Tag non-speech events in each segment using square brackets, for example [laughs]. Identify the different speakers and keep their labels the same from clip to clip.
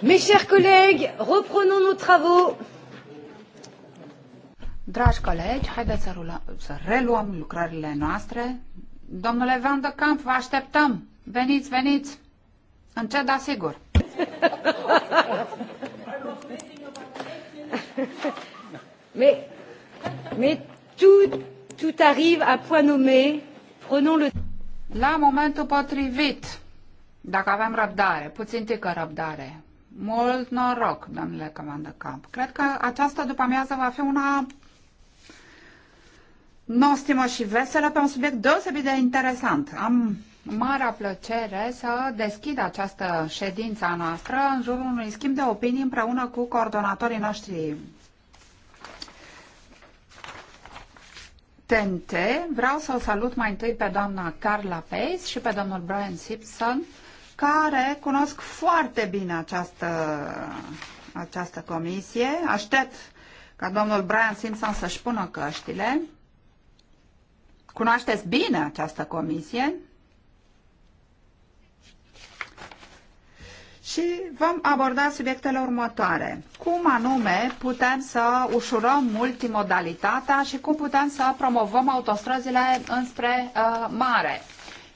Speaker 1: Mes chers collègues, reprenons nos travaux. Dragi colegi, haideți să, rula, să reluăm lucrările noastre. Domnule Van de Camp, vă așteptăm. Veniți, veniți. Încet, dar sigur. mais, mais tout, tout arrive à point nommé. Prenons le... La momentul potrivit. Dacă avem răbdare, puțin tică răbdare. Mult noroc, domnule camp. Cred că această după-amiază va fi una nostimă și veselă pe un subiect deosebit de interesant. Am marea plăcere să deschid această ședință noastră în jurul unui schimb de opinii împreună cu coordonatorii noștri TNT. Vreau să o salut mai întâi pe doamna Carla Pace și pe domnul Brian Simpson, care cunosc foarte bine această, această comisie. Aștept ca domnul Brian Simpson să-și pună căștile. Cunoașteți bine această comisie și vom aborda subiectele următoare. Cum anume putem să ușurăm multimodalitatea și cum putem să promovăm autostrăzile înspre uh, mare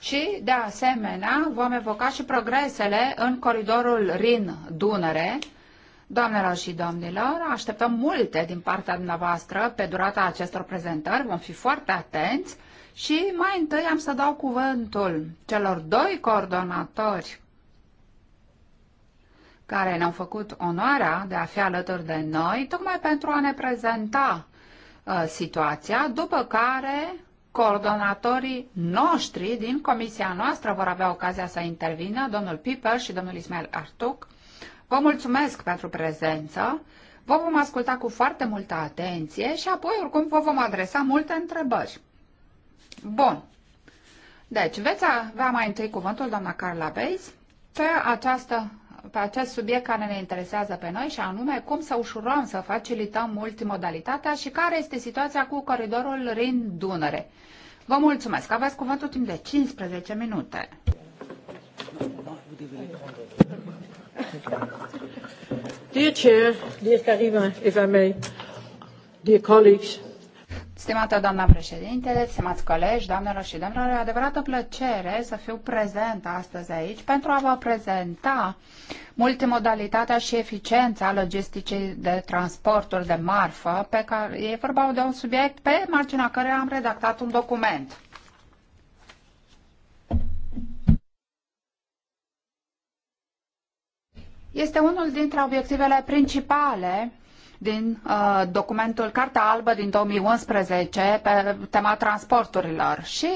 Speaker 1: și, de asemenea, vom evoca și progresele în coridorul Rin-Dunăre. Doamnelor și domnilor, așteptăm multe din partea dumneavoastră pe durata acestor prezentări, vom fi foarte atenți și mai întâi am să dau cuvântul celor doi coordonatori care ne-au făcut onoarea de a fi alături de noi, tocmai pentru a ne prezenta uh, situația, după care coordonatorii noștri din comisia noastră vor avea ocazia să intervină, domnul Piper și domnul Ismail Artuc. Vă mulțumesc pentru prezență, vă vom asculta cu foarte multă atenție și apoi oricum vă vom adresa multe întrebări. Bun. Deci, veți avea mai întâi cuvântul doamna Carla Beis pe această pe acest subiect care ne interesează pe noi și anume cum să ușurăm, să facilităm multimodalitatea și care este situația cu coridorul Rin-Dunăre. Vă mulțumesc. Aveți cuvântul timp de 15 minute. Dear Chair, dear Karima, if I may, dear colleagues, Stimată doamna președintele, stimați colegi, doamnelor și domnilor, e adevărată plăcere să fiu prezent astăzi aici pentru a vă prezenta multimodalitatea și eficiența logisticii de transporturi de marfă, pe care e vorba de un subiect pe marginea care am redactat un document. Este unul dintre obiectivele principale din uh, documentul Carta Albă din 2011 pe tema transporturilor și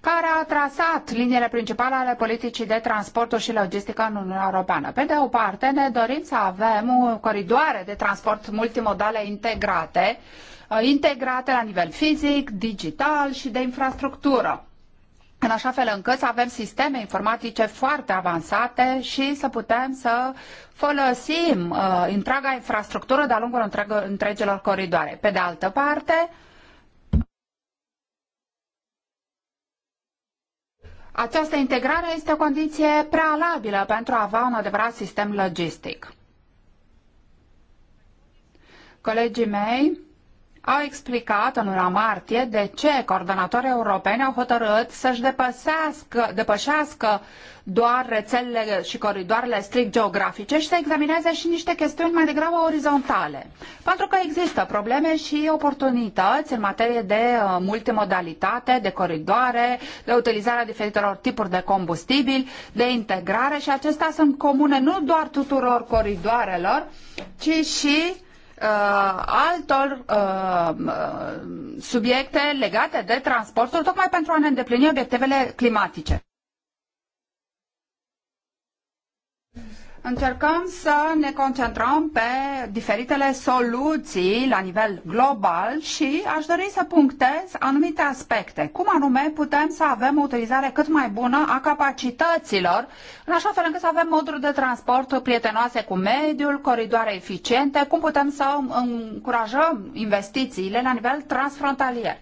Speaker 1: care a trasat liniile principale ale politicii de transporturi și logistică în Uniunea Europeană. Pe de o parte, ne dorim să avem coridoare de transport multimodale integrate, uh, integrate la nivel fizic, digital și de infrastructură în așa fel încât să avem sisteme informatice foarte avansate și să putem să folosim uh, întreaga infrastructură de-a lungul întregă, întregilor coridoare. Pe de altă parte, această integrare este o condiție prealabilă pentru a avea un adevărat sistem logistic. Colegii mei, au explicat în luna martie de ce coordonatorii europeni au hotărât să-și depășească doar rețelele și coridoarele strict geografice și să examineze și niște chestiuni mai degrabă orizontale. Pentru că există probleme și oportunități în materie de uh, multimodalitate, de coridoare, de utilizarea diferitelor tipuri de combustibili, de integrare și acestea sunt comune nu doar tuturor coridoarelor, ci și uh, altor uh, uh, subiecte legate de transporturi, tocmai pentru a ne îndeplini obiectivele climatice. încercăm să ne concentrăm pe diferitele soluții la nivel global și aș dori să punctez anumite aspecte. Cum anume putem să avem o utilizare cât mai bună a capacităților, în așa fel încât să avem moduri de transport prietenoase cu mediul, coridoare eficiente, cum putem să încurajăm investițiile la nivel transfrontalier.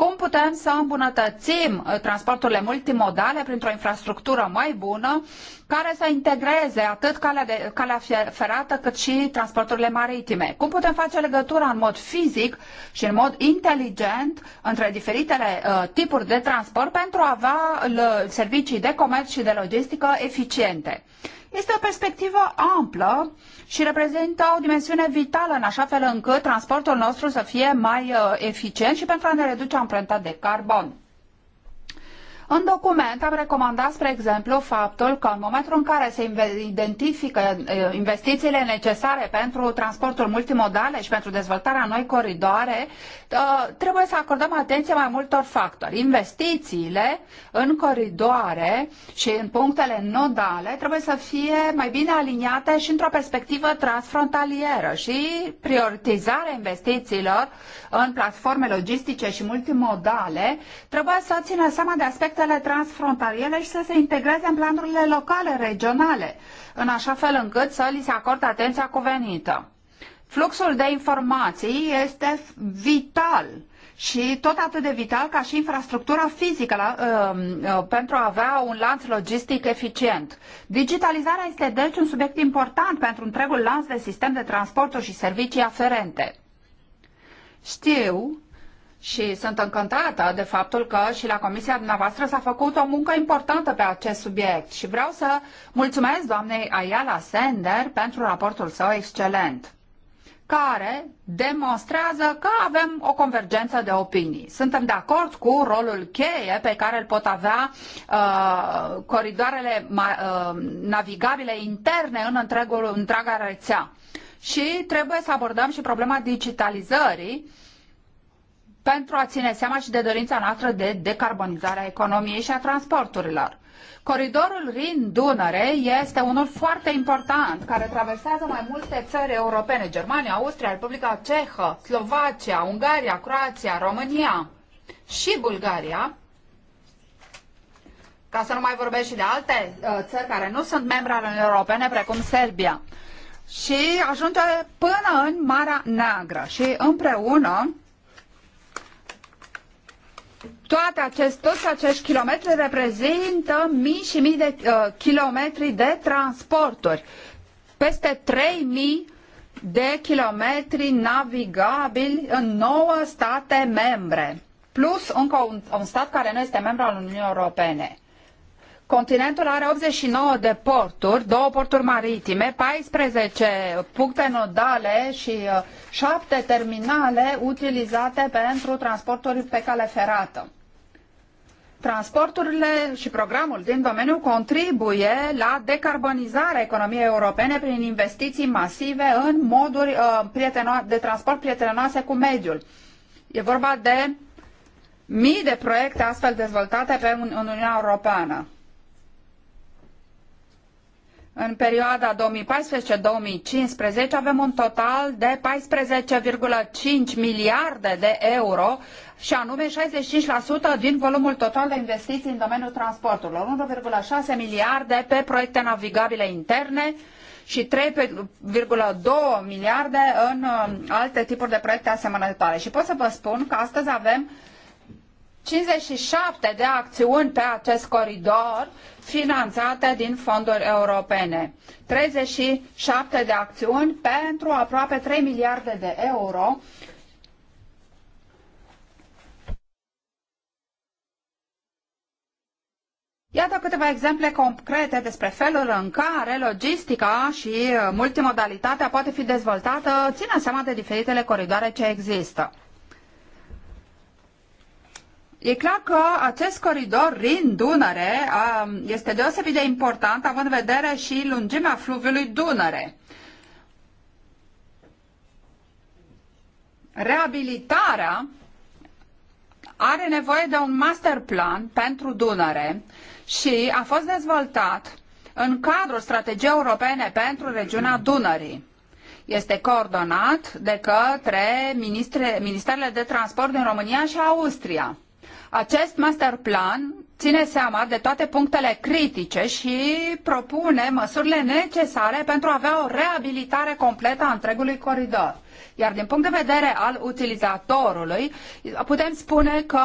Speaker 1: Cum putem să îmbunătățim uh, transporturile multimodale printr-o infrastructură mai bună care să integreze atât calea, de, calea ferată cât și transporturile maritime? Cum putem face legătura în mod fizic și în mod inteligent între diferitele uh, tipuri de transport pentru a avea uh, servicii de comerț și de logistică eficiente? Este o perspectivă amplă și reprezintă o dimensiune vitală în așa fel încât transportul nostru să fie mai uh, eficient și pentru a ne reduce amprenta de carbon. În document am recomandat, spre exemplu, faptul că în momentul în care se identifică investițiile necesare pentru transportul multimodal și pentru dezvoltarea noi coridoare, ă, trebuie să acordăm atenție mai multor factori. Investițiile în coridoare și în punctele nodale trebuie să fie mai bine aliniate și într-o perspectivă transfrontalieră și prioritizarea investițiilor în platforme logistice și multimodale trebuie să țină seama de aspecte proiectele transfrontaliere și să se integreze în planurile locale, regionale, în așa fel încât să li se acorde atenția cuvenită. Fluxul de informații este vital și tot atât de vital ca și infrastructura fizică la, uh, pentru a avea un lanț logistic eficient. Digitalizarea este deci un subiect important pentru întregul lanț de sistem de transporturi și servicii aferente. Știu și sunt încântată de faptul că și la comisia dumneavoastră s-a făcut o muncă importantă pe acest subiect și vreau să mulțumesc doamnei Ayala Sender pentru raportul său excelent care demonstrează că avem o convergență de opinii. Suntem de acord cu rolul cheie pe care îl pot avea uh, coridoarele uh, navigabile interne în întregul, întreaga rețea. Și trebuie să abordăm și problema digitalizării pentru a ține seama și de dorința noastră de decarbonizare a economiei și a transporturilor. Coridorul Rin-Dunăre este unul foarte important, care traversează mai multe țări europene, Germania, Austria, Republica Cehă, Slovacia, Ungaria, Croația, România și Bulgaria, ca să nu mai vorbesc și de alte uh, țări care nu sunt membre ale Uniunii Europene, precum Serbia. Și ajunge până în Marea Neagră și împreună toate acest, toți acești kilometri reprezintă mii și mii de uh, kilometri de transporturi. Peste 3000 de kilometri navigabili în 9 state membre, plus încă un, un stat care nu este membru al Uniunii Europene. Continentul are 89 de porturi, două porturi maritime, 14 puncte nodale și 7 uh, terminale utilizate pentru transporturi pe cale ferată. Transporturile și programul din domeniu contribuie la decarbonizarea economiei europene prin investiții masive în moduri uh, de transport prietenoase cu mediul. E vorba de mii de proiecte astfel dezvoltate pe în Uniunea Europeană. În perioada 2014-2015 avem un total de 14,5 miliarde de euro și anume 65% din volumul total de investiții în domeniul transporturilor, 1,6 miliarde pe proiecte navigabile interne și 3,2 miliarde în uh, alte tipuri de proiecte asemănătoare. Și pot să vă spun că astăzi avem 57 de acțiuni pe acest coridor finanțate din fonduri europene. 37 de acțiuni pentru aproape 3 miliarde de euro Iată câteva exemple concrete despre felul în care logistica și uh, multimodalitatea poate fi dezvoltată, ține seama de diferitele coridoare ce există. E clar că acest coridor Rin-Dunăre um, este deosebit de important, având în vedere și lungimea fluviului Dunăre. Reabilitarea are nevoie de un master plan pentru Dunăre și a fost dezvoltat în cadrul strategiei europene pentru regiunea Dunării. Este coordonat de către ministerele de transport din România și Austria. Acest master plan ține seama de toate punctele critice și propune măsurile necesare pentru a avea o reabilitare completă a întregului coridor. Iar din punct de vedere al utilizatorului, putem spune că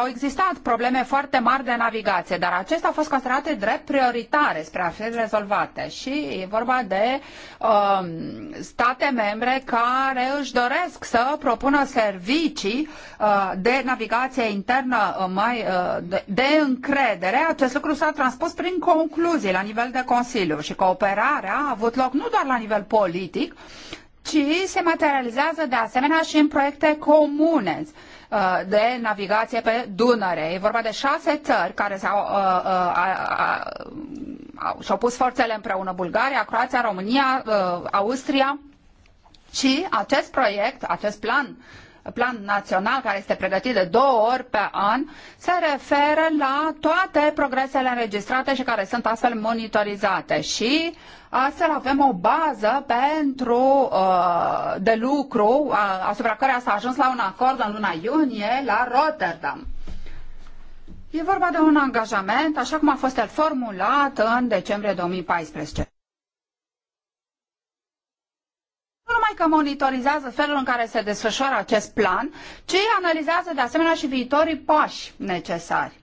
Speaker 1: au existat probleme foarte mari de navigație, dar acestea au fost considerate drept prioritare spre a fi rezolvate. Și e vorba de um, state membre care își doresc să propună servicii uh, de navigație internă uh, mai uh, de, de încredere. Acest lucru s-a transpus prin concluzii la nivel de Consiliu și cooperarea a avut loc nu doar la nivel politic, ci se materializează de asemenea și în proiecte comune uh, de navigație pe Dunăre. E vorba de șase țări care s-au, uh, uh, și-au pus forțele împreună, Bulgaria, Croația, România, Austria, ci acest proiect, acest plan plan național care este pregătit de două ori pe an se referă la toate progresele înregistrate și care sunt astfel monitorizate și astfel avem o bază pentru uh, de lucru uh, asupra care s-a ajuns la un acord în luna iunie la Rotterdam. E vorba de un angajament, așa cum a fost el formulat în decembrie 2014. nu numai că monitorizează felul în care se desfășoară acest plan, ci analizează de asemenea și viitorii pași necesari.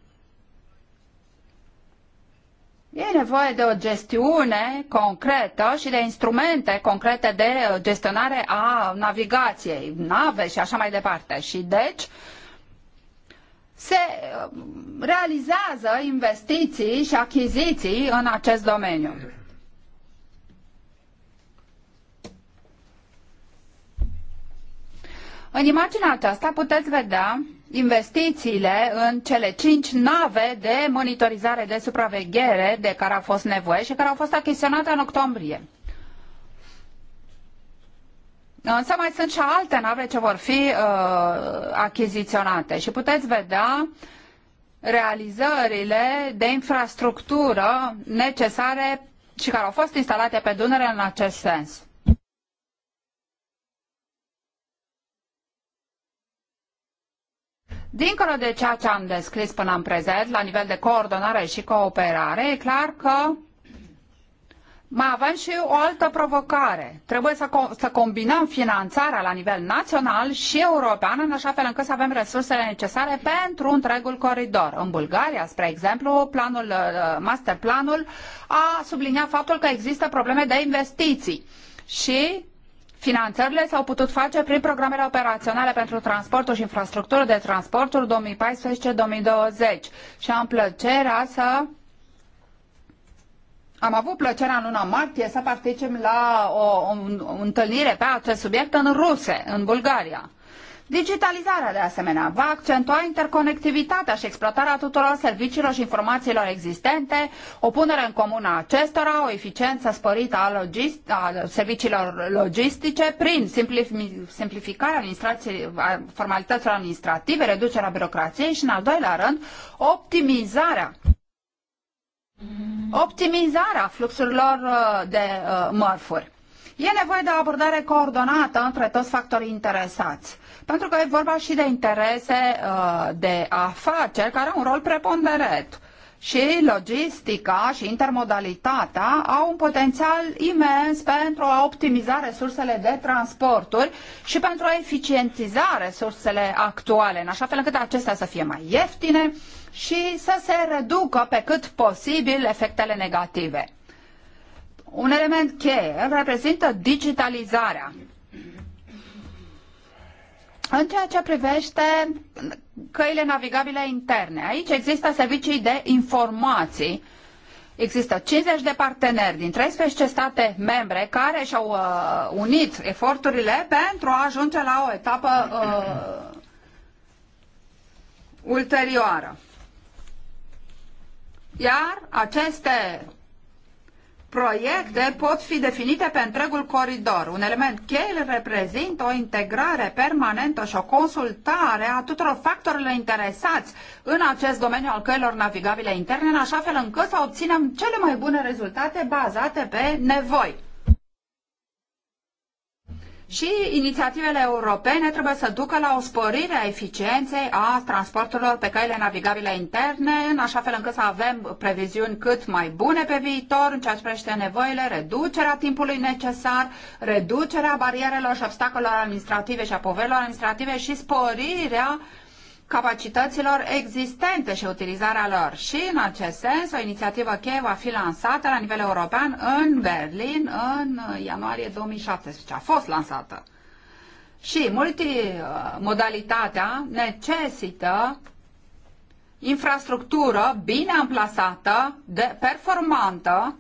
Speaker 1: E nevoie de o gestiune concretă și de instrumente concrete de gestionare a navigației, nave și așa mai departe. Și deci se uh, realizează investiții și achiziții în acest domeniu. În imaginea aceasta puteți vedea investițiile în cele cinci nave de monitorizare, de supraveghere de care a fost nevoie și care au fost achiziționate în octombrie. Însă mai sunt și alte nave ce vor fi uh, achiziționate și puteți vedea realizările de infrastructură necesare și care au fost instalate pe Dunăre în acest sens. Dincolo de ceea ce am descris până în prezent, la nivel de coordonare și cooperare, e clar că mai avem și o altă provocare. Trebuie să, co să combinăm finanțarea la nivel național și european, în așa fel încât să avem resursele necesare pentru întregul coridor. În Bulgaria, spre exemplu, planul, uh, uh, masterplanul a subliniat faptul că există probleme de investiții și Finanțările s-au putut face prin programele operaționale pentru transportul și infrastructură de transporturi 2014-2020 și am plăcerea să am avut plăcerea în luna martie să particip la o, o, o întâlnire pe acest subiect în Ruse, în Bulgaria. Digitalizarea, de asemenea, va accentua interconectivitatea și exploatarea tuturor serviciilor și informațiilor existente, o punere în comun a acestora, o eficiență sporită a, logist- a serviciilor logistice prin simplificarea formalităților administrative, reducerea birocrației și, în al doilea rând, optimizarea optimizarea fluxurilor uh, de uh, mărfuri. E nevoie de o abordare coordonată între toți factorii interesați. Pentru că e vorba și de interese uh, de afaceri care au un rol preponderent și logistica și intermodalitatea au un potențial imens pentru a optimiza resursele de transporturi și pentru a eficientiza resursele actuale, în așa fel încât acestea să fie mai ieftine și să se reducă pe cât posibil efectele negative. Un element cheie reprezintă digitalizarea în ceea ce privește căile navigabile interne, aici există servicii de informații. Există 50 de parteneri din 13 state membre care și-au uh, unit eforturile pentru a ajunge la o etapă uh, ulterioară. Iar aceste proiecte pot fi definite pe întregul coridor. Un element cheie reprezintă o integrare permanentă și o consultare a tuturor factorilor interesați în acest domeniu al căilor navigabile interne, în așa fel încât să obținem cele mai bune rezultate bazate pe nevoi. Și inițiativele europene trebuie să ducă la o sporire a eficienței a transporturilor pe căile navigabile interne, în așa fel încât să avem previziuni cât mai bune pe viitor în ceea ce privește nevoile, reducerea timpului necesar, reducerea barierelor și obstacolelor administrative și a poverilor administrative și sporirea uh, capacităților existente și utilizarea lor. Și în acest sens, o inițiativă cheie va fi lansată la nivel european în Berlin în ianuarie 2017. A fost lansată. Și multimodalitatea necesită infrastructură bine amplasată, de performantă,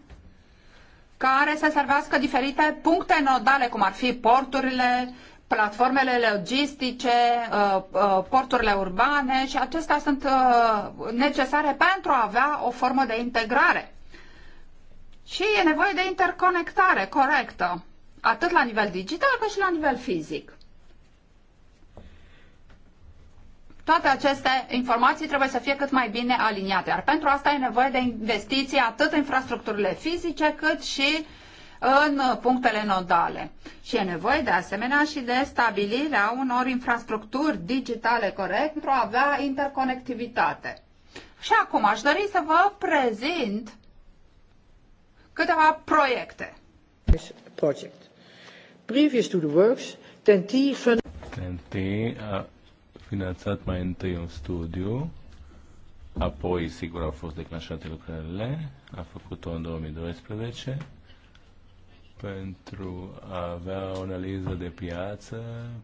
Speaker 1: care să servească diferite puncte nodale, cum ar fi porturile, platformele logistice, uh, uh, porturile urbane și acestea sunt uh, necesare pentru a avea o formă de integrare. Și e nevoie de interconectare corectă, atât la nivel digital cât și la nivel fizic. Toate aceste informații trebuie să fie cât mai bine aliniate, iar pentru asta e nevoie de investiții atât în infrastructurile fizice cât și uh, în punctele nodale. Și e nevoie de asemenea și de stabilirea unor infrastructuri digitale corect pentru a avea interconectivitate. Și acum aș dori să vă prezint câteva proiecte. Project. Previous to the works, TNT
Speaker 2: TNT a finanțat mai întâi un studiu, apoi sigur au fost declanșate lucrările, a făcut-o în 2012 pentru a avea o analiză de piață,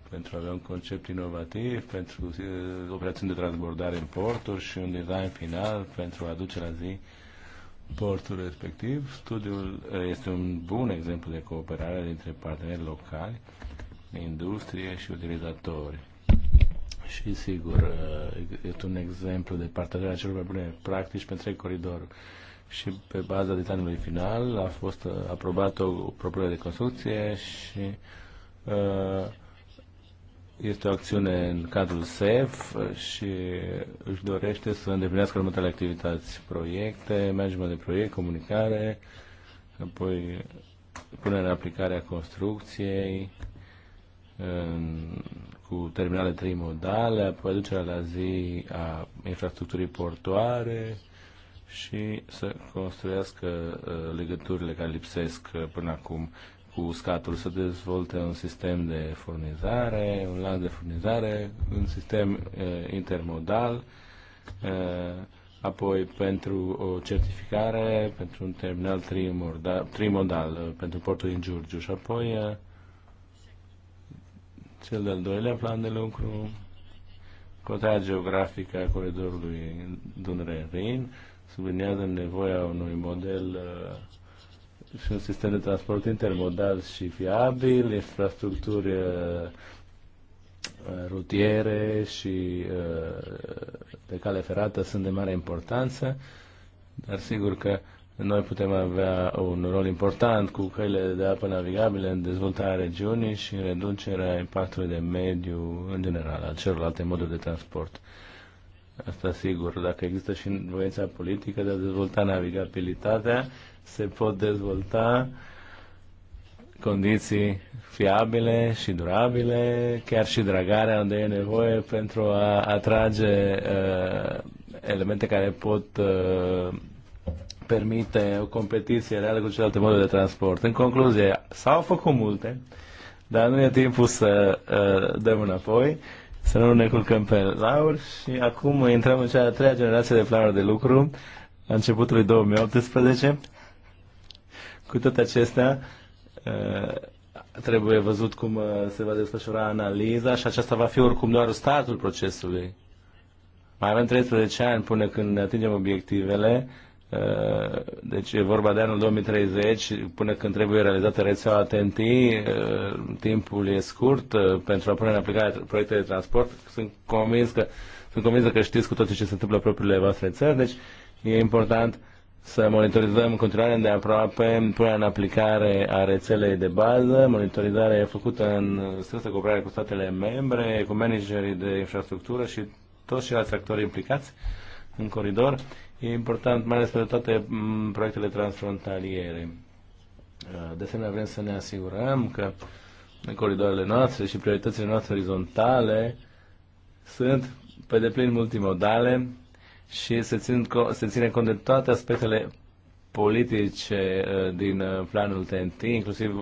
Speaker 2: pentru a avea un concept inovativ, pentru uh, operațiuni de transbordare în porturi și un design final pentru a aduce la zi portul respectiv. Studiul uh, este un bun exemplu de cooperare dintre parteneri locali, industrie și utilizatori. Și sigur, uh, este un exemplu de partajarea celor mai bune practici pentru coridorul și pe baza detaliului final a fost uh, aprobată o propunere de construcție și uh, este o acțiune în cadrul SEF și își dorește să îndeplinească următoarele activități, proiecte, management de proiect, comunicare, apoi punerea în aplicare a construcției în, cu terminale trimodale, apoi aducerea la zi a infrastructurii portoare, și să construiască uh, legăturile care lipsesc uh, până acum cu scatul, să dezvolte un sistem de furnizare, un lanț de furnizare, un sistem uh, intermodal, apoi pentru o certificare, pentru un terminal trimodal, trimodal pentru portul din Giurgiu și apoi cel de-al doilea plan de lucru, cotarea geografică a coridorului Dunăre-Rin, subliniază nevoia unui model uh, și un sistem de transport intermodal și fiabil, infrastructuri uh, rutiere și uh, de cale ferată sunt de mare importanță, dar sigur că noi putem avea un rol important cu căile de apă navigabile în dezvoltarea regiunii și în reducerea impactului de mediu în general al celorlalte moduri de transport. Asta sigur, dacă există și voința politică de a dezvolta navigabilitatea, se pot dezvolta condiții fiabile și durabile, chiar și dragarea unde e nevoie pentru a atrage uh, elemente care pot uh, permite o competiție reală cu celelalte moduri de transport. În concluzie, s-au făcut multe, dar nu e timpul să uh, dăm înapoi. Uh, să nu ne culcăm pe lauri și acum intrăm în cea a treia generație de planuri de lucru la începutul 2018. Cu toate acestea, uh, trebuie văzut cum uh, se va desfășura analiza și aceasta va fi oricum doar startul procesului. Mai avem 13 ani până când ne atingem obiectivele Eh, deci e vorba de anul 2030, până când trebuie realizată rețeaua TNT, eh, timpul e scurt eh, pentru a pune în aplicare proiectele de transport. Sunt convins că, sunt convins că știți cu toții ce se întâmplă propriile voastre țări, deci e important să monitorizăm în continuare de aproape punerea în aplicare a rețelei de bază, e făcută în strânsă cooperare cu statele membre, cu managerii de infrastructură și toți ceilalți actori implicați în coridor E important, mai ales pentru toate mm, proiectele transfrontaliere. Uh, de asemenea, vrem să ne asigurăm că coridoarele noastre și prioritățile noastre orizontale sunt pe deplin multimodale și se, țin, se ține cont de toate aspectele politice uh, din uh, planul TNT, inclusiv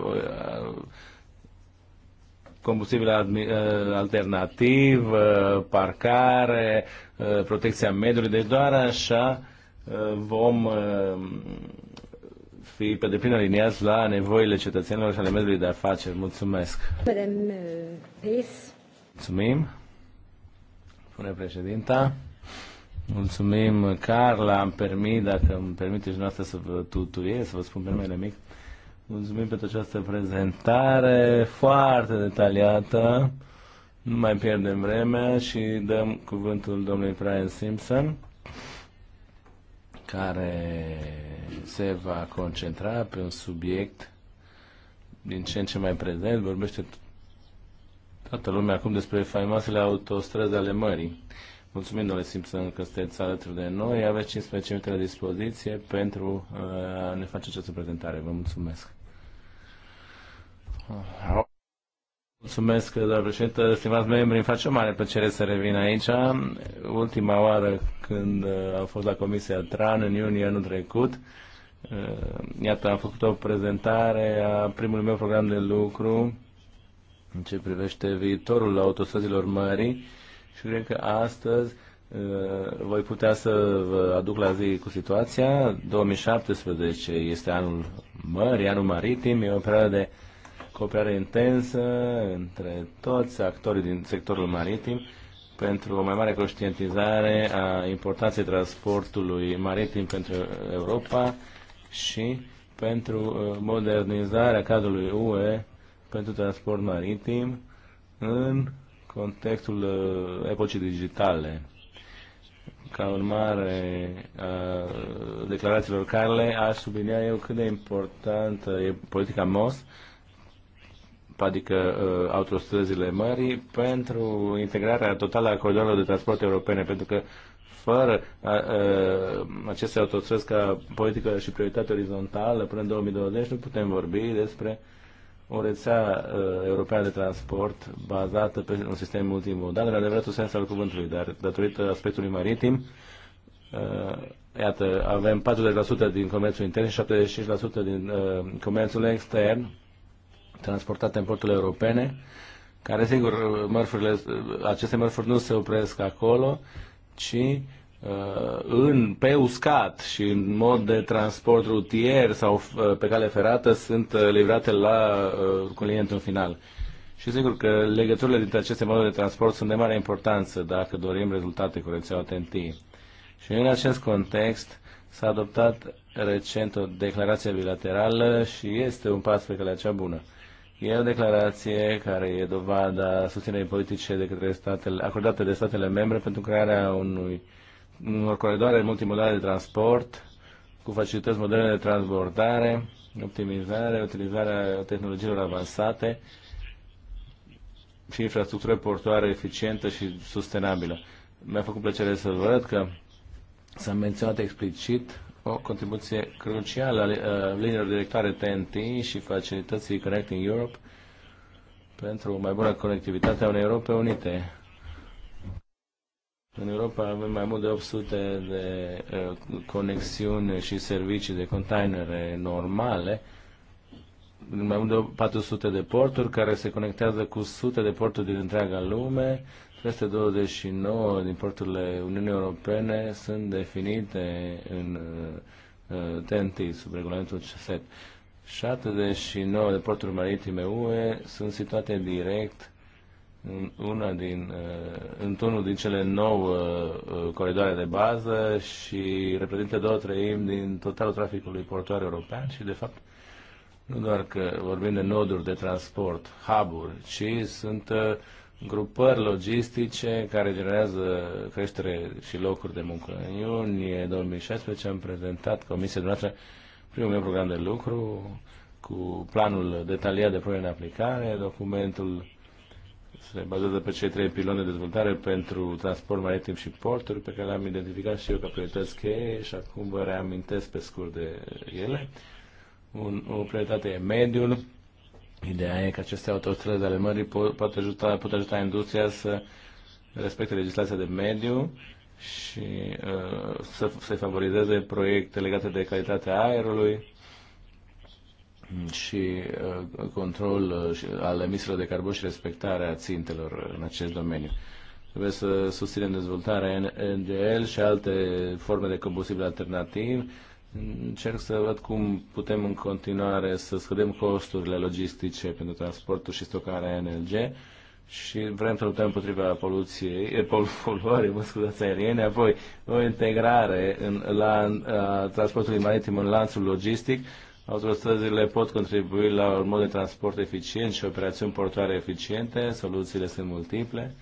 Speaker 2: combustibil uh, alternativ, uh, parcare, uh, protecția mediului. Deci doar așa vom fi pe deplin aliniați la nevoile cetățenilor și ale mediului de afaceri. Mulțumesc! Mulțumim! Spune președinta. Mulțumim, Carla. am permis dacă îmi permiteți noastră să vă tutuie, să vă spun pe numele mic. Mulțumim pentru această prezentare foarte detaliată. Nu mai pierdem vremea și dăm cuvântul domnului Brian Simpson, care se va concentra pe un subiect din ce în ce mai prezent. Vorbește toată lumea acum despre faimoasele autostrăzi ale mării. Mulțumim, domnule Simpson, că sunteți alături de noi. Aveți 15 minute la dispoziție pentru uh, a ne face această prezentare. Vă mulțumesc. Mulțumesc, doamnă președintă, stimați membri, îmi face o mare plăcere să revin aici. Ultima oară când uh, am fost la Comisia TRAN în iunie anul trecut, uh, iată, am făcut o prezentare a primului meu program de lucru în ce privește viitorul autostrăzilor mării și cred că astăzi uh, voi putea să vă aduc la zi cu situația. 2017 este anul mării, anul maritim, e o perioadă de cooperare intensă între toți actorii din sectorul maritim pentru o mai mare conștientizare a importanței transportului maritim pentru Europa și pentru uh, modernizarea cadrului UE pentru transport maritim în contextul uh, epocii digitale ca urmare a uh, declarațiilor Carle, aș sublinia eu cât de importantă e politica MOS, adică uh, autostrăzile mării, pentru integrarea totală a coridoarelor de transport europene, pentru că fără aceste autostrăzi ca politică și prioritate orizontală până în 2020 nu putem vorbi despre uh, o rețea uh, europeană de transport bazată pe un sistem multimodal, în adevăratul sens al cuvântului, dar datorită aspectului maritim, uh, iată, avem 40% din comerțul intern și 75% din uh, comerțul extern transportate în porturile europene, care, sigur, mărfurile, aceste mărfuri nu se opresc acolo, ci Uh, în, pe uscat și în mod de transport rutier sau uh, pe cale ferată sunt uh, livrate la clientul final. Și sigur că legăturile dintre aceste moduri de transport sunt de mare importanță dacă dorim rezultate cu rețeaua TNT. Și în acest context s-a adoptat recent o declarație bilaterală și este un pas pe calea cea bună. E o declarație care e dovada susținerii politice de către statele, acordate de statele membre pentru crearea unui uh, unor coridoare multimodale de transport cu facilități moderne de transbordare, optimizare, utilizarea tehnologiilor avansate și infrastructură portoare eficientă și sustenabilă. Mi-a făcut plăcere să arăt că s-a menționat explicit o contribuție crucială a liniilor directoare TNT și facilității Connecting Europe pentru o mai bună conectivitate a unei Europe Unite. În Europa avem mai mult de 800 de uh, conexiuni și servicii de containere normale, mai mult de 400 de porturi care se conectează cu sute de porturi din întreaga lume. 329 din porturile Uniunii Europene sunt definite în TNT, uh, uh, sub regulamentul CSET. 79 de porturi maritime UE sunt situate direct una din, uh, într-unul din cele nouă uh, coridoare de bază și reprezintă două treimi din totalul traficului portuar european și, de fapt, nu doar că vorbim de noduri de transport, hub-uri, ci sunt uh, grupări logistice care generează creștere și locuri de muncă. În iunie 2016 am prezentat Comisia dumneavoastră primul meu program de lucru cu planul detaliat de punere în aplicare, documentul se bazează pe cei trei piloni de dezvoltare pentru transport maritim și porturi, pe care le-am identificat și eu ca priorități cheie și acum vă reamintesc pe scurt de ele. Un, o prioritate e mediul. Ideea e că aceste autostrăzi ale mării pot, pot, ajuta, pot ajuta industria să respecte legislația de mediu și uh, să se favorizeze proiecte legate de calitatea aerului, și uh, control uh, al emisiilor de carbon și respectarea țintelor în acest domeniu. Trebuie să susținem dezvoltarea NGL și alte forme de combustibil alternativ. Încerc să văd cum putem în continuare să scădem costurile logistice pentru transportul și stocarea NLG și vrem să luptăm împotriva poluției, eh, poluării, mă scuzați, aeriene, apoi o integrare în, la a, transportului maritim în lanțul logistic, Autostrăzile pot contribui la un mod de transport eficient și operațiuni portoare eficiente, soluțiile sunt multiple,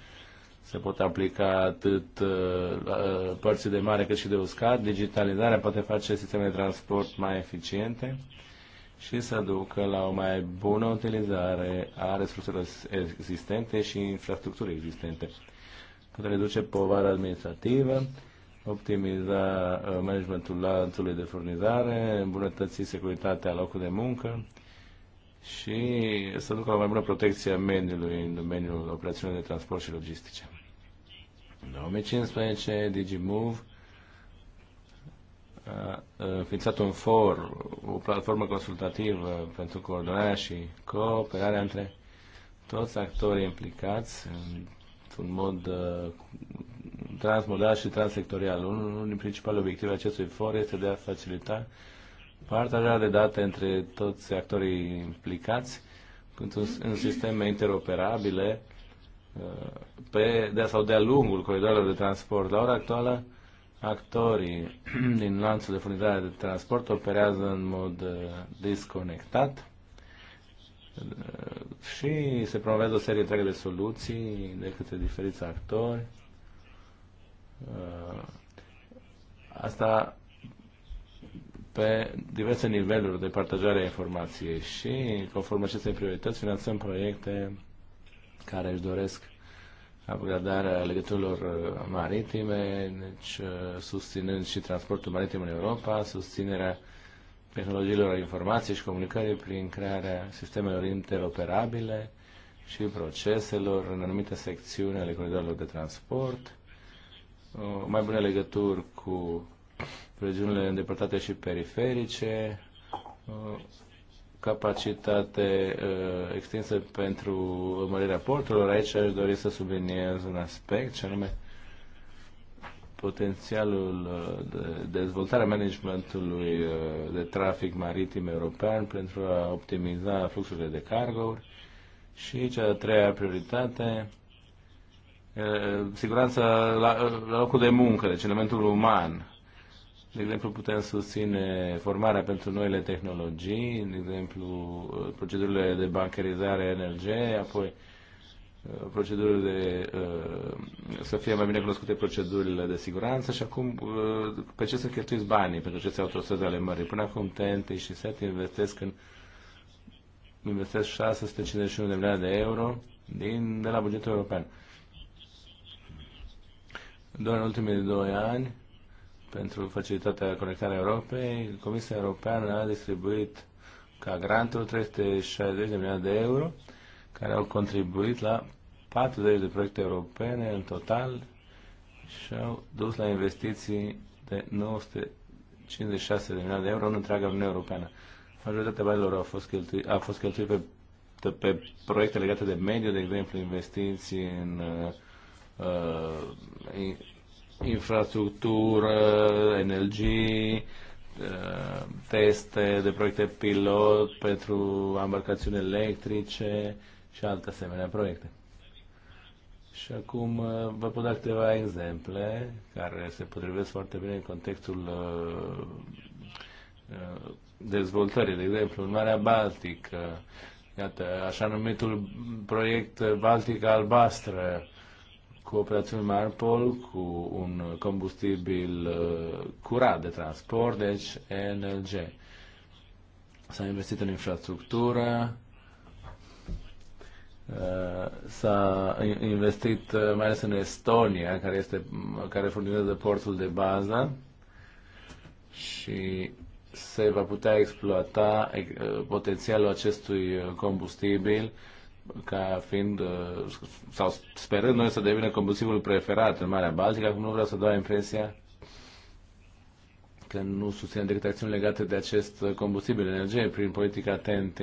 Speaker 2: se pot aplica atât uh, uh părții de mare cât și de uscat, digitalizarea poate face sistemele de transport mai eficiente și să ducă la o mai bună utilizare a resurselor existente și infrastructurii existente. Pot reduce povara administrativă, optimiza uh, managementul lanțului de furnizare, îmbunătăți securitatea locului de muncă și să ducă la mai bună protecție a mediului în domeniul operațiunilor de transport și logistice. În 2015, DigiMove a uh, înființat un for, o platformă consultativă pentru coordonarea și cooperarea între toți actorii implicați într-un mod uh, transmodal și transsectorial. Unul din principalele obiective acestui for este de a facilita partajarea de date între toți actorii implicați în sisteme interoperabile uh, pe, de sau de-a lungul coridoarelor de transport. La ora actuală, actorii [clears throat] din lanțul de furnizare de transport operează în mod uh, disconectat uh, și se promovează o serie întreagă de soluții de către diferiți actori Uh, asta pe diverse niveluri de partajare a informației și, conform acestei priorități, finanțăm proiecte care își doresc upgradarea legăturilor uh, maritime, deci uh, susținând și transportul maritim în Europa, susținerea tehnologiilor informației și comunicării prin crearea sistemelor interoperabile și proceselor în anumite secțiuni ale coridorilor de transport, Uh, mai bune legături cu regiunile îndepărtate și periferice, uh, capacitate uh, extinsă pentru mărirea porturilor. Aici aș dori să subliniez un aspect, ce anume potențialul de dezvoltare a managementului de trafic maritim european pentru a optimiza fluxurile de cargouri. Și cea de-a treia prioritate, siguranța la, la locul de muncă, deci elementul uman. De exemplu, putem susține formarea pentru noile tehnologii, de exemplu, procedurile de bancherizare energie, apoi procedurile de, să fie mai bine cunoscute procedurile de siguranță și acum pe ce să cheltuiți banii pentru aceste autostrăzi ale mării. Până acum TNT și SET investesc în investesc 651 de milioane de euro din, de la bugetul european. Doar în ultimii doi ani, pentru facilitatea conectarea Europei, Comisia Europeană a distribuit ca granturi 360 de milioane de euro, care au contribuit la 40 de proiecte europene în total și au dus la investiții de 956 de milioane de euro în întreaga Uniune Europeană. Majoritatea banilor au fost cheltuit, a fost cheltuit pe, pe proiecte legate de mediu, de exemplu, investiții în uh, uh, infrastructură, energii, uh, teste de proiecte pilot pentru embarcațiuni electrice și alte asemenea proiecte. Și acum uh, vă pot da câteva exemple care se potrivesc foarte bine în contextul uh, uh, dezvoltării. De exemplu, în Marea Baltică, iată, așa numitul proiect Baltic Albastră, cu Marpol, cu un combustibil uh, curat de transport, deci NLG. S-a investit în infrastructură, uh, s-a investit uh, mai ales în Estonia, care, este, care furnizează portul de bază și se va putea exploata potențialul acestui combustibil ca fiind, uh, sau sperând noi să devină combustibilul preferat în Marea Baltică, acum nu vreau să dau impresia că nu susținem decât acțiuni legate de acest combustibil, energie, prin politica TNT.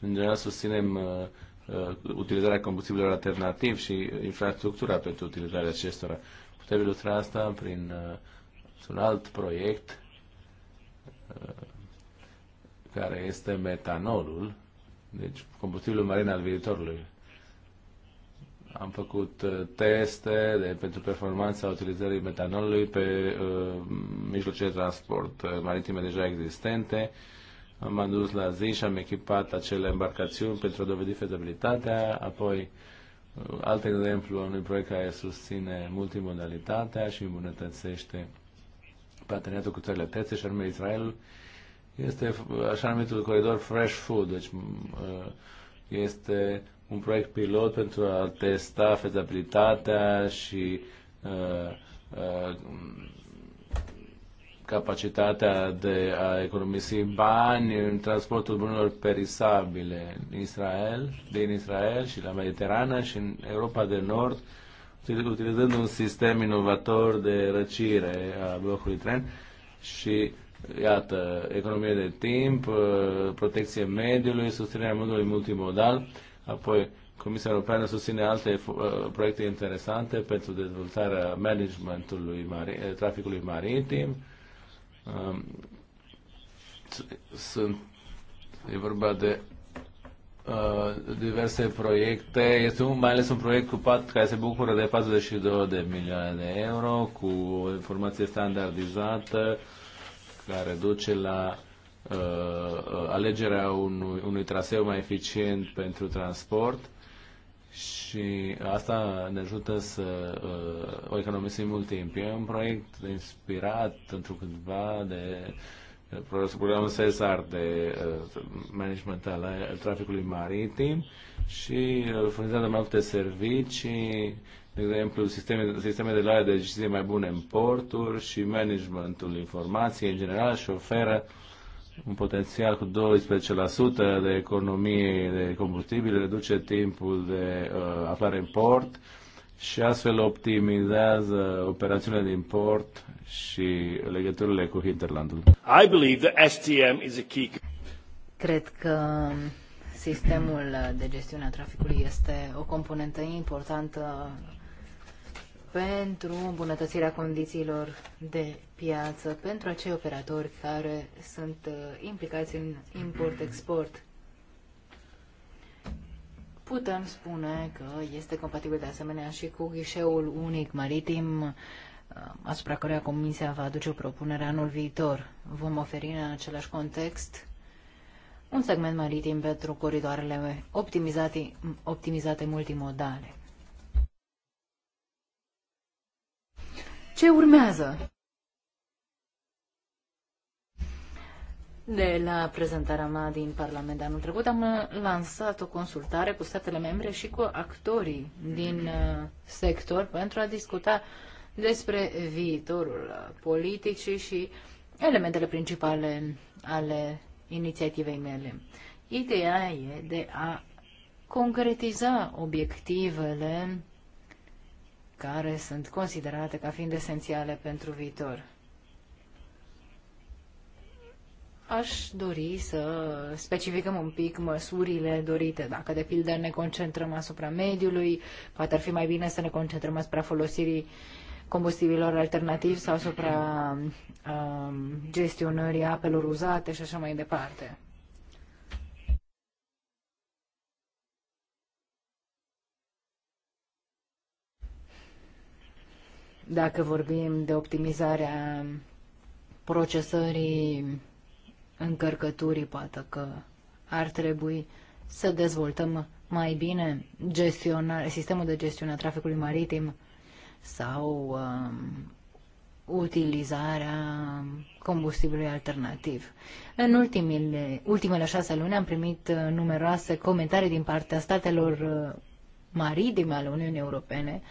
Speaker 2: În general susținem uh, uh, utilizarea combustibilor alternativ și infrastructura pentru utilizarea acestora. Putem ilustra asta prin un alt proiect care este metanolul, deci, combustibilul marin al viitorului. Am făcut uh, teste de, pentru performanța utilizării metanolului pe uh, mijloace de transport uh, maritime deja existente. Am adus la zi și am echipat acele embarcațiuni pentru a dovedi fezabilitatea, apoi uh, Alt exemplu unui proiect care susține multimodalitatea și îmbunătățește parteneriatul cu țările terțe și anume Israelul este așa numitul coridor Fresh Food, deci uh, este un proiect pilot pentru a testa fezabilitatea și uh, uh, capacitatea de a economisi bani în transportul bunurilor perisabile în Israel, din Israel și la Mediterană și în Europa de Nord, utilizând un sistem inovator de răcire a blocului tren și Iată, economie de timp, uh, protecție mediului, susținerea modului multimodal, apoi Comisia Europeană susține alte uh, proiecte interesante pentru dezvoltarea managementului mari, eh, traficului maritim. Um, sunt, e vorba de uh, diverse proiecte. Este un, mai ales un proiect cu pat, care se bucură de 42 de milioane de euro, cu informație standardizată, uh, care duce la uh, uh, alegerea unui, unui traseu mai eficient pentru transport și asta ne ajută să uh, o economisim mult timp. E un proiect inspirat pentru câtva de uh, programul CESAR de uh, management al traficului maritim și uh, furnizat de mai multe servicii de exemplu, sisteme, sisteme de luare de decizie mai bune în porturi și managementul informației în general și oferă un potențial cu 12% de economie de combustibil, reduce timpul de uh, aflare în port și astfel optimizează operațiunile din port și legăturile cu hinterlandul. I believe that STM is a key...
Speaker 3: Cred că sistemul de gestiune a traficului este o componentă importantă pentru îmbunătățirea condițiilor de piață pentru acei operatori care sunt uh, implicați în import-export. Putem spune că este compatibil de asemenea și cu ghișeul unic maritim uh, asupra căruia Comisia va aduce o propunere anul viitor. Vom oferi în același context un segment maritim pentru coridoarele optimizate, optimizate multimodale. Ce urmează? De la prezentarea mea din Parlament de anul trecut am lansat o consultare cu statele membre și cu actorii din uh, sector pentru a discuta despre viitorul politicii și elementele principale ale inițiativei mele. Ideea e de a concretiza obiectivele care sunt considerate ca fiind esențiale pentru viitor. Aș dori să specificăm un pic măsurile dorite. Dacă, de pildă, ne concentrăm asupra mediului, poate ar fi mai bine să ne concentrăm asupra folosirii combustibilor alternativi sau asupra um, gestionării apelor uzate și așa mai departe. Dacă vorbim de optimizarea procesării încărcăturii, poate că ar trebui să dezvoltăm mai bine gestionare, sistemul de gestiune a traficului maritim sau um, utilizarea combustibilului alternativ. În ultimele, ultimele șase luni am primit uh, numeroase comentarii din partea statelor uh, maritime ale Uniunii Europene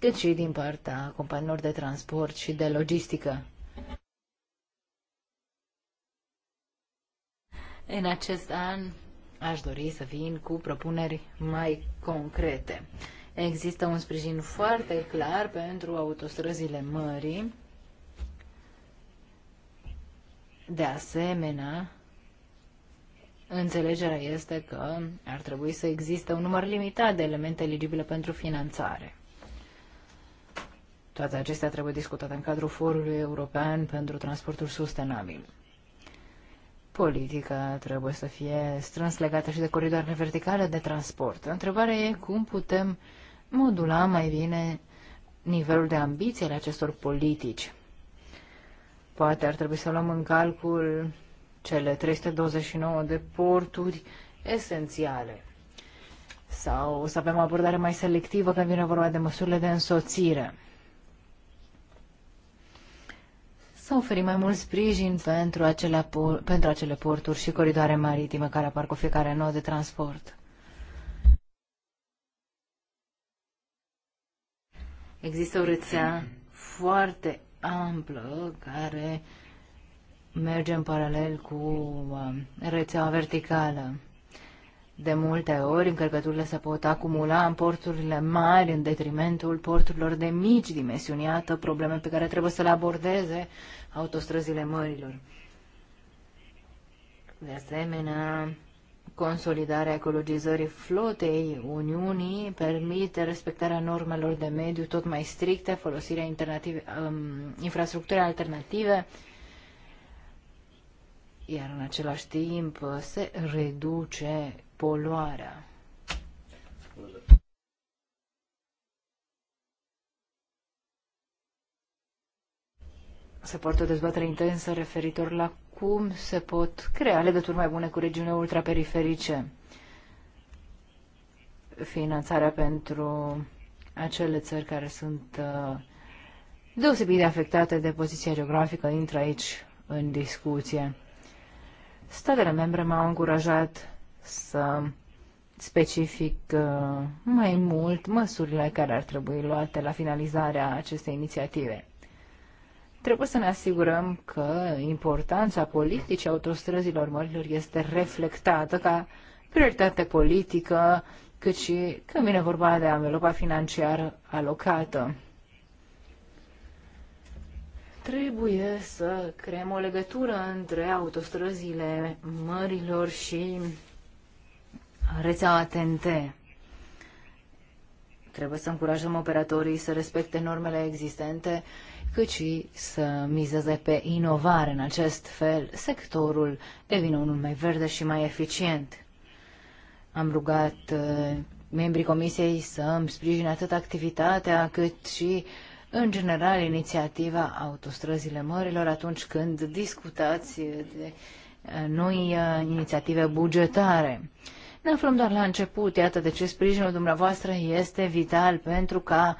Speaker 3: cât și din partea companiilor de transport și de logistică. În acest an aș dori să vin cu propuneri mai concrete. Există un sprijin foarte clar pentru autostrăzile mării. De asemenea, înțelegerea este că ar trebui să existe un număr limitat de elemente eligibile pentru finanțare. Toate acestea trebuie discutate în cadrul Forului European pentru Transportul Sustenabil. Politica trebuie să fie strâns legată și de coridoarele verticale de transport. Întrebarea e cum putem modula mai bine nivelul de ambiție ale acestor politici. Poate ar trebui să luăm în calcul cele 329 de porturi esențiale sau să avem o abordare mai selectivă când vine vorba de măsurile de însoțire. să oferim mai mult sprijin pentru acele, pentru acele porturi și coridoare maritime care apar cu fiecare nou de transport. Există o rețea foarte amplă care merge în paralel cu um, rețeaua verticală. De multe ori, încărcăturile se pot acumula în porturile mari, în detrimentul porturilor de mici dimensiuni. Iată probleme pe care trebuie să le abordeze autostrăzile mărilor. De asemenea, consolidarea ecologizării flotei Uniunii permite respectarea normelor de mediu tot mai stricte, folosirea um, infrastructurii alternative, iar în același timp se reduce poluarea. Se poartă o dezbatere intensă referitor la cum se pot crea legături mai bune cu regiunile ultraperiferice. Finanțarea pentru acele țări care sunt uh, deosebit de afectate de poziția geografică intră aici în discuție. Statele membre m-au încurajat să specific uh, mai mult măsurile care ar trebui luate la finalizarea acestei inițiative. Trebuie să ne asigurăm că importanța politicii autostrăzilor mărilor este reflectată ca prioritate politică, cât și când vine vorba de amelopa financiară alocată. Trebuie să creăm o legătură între autostrăzile mărilor și rețeaua TNT. Trebuie să încurajăm operatorii să respecte normele existente, cât și să mizeze pe inovare. În acest fel, sectorul devine unul mai verde și mai eficient. Am rugat uh, membrii comisiei să îmi sprijine atât activitatea cât și, în general, inițiativa Autostrăzile Mărilor atunci când discutați de uh, noi uh, inițiative bugetare. Ne aflăm doar la început, iată de ce sprijinul dumneavoastră este vital pentru ca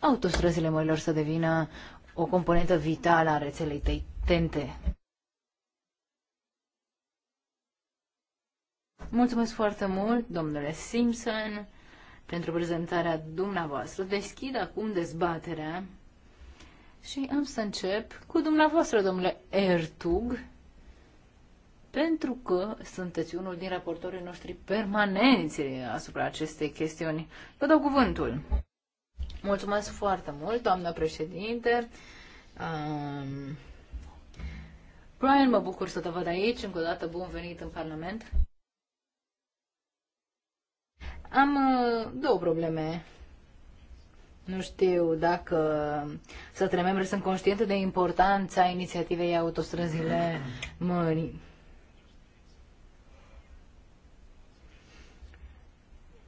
Speaker 3: autostrăzile mărilor să devină o componentă vitală a rețelei tei-tente. Mulțumesc foarte mult, domnule Simpson, pentru prezentarea dumneavoastră. Deschid acum dezbaterea și am să încep cu dumneavoastră, domnule Ertug pentru că sunteți unul din raportorii noștri permanenți asupra acestei chestiuni. Vă dau cuvântul. Mulțumesc foarte mult, doamna președinte. Um, Brian, mă bucur să te văd aici. Încă o dată, bun venit în Parlament. Am uh, două probleme. Nu știu dacă statele membre sunt conștiente de importanța inițiativei autostrăzile mării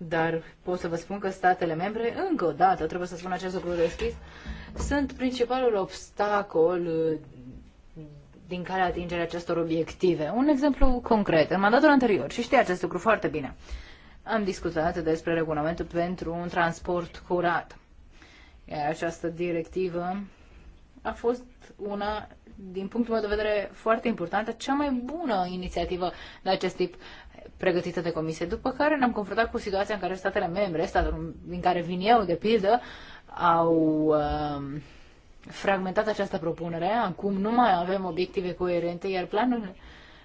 Speaker 3: Dar pot să vă spun că statele membre, încă o dată, trebuie să spun acest lucru deschis, sunt principalul obstacol uh, din care atingerea acestor obiective. Un exemplu concret, în mandatul anterior, și știi acest lucru foarte bine, am discutat despre regulamentul pentru un transport curat. Iar această directivă a fost una, din punctul meu de vedere, foarte importantă, cea mai bună inițiativă de acest tip pregătită de comisie, după care ne-am confruntat cu situația în care statele membre, statul din care vin eu, de pildă, au uh, fragmentat această propunere. Acum nu mai avem obiective coerente, iar planurile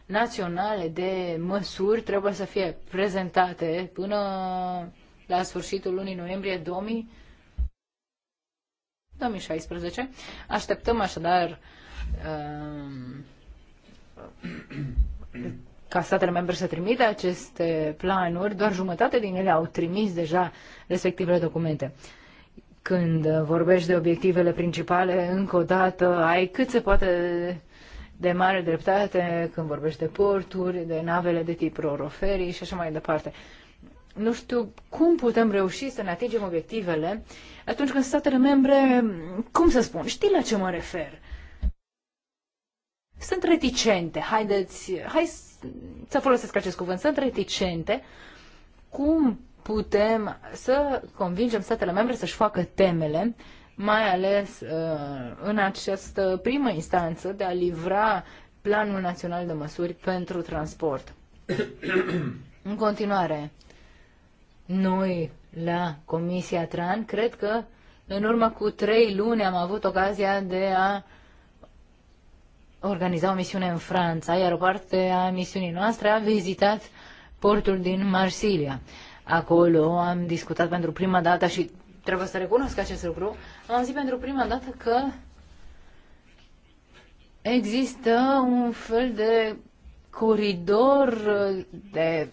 Speaker 3: naționale de măsuri trebuie să fie prezentate până la sfârșitul lunii noiembrie 2016. Așteptăm așadar um, ca statele membre să trimită aceste planuri, doar jumătate din ele au trimis deja respectivele documente. Când vorbești de obiectivele principale, încă o dată ai cât se poate de mare dreptate când vorbești de porturi, de navele de tip roroferii și așa mai departe. Nu știu cum putem reuși să ne atingem obiectivele atunci când statele membre, cum să spun, știi la ce mă refer? Sunt reticente. Haideți, hai să folosesc acest cuvânt, sunt reticente, cum putem să convingem statele membre să-și facă temele, mai ales uh, în această primă instanță de a livra Planul Național de Măsuri pentru Transport. în continuare, noi la Comisia TRAN, cred că în urmă cu trei luni am avut ocazia de a organiza o misiune în Franța, iar o parte a misiunii noastre a vizitat portul din Marsilia. Acolo am discutat pentru prima dată și trebuie să recunosc acest lucru, am zis pentru prima dată că există un fel de coridor de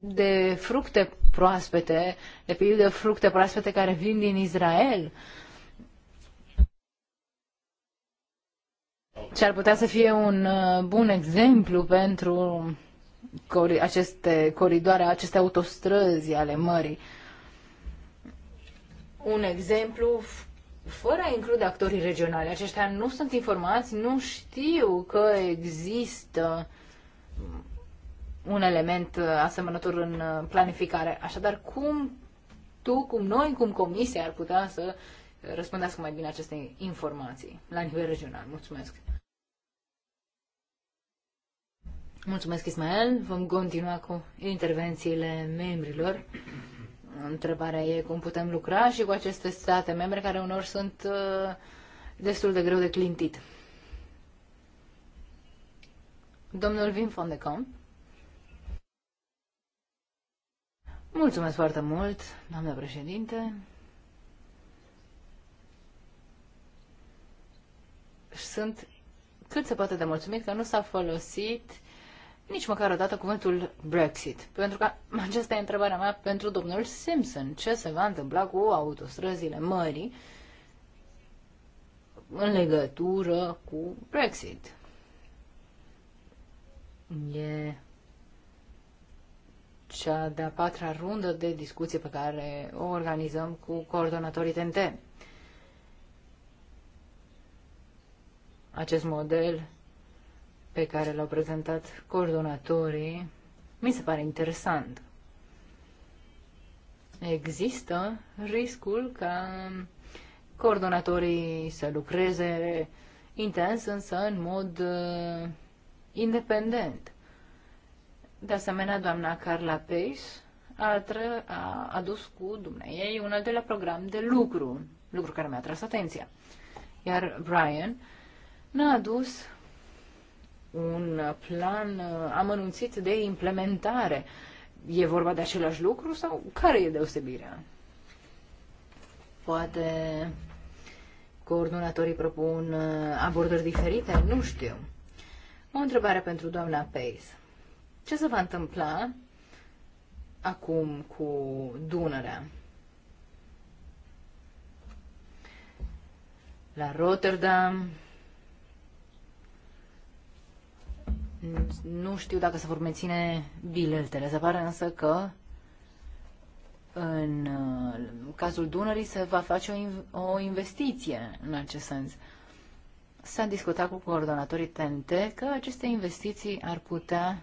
Speaker 3: de fructe proaspete, de pildă fructe proaspete care vin din Israel. Uh, și ar putea să fie un uh, bun exemplu pentru aceste coridoare, aceste autostrăzi ale mării. Un exemplu fără a include actorii regionali. Aceștia nu sunt informați, nu știu că există un element uh, asemănător în uh, planificare. Așadar, cum tu, cum noi, cum comisia ar putea să răspundească mai bine aceste informații la nivel regional? Mulțumesc! Mulțumesc, Ismael. Vom continua cu intervențiile membrilor. Întrebarea e cum putem lucra și cu aceste state membre care unor sunt uh, destul de greu de clintit. Domnul Vin von de Kamp. Mulțumesc foarte mult, doamnă președinte. Sunt cât se poate de mulțumit că nu s-a folosit nici măcar o dată cuvântul Brexit. Pentru că aceasta e întrebarea mea pentru domnul Simpson. Ce se va întâmpla cu autostrăzile mării în legătură cu Brexit? E cea de-a patra rundă de discuție pe care o organizăm cu coordonatorii TNT. Acest model pe care l-au prezentat coordonatorii mi se pare interesant. Există riscul ca coordonatorii să lucreze intens, însă în mod uh, independent. De asemenea, doamna Carla Pace a, a adus cu dumneiei un al doilea program de lucru, lucru care mi-a tras atenția. Iar Brian ne-a adus un plan uh, amănunțit de implementare. E vorba de același lucru sau care e deosebirea? Poate coordonatorii propun uh, abordări diferite? Nu știu. O întrebare pentru doamna Pace. Ce se va întâmpla acum cu Dunărea? La Rotterdam, Nu știu dacă se vor menține biletele. Se pare însă că în uh, cazul Dunării se va face o, o investiție în acest sens. S-a discutat cu coordonatorii TNT că aceste investiții ar putea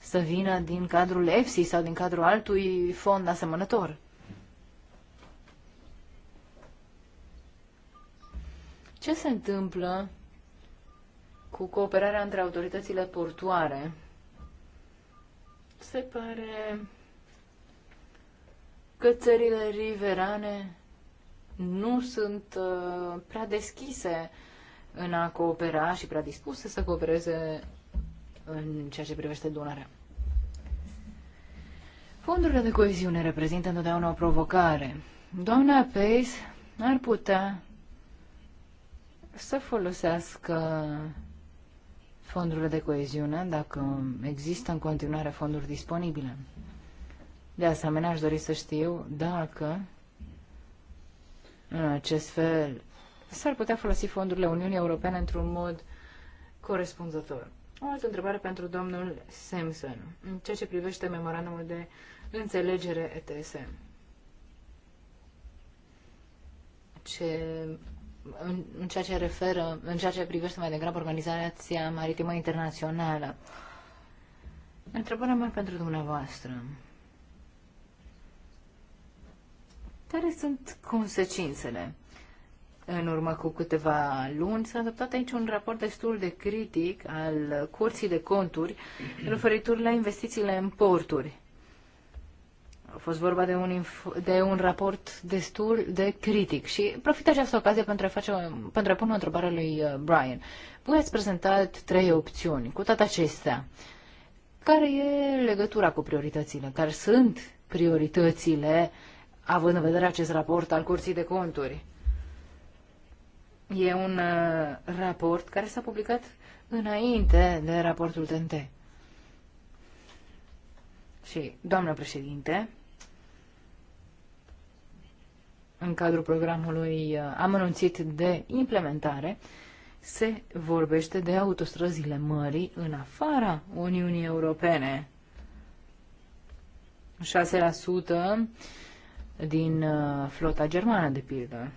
Speaker 3: să vină din cadrul EFSI sau din cadrul altui fond asemănător. Ce se întâmplă cu cooperarea între autoritățile portoare. Se pare că țările riverane nu sunt uh, prea deschise în a coopera și prea dispuse să coopereze în ceea ce privește Dunărea. Fondurile de coeziune reprezintă întotdeauna o provocare. Doamna Pace ar putea să folosească fondurile de coeziune, dacă există în continuare fonduri disponibile. De asemenea, aș dori să știu dacă în acest fel s-ar putea folosi fondurile Uniunii Europene într-un mod corespunzător. O altă întrebare pentru domnul Simpson, în ceea ce privește memorandumul de înțelegere ETSM. Ce în ceea ce referă, în ceea ce privește mai degrabă Organizația Maritimă Internațională. Întrebarea mea pentru dumneavoastră. Care sunt consecințele? În urmă cu câteva luni s-a adoptat aici un raport destul de critic al Curții de Conturi referitor la investițiile în porturi. A fost vorba de un, de un raport destul de critic și profit această ocazie pentru a, face, pentru a pune o întrebare lui uh, Brian. Voi ați prezentat trei opțiuni. Cu toate acestea, care e legătura cu prioritățile? Care sunt prioritățile având în vedere acest raport al Curții de Conturi? E un uh, raport care s-a publicat înainte de raportul TNT. Și, doamnă președinte, în cadrul programului uh, amănunțit de implementare, se vorbește de autostrăzile mării în afara Uniunii Europene. 6% din uh, flota germană, de pildă,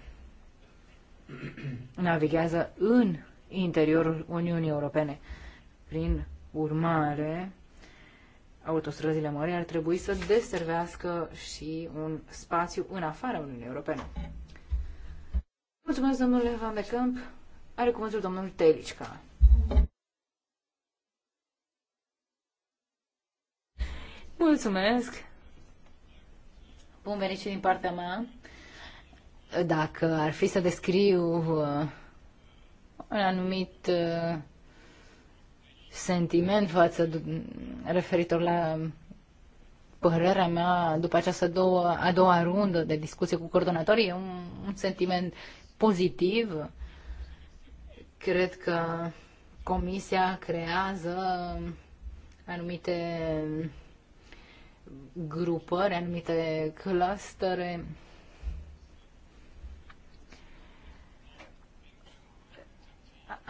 Speaker 3: [clears throat] navighează în interiorul Uniunii Europene. Prin urmare, autostrăzile mării ar trebui să deservească și un spațiu în afara Uniunii Europene. Mulțumesc, domnule Van de Camp. Are cuvântul domnul Telicca. Mulțumesc. Bun venit și din partea mea. Dacă ar fi să descriu uh, un anumit uh, sentiment față referitor la părerea mea după această două, a doua rundă de discuție cu coordonatorii. E un, un sentiment pozitiv. Cred că comisia creează anumite grupări, anumite clustere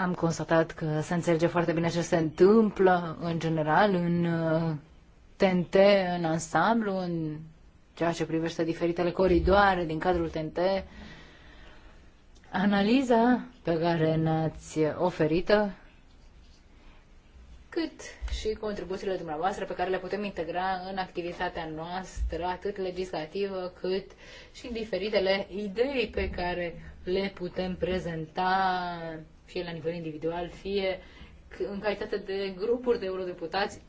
Speaker 3: Am constatat că se înțelege foarte bine ce se întâmplă în general în TNT, uh, în ansamblu, în ceea ce privește diferitele coridoare din cadrul TNT. Analiza pe care ne-ați oferită cât și contribuțiile dumneavoastră pe care le putem integra în activitatea noastră, atât legislativă, cât și diferitele idei pe care le putem prezenta fie la nivel individual, fie în calitate de grupuri de eurodeputați.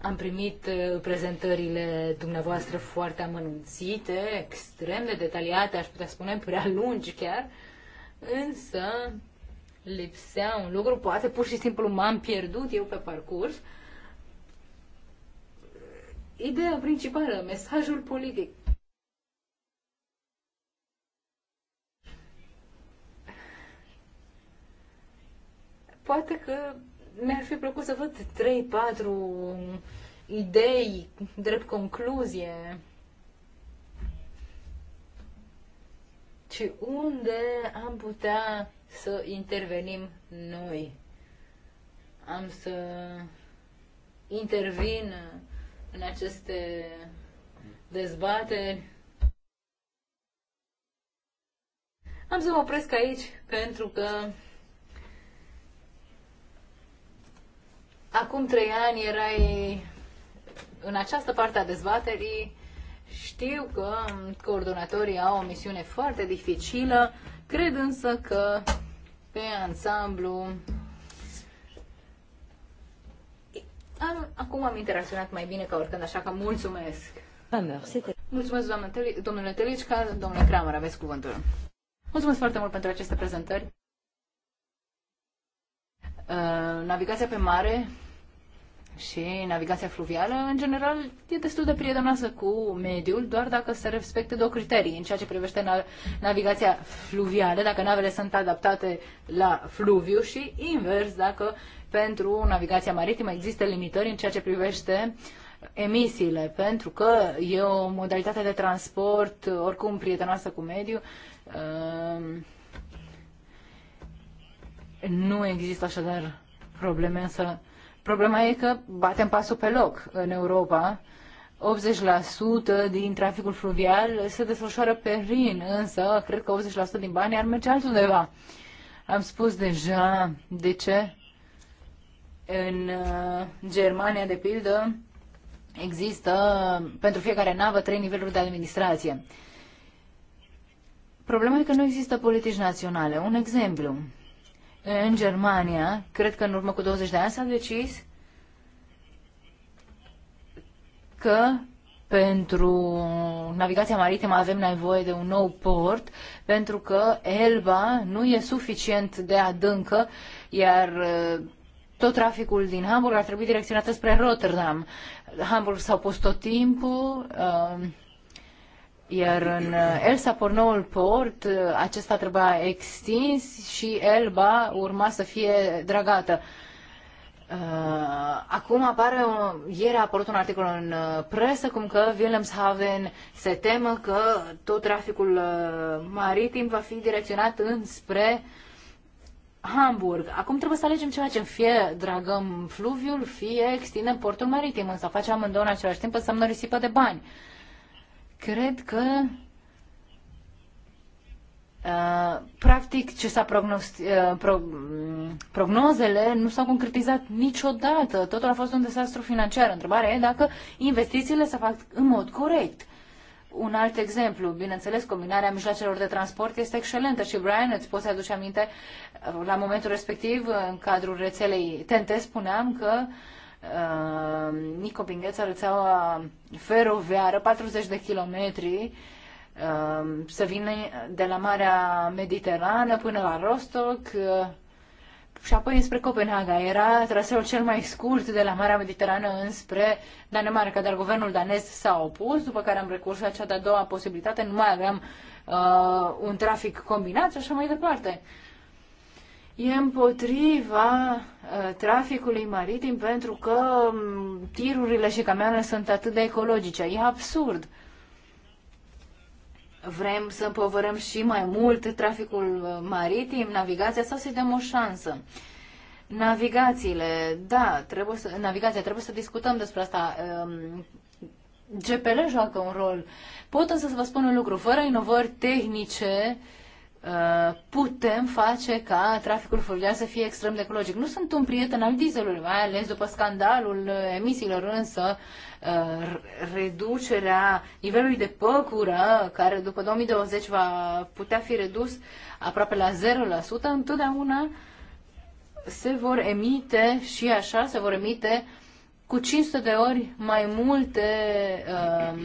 Speaker 3: Am primit uh, prezentările dumneavoastră foarte amănunțite, extrem de detaliate, aș putea spune prea lungi chiar, însă lipsea un lucru, poate pur și simplu m-am pierdut eu pe parcurs. Ideea principală, mesajul politic. Poate că mi-ar fi plăcut să văd 3-4 idei drept concluzie. Ci unde am putea să intervenim noi? Am să intervin în aceste dezbateri. Am să mă opresc aici pentru că acum trei ani erai în această parte a dezbaterii. Știu că coordonatorii au o misiune foarte dificilă, cred însă că pe ansamblu am, acum am interacționat mai bine ca oricând, așa că mulțumesc. Ah, mulțumesc, domnule Telicica, domnule Kramer, aveți cuvântul. Mulțumesc foarte mult pentru aceste prezentări. Uh, navigația pe mare și navigația fluvială, în general, e destul de prietenoasă cu mediul, doar dacă se respecte două criterii. În ceea ce privește na- navigația fluvială, dacă navele sunt adaptate la fluviu și invers, dacă pentru navigația maritimă există limitări în ceea ce privește emisiile, pentru că e o modalitate de transport oricum prietenoasă cu mediul. Ehm, nu există așadar probleme, însă Problema e că batem pasul pe loc în Europa. 80% din traficul fluvial se desfășoară pe Rin, însă cred că 80% din bani ar merge altundeva. Am spus deja de ce în uh, Germania, de pildă, există pentru fiecare navă trei niveluri de administrație. Problema e că nu există politici naționale. Un exemplu. În Germania, cred că în urmă cu 20 de ani s-a decis că pentru navigația maritimă avem nevoie de un nou port, pentru că Elba nu e suficient de adâncă, iar uh, tot traficul din Hamburg ar trebui direcționat spre Rotterdam. Hamburg s-a pus tot timpul, uh, iar în uh, El Sapor, noul port, uh, acesta trebuia extins și Elba urma să fie dragată. Uh, acum apare, ieri a apărut un articol în presă cum că Wilhelmshaven se temă că tot traficul maritim va fi direcționat înspre Hamburg. Acum trebuie să alegem ce facem. Fie dragăm fluviul, fie extindem portul maritim, însă facem amândouă în același timp, înseamnă risipă de bani. Uh, Cred că uh, practic ce s-a prognosti, uh, pro, prognozele nu s-au concretizat niciodată. Totul a fost un dezastru financiar. Întrebarea e dacă investițiile se fac în mod corect. Un alt exemplu, bineînțeles, combinarea mijloacelor de transport este excelentă și, Brian, îți poți aduce aminte, la momentul respectiv, în cadrul rețelei TNT, spuneam că uh, uh, Nicopingheța, rețeaua feroviară, 40 de kilometri, uh, să vină de la Marea Mediterană până la Rostock uh, și apoi înspre Copenhaga. Era traseul cel mai scurt de la Marea Mediterană înspre Danemarca, dar guvernul danez s-a opus, după care am recurs la cea de-a doua posibilitate, nu mai aveam uh, un trafic combinat și așa mai departe. Uh, e împotriva ă, traficului maritim pentru că tirurile și camioanele sunt atât de ecologice. E absurd. Vrem să împovărăm și mai mult traficul ă, maritim, navigația sau să-i dăm o șansă? Navigațiile, da, trebuie să, navigația, trebuie să discutăm despre asta. Ă, GPL joacă un rol. Pot însă să vă spun un lucru. Fără inovări tehnice, uh, Uh, putem face ca traficul fluvial să fie extrem de ecologic. Nu sunt un prieten al dieselului, mai ales după scandalul uh, emisiilor, însă uh, reducerea nivelului de păcură, care după 2020 va putea fi redus aproape la 0%, întotdeauna se vor emite și așa se vor emite cu 500 de ori mai multe uh,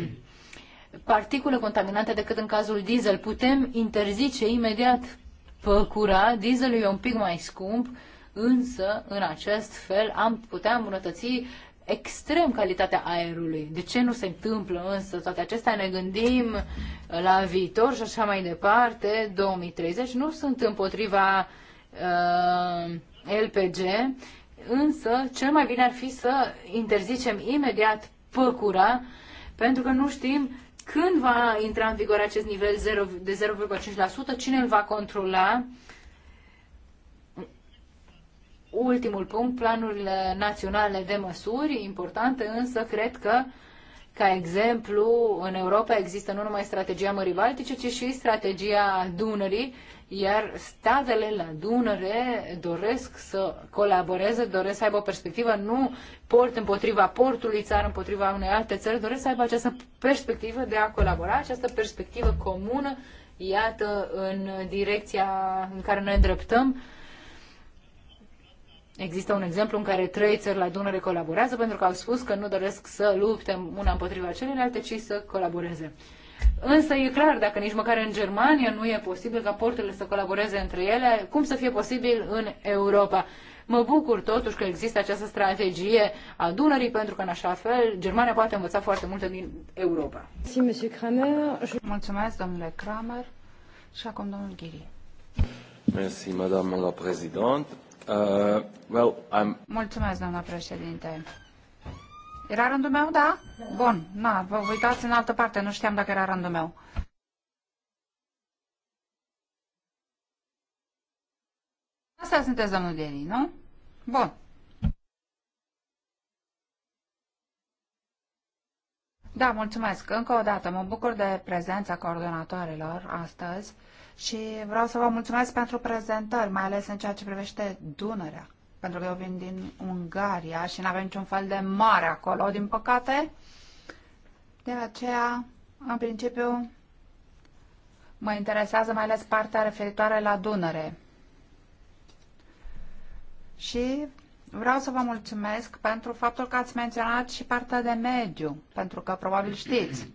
Speaker 3: particule contaminante decât în cazul diesel. Putem interzice imediat păcura, dieselul e un pic mai scump, însă în acest fel am putea îmbunătăți extrem calitatea aerului. De ce nu se întâmplă însă toate acestea? Ne gândim la viitor și așa mai departe, 2030. Nu sunt împotriva uh, LPG, însă cel mai bine ar fi să interzicem imediat păcura, pentru că nu știm când va intra în vigoare acest nivel de 0,5%? Cine îl va controla? Ultimul punct, planurile naționale de măsuri, importante, însă cred că uh, ca exemplu, în Europa există nu numai strategia Mării Baltice, ci și strategia Dunării, iar statele la Dunăre doresc să colaboreze, doresc să aibă o perspectivă, nu port împotriva portului, țară împotriva unei alte țări, doresc să aibă această perspectivă de a colabora, această perspectivă comună, iată, în direcția în care ne îndreptăm Există un exemplu în care trei țări la Dunăre colaborează pentru că au spus că nu doresc să lupte una împotriva celelalte, ci să colaboreze. Însă e clar, dacă nici măcar în Germania nu e posibil ca porturile să colaboreze între ele, cum să fie posibil în Europa? Mă bucur totuși că există această strategie a Dunării, pentru că în așa fel Germania poate învăța foarte multe din Europa.
Speaker 1: Mulțumesc, domnule Kramer. Și acum domnul Ghiri.
Speaker 2: Mulțumesc, madame președinte. Uh, well, I'm...
Speaker 1: Mulțumesc, doamna președinte. Era rândul meu, da? Bun, na, vă uitați în altă parte, nu știam dacă era rândul meu. Asta sunteți, domnul Deni, nu? Bun. Da, mulțumesc. Încă o dată, mă bucur de prezența coordonatoarelor astăzi și vreau să vă mulțumesc pentru prezentări, mai ales în ceea ce privește Dunărea, pentru că eu vin din Ungaria și nu avem niciun fel de mare acolo, din păcate. De aceea, în principiu, mă interesează mai ales partea referitoare la Dunăre. Și vreau să vă mulțumesc pentru faptul că ați menționat și partea de mediu, pentru că probabil știți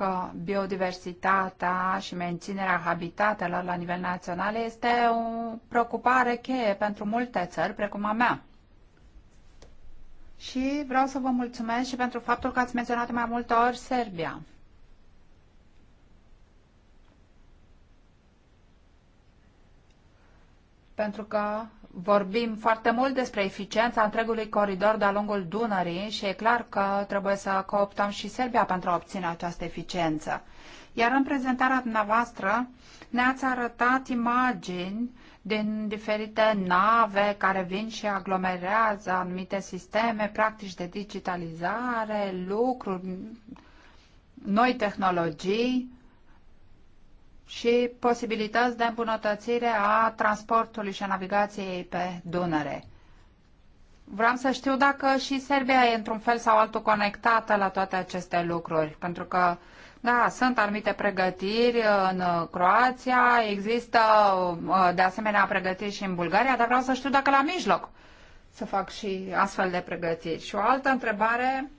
Speaker 1: că biodiversitatea și menținerea habitatelor la nivel național este o preocupare cheie pentru multe țări, precum a mea. Și vreau să vă mulțumesc și pentru faptul că ați menționat mai multe ori Serbia. Pentru că vorbim foarte mult despre eficiența întregului coridor de-a lungul Dunării și e clar că trebuie să cooptăm și Serbia pentru a obține această eficiență. Iar în prezentarea dumneavoastră ne-ați arătat imagini din diferite nave care vin și aglomerează anumite sisteme, practici de digitalizare, lucruri, noi tehnologii și posibilități de îmbunătățire a transportului și a navigației pe Dunăre. Vreau să știu dacă și Serbia e într-un fel sau altul conectată la toate aceste lucruri, pentru că, da, sunt anumite pregătiri în Croația, există uh, de asemenea pregătiri și în Bulgaria, dar vreau să știu dacă la mijloc să fac și astfel de pregătiri. Și o altă întrebare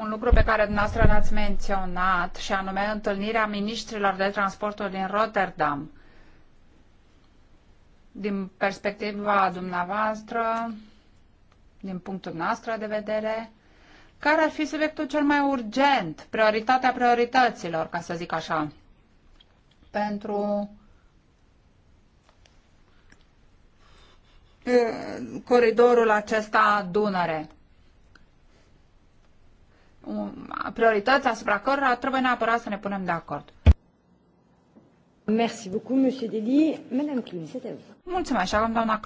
Speaker 1: un lucru pe care dumneavoastră l-ați menționat și anume întâlnirea ministrilor de transporturi din Rotterdam. Din perspectiva dumneavoastră, din punctul noastră de vedere, care ar fi subiectul cel mai urgent, prioritatea priorităților, ca să zic așa, pentru coridorul acesta Dunăre? priorități asupra cărora trebuie neapărat să ne punem de acord. Merci beaucoup, Monsieur Deli. Madame c'est à vous. Mulțumesc, acum doamna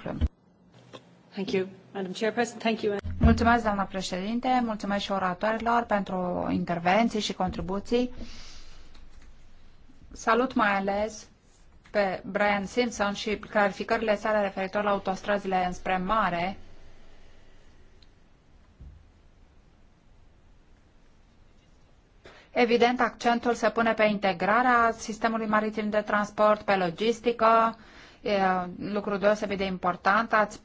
Speaker 1: Thank you, Madam Chairperson. Thank you. Mulțumesc, doamna președinte, mulțumesc și oratorilor pentru intervenții și contribuții. Salut mai ales pe Brian Simpson și clarificările sale referitor la autostrăzile înspre mare, Evident, accentul se pune pe integrarea sistemului maritim de transport, pe logistică, e lucru deosebit de important. Ați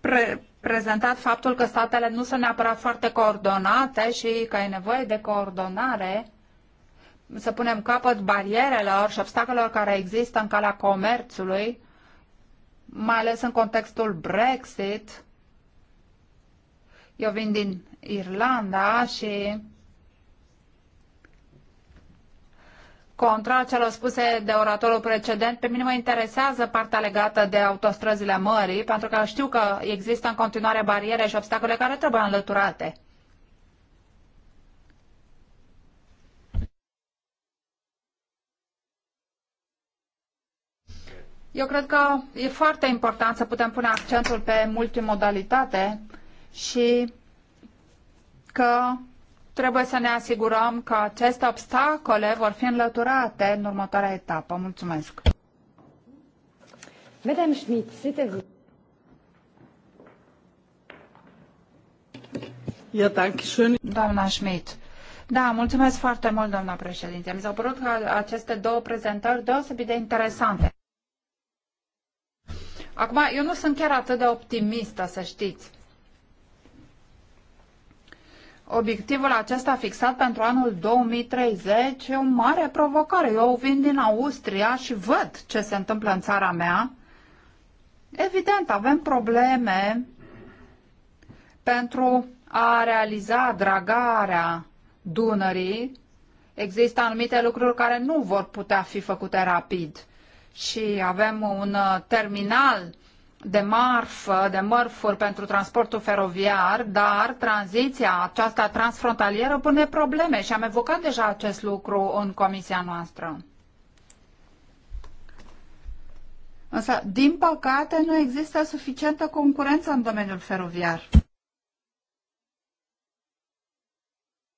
Speaker 1: pre- prezentat faptul că statele nu sunt neapărat foarte coordonate și că e nevoie de coordonare să punem capăt barierelor și obstacolelor care există în calea comerțului, mai ales în contextul Brexit eu vin din Irlanda și contra celor spuse de oratorul precedent, pe mine mă interesează partea legată de autostrăzile mării, pentru că știu că există în continuare bariere și obstacole care trebuie înlăturate. Eu cred că e foarte important să putem pune accentul pe multimodalitate și că trebuie să ne asigurăm că aceste obstacole vor fi înlăturate în următoarea etapă. Mulțumesc! Madame Schmidt, c'est à vous. danke schön. Doamna Schmidt. Da, mulțumesc foarte mult, doamna președinte. Mi s-au părut că aceste două prezentări deosebit de interesante. Acum, eu nu sunt chiar atât de optimistă, să știți obiectivul acesta fixat pentru anul 2030 e o mare provocare. Eu vin din Austria și văd ce se întâmplă în țara mea. Evident, avem probleme pentru a realiza dragarea Dunării. Există anumite lucruri care nu vor putea fi făcute rapid și avem un terminal de marfă, de mărfuri pentru transportul feroviar, dar tranziția aceasta transfrontalieră pune probleme și am evocat deja acest lucru în comisia noastră. Însă, din păcate, nu există suficientă concurență în domeniul feroviar.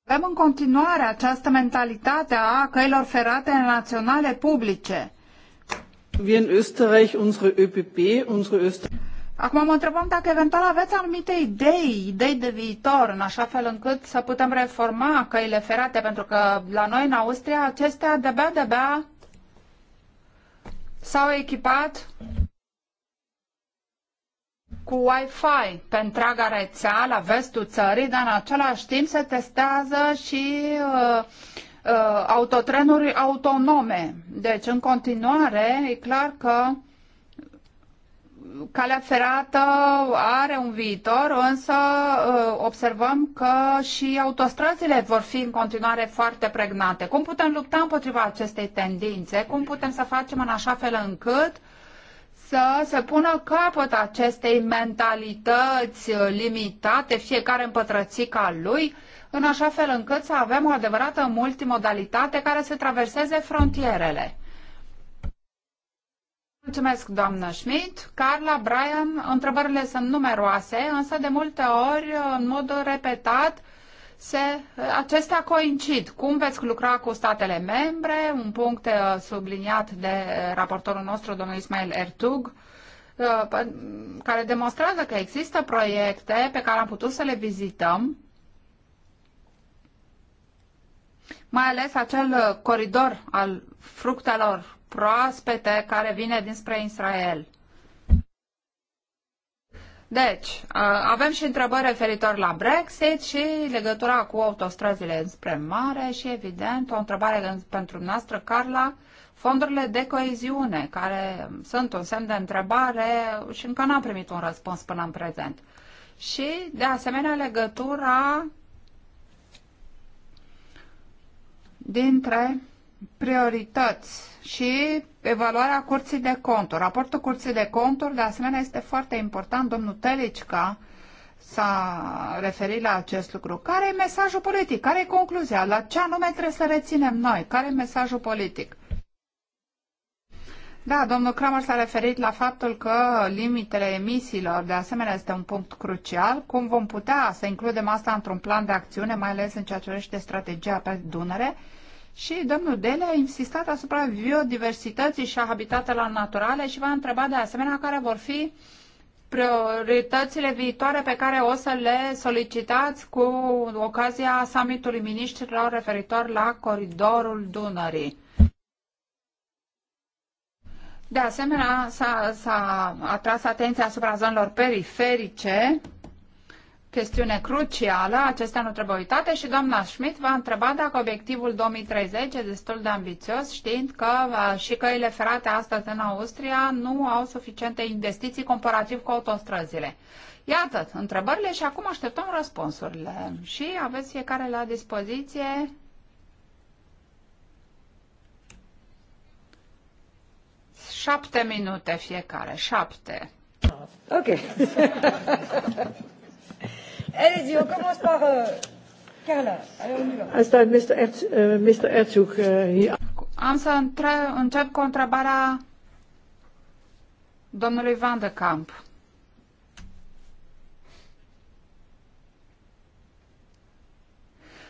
Speaker 1: Avem în continuare această mentalitate a căilor ferate naționale publice Acum mă întrebăm dacă eventual aveți anumite idei, idei de viitor, în așa fel încât să putem reforma căile ferate, pentru că la noi în Austria acestea de-abia, de-abia s-au echipat cu Wi-Fi pe întreaga rețea la vestul țării, dar în același timp se testează și uh, uh, autotrenuri autonome. Deci, în continuare, e clar că calea ferată are un viitor, însă uh, observăm că și autostrăzile vor fi în continuare foarte pregnate. Cum putem lupta împotriva acestei tendințe? Cum putem să facem în așa fel încât să se pună capăt acestei mentalități limitate, fiecare împătrățica lui, în așa fel încât să avem o adevărată multimodalitate care să traverseze frontierele. Mulțumesc, doamnă Schmidt. Carla, Brian, întrebările sunt numeroase, însă de multe ori, în mod repetat, se, acestea coincid. Cum veți lucra cu statele membre? Un punct uh, subliniat de raportorul nostru, domnul Ismail Ertug, uh, care demonstrează că există proiecte pe care am putut să le vizităm mai ales acel uh, coridor al fructelor proaspete care vine dinspre Israel. Deci, uh, avem și întrebări referitor la Brexit și legătura cu autostrăzile înspre mare și, evident, o întrebare pentru noastră, Carla, fondurile de coeziune, care sunt un semn de întrebare și încă n-am primit un răspuns până în prezent. Și, de asemenea, legătura dintre priorități și evaluarea curții de conturi. Raportul curții de conturi, de asemenea, este foarte important. Domnul Telicica s-a referit la acest lucru. Care e mesajul politic? Care e concluzia? La ce anume trebuie să reținem noi? Care e mesajul politic? Da, domnul Kramer s-a referit la faptul că limitele emisiilor, de asemenea, este un punct crucial. Cum vom putea să includem asta într-un plan de acțiune, mai ales în ceea ce privește strategia pe Dunăre? Și domnul Dele a insistat asupra biodiversității și a habitatelor naturale și v-a întrebat de asemenea care vor fi prioritățile viitoare pe care o să le solicitați cu ocazia summitului miniștrilor referitor la coridorul Dunării. De asemenea, s-a atras atenția asupra zonelor periferice chestiune crucială, acestea nu trebuie uitate și doamna Schmidt va întreba dacă obiectivul 2030 e destul de ambițios, știind că uh, și căile ferate astăzi în Austria nu au suficiente investiții comparativ cu autostrăzile. Iată întrebările și acum așteptăm răspunsurile. Și aveți fiecare la dispoziție șapte minute fiecare, șapte. Ok. [laughs] Allez-y, on commence par euh, Carla. Allez, on y va. Mr. Erz, uh, uh, Am să între, încep cu întrebarea domnului Van de Camp.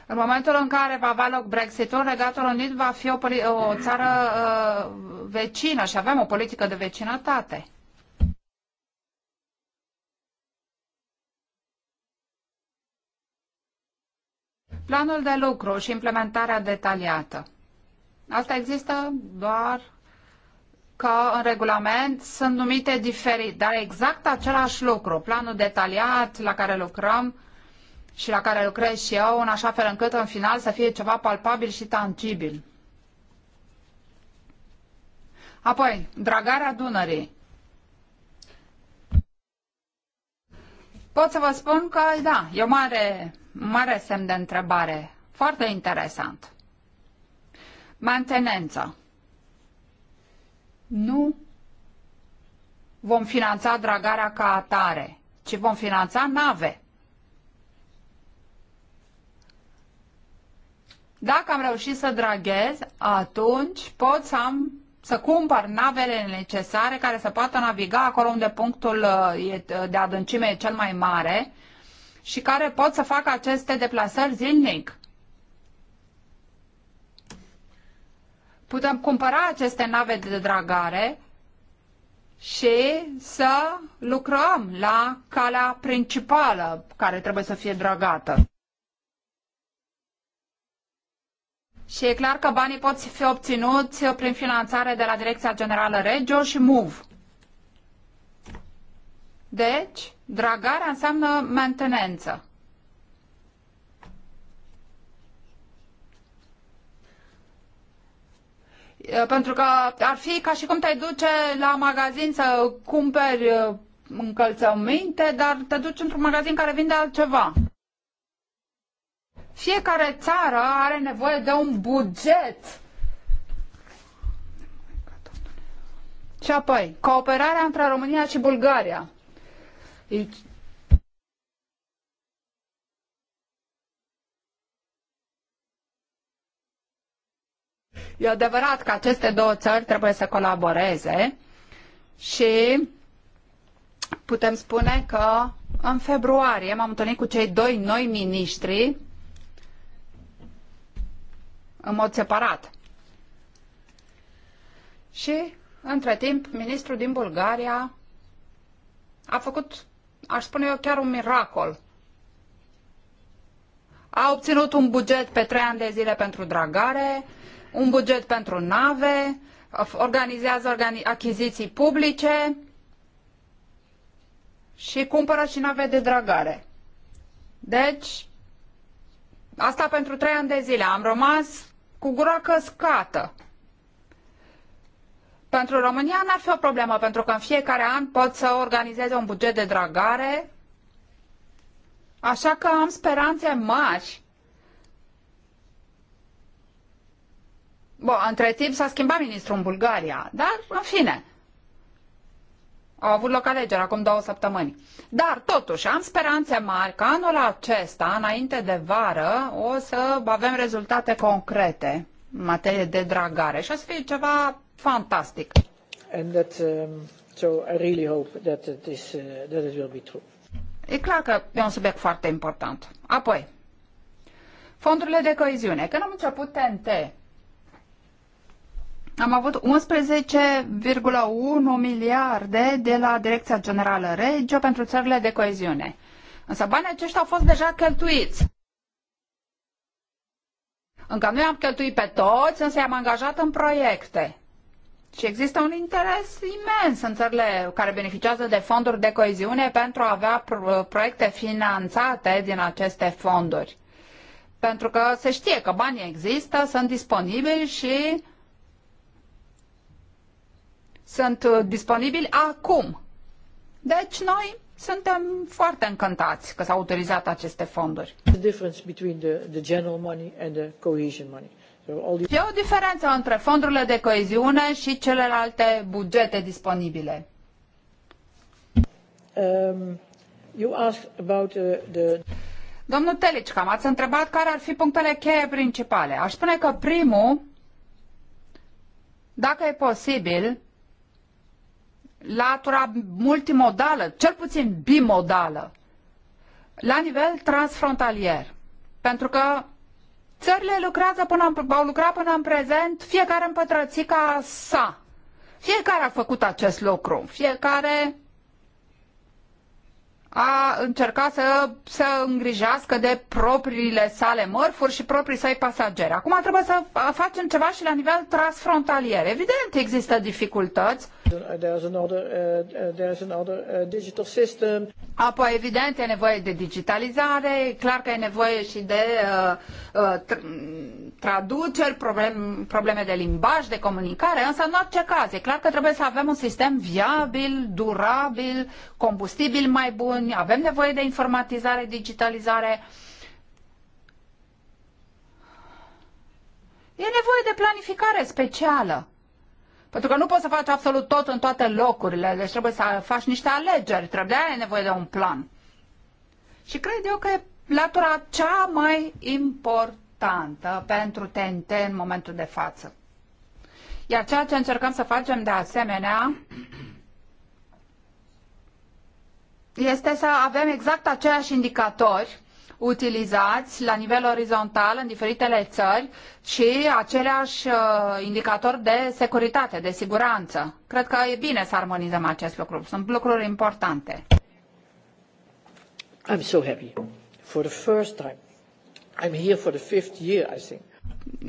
Speaker 1: În momentul în care va avea loc Brexit-ul, Regatul Unit va fi o, o țară uh, vecină și avem o politică de vecinătate. Planul de lucru și implementarea detaliată. Asta există doar că în regulament sunt numite diferit, dar exact același lucru. Planul detaliat la care lucrăm și la care lucrez și eu, în așa fel încât în final să fie ceva palpabil și tangibil. Apoi, dragarea Dunării. pot să vă spun că, da, e o mare, mare semn de întrebare. Foarte interesant. Mantenență. Nu vom finanța dragarea ca atare, ci vom finanța nave. Dacă am reușit să draghez, atunci pot să am să cumpăr navele necesare care să poată naviga acolo unde punctul uh, uh, de adâncime e cel mai mare și care pot să facă aceste deplasări zilnic. Putem cumpăra aceste nave de dragare și să lucrăm la calea principală care trebuie să fie dragată. Și e clar că banii pot fi obținuți prin finanțare de la Direcția Generală Regio și MOVE. Deci, dragarea înseamnă mantenență. Pentru că ar fi ca și cum te duce la magazin să cumperi încălțăminte, dar te duci într-un magazin care vinde altceva. Fiecare țară are nevoie de un buget. Și apoi, cooperarea între România și Bulgaria. Deci, e adevărat că aceste două țări trebuie să colaboreze și putem spune că în februarie m-am întâlnit cu cei doi noi miniștri în mod separat. Și, între timp, ministrul din Bulgaria a făcut, aș spune eu, chiar un miracol. A obținut un buget pe trei ani de zile pentru dragare, un buget pentru nave, organizează organi- achiziții publice și cumpără și nave de dragare. Deci, asta pentru trei ani de zile. Am rămas cu gura căscată. Pentru România n-ar fi o problemă, pentru că în fiecare an pot să organizeze un buget de dragare, așa că am speranțe mari. Bun, între timp s-a schimbat ministrul în Bulgaria, dar în fine, au avut loc alegeri acum două săptămâni. Dar, totuși, am speranțe mari că anul acesta, înainte de vară, o să avem rezultate concrete în materie de dragare și o să fie ceva fantastic. And that, um, so I really hope that this, uh, that it will be true. E clar că e un subiect foarte important. Apoi, fondurile de coeziune. Când am început TNT, am avut 11,1 miliarde de la Direcția Generală Regio pentru țările de coeziune. Însă banii aceștia au fost deja cheltuiți. Încă nu i-am cheltuit pe toți, însă i-am angajat în proiecte. Și există un interes imens în țările care beneficiază de fonduri de coeziune pentru a avea proiecte finanțate din aceste fonduri. Pentru că se știe că banii există, sunt disponibili și sunt uh, disponibili acum. Deci noi suntem foarte încântați că s-au autorizat aceste fonduri. E o diferență între fondurile de coeziune și celelalte bugete disponibile. Um, you asked about, uh, the... Domnul Telicca, m-ați întrebat care ar fi punctele cheie principale. Aș spune că primul, dacă e posibil, latura multimodală, cel puțin bimodală, la nivel transfrontalier. Pentru că țările lucrează până, au lucrat până în prezent, fiecare în pătrățica sa. Fiecare a făcut acest lucru, fiecare a încercat să, să îngrijească de propriile sale mărfuri și proprii săi pasageri. Acum trebuie să facem ceva și la nivel transfrontalier. Evident, există dificultăți There's another, uh, uh, there's another uh, digital system. Apoi, evident, e nevoie de digitalizare, e clar că e nevoie și de uh, uh, tr traduceri, problem, probleme de limbaj, de comunicare, însă în orice caz, e clar că trebuie să avem un sistem viabil, durabil, combustibil mai bun, avem nevoie de informatizare, digitalizare. E nevoie de planificare specială. Pentru că nu poți să faci absolut tot în toate locurile, deci trebuie să faci niște alegeri, trebuie de ai nevoie de un plan. Și cred eu că e latura cea mai importantă pentru TNT în momentul de față. Iar ceea ce încercăm să facem de asemenea este să avem exact aceiași indicatori utilizați la nivel orizontal în diferitele țări și aceleași uh, indicatori de securitate, de siguranță. Cred că e bine să armonizăm acest lucru. Sunt lucruri importante. I'm so happy. For the first time. I'm here for the fifth year, I think.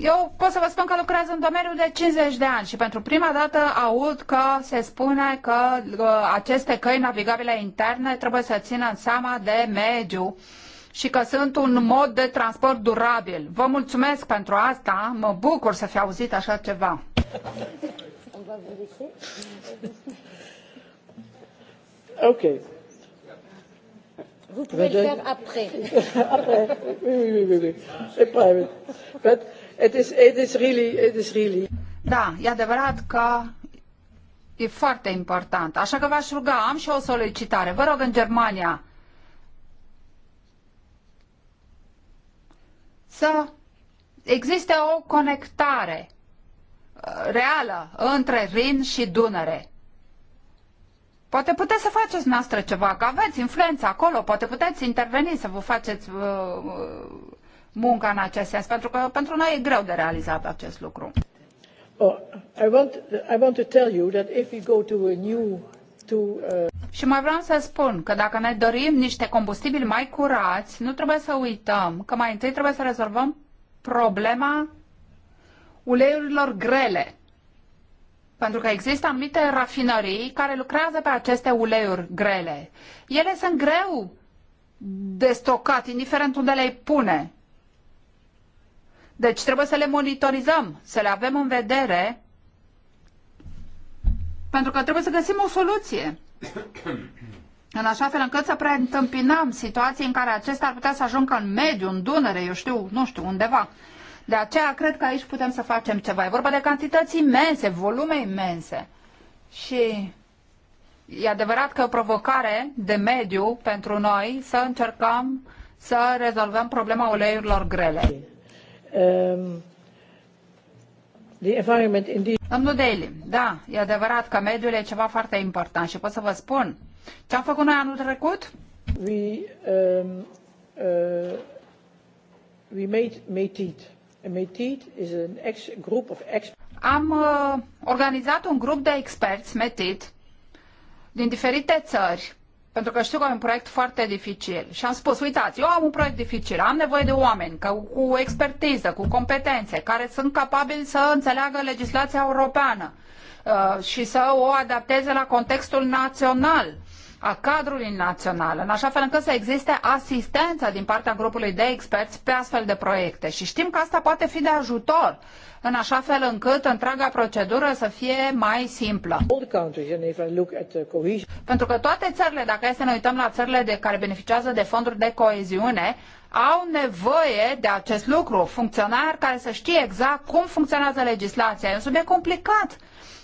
Speaker 1: Eu pot să vă spun că lucrez în domeniul de 50 de ani și pentru prima dată aud că se spune că uh, aceste căi navigabile interne trebuie să țină seama de mediu și că sunt un mod de transport durabil. Vă mulțumesc pentru asta, mă bucur să fi auzit așa ceva. Ok. [laughs] it is, it is really, it is really. Da, e adevărat că e foarte important. Așa că v-aș ruga, am și o solicitare. Vă rog în Germania, să existe o conectare uh, reală între Rin și Dunăre. Poate puteți să faceți noastră ceva, că aveți influență acolo, poate puteți interveni să vă faceți uh, uh, munca în acest sens, pentru că pentru noi e greu de realizat acest lucru. Oh, I want, I want to tell you that if we go to a new, to, uh... Și mai vreau să spun că dacă ne dorim niște combustibili mai curați, nu trebuie să uităm că mai întâi trebuie să rezolvăm problema uleiurilor grele. Pentru că există anumite rafinării care lucrează pe aceste uleiuri grele. Ele sunt greu de stocat, indiferent unde le pune. Deci trebuie să le monitorizăm, să le avem în vedere, pentru că trebuie să găsim o soluție în așa fel încât să preîntâmpinăm situații în care acesta ar putea să ajungă în mediu, în Dunăre, eu știu, nu știu, undeva. De aceea cred că aici putem să facem ceva. E vorba de cantități imense, volume imense. Și e adevărat că e o provocare de mediu pentru noi să încercăm să rezolvăm problema uleiurilor grele. Um... The environment indeed. Domnul Daly, da, e adevărat că mediul e ceva foarte important și pot să vă spun ce am făcut noi anul trecut. We, um, uh, we made METIT. METIT is an ex group of experts. Am uh, organizat un grup de experți, METIT, din diferite țări pentru că știu că e un proiect foarte dificil. Și am spus, uitați, eu am un proiect dificil, am nevoie de oameni cu, cu expertiză, cu competențe, care sunt capabili să înțeleagă legislația europeană uh, și să o adapteze la contextul național a cadrului național, în așa fel încât să existe asistență din partea grupului de experți pe astfel de proiecte. Și știm că asta poate fi de ajutor, în așa fel încât întreaga procedură să fie mai simplă. Uh, Pentru că toate țările, dacă este să ne uităm la țările de care beneficiază de fonduri de coeziune, au nevoie de acest lucru, funcționari care să știe exact cum funcționează legislația. E un subiect complicat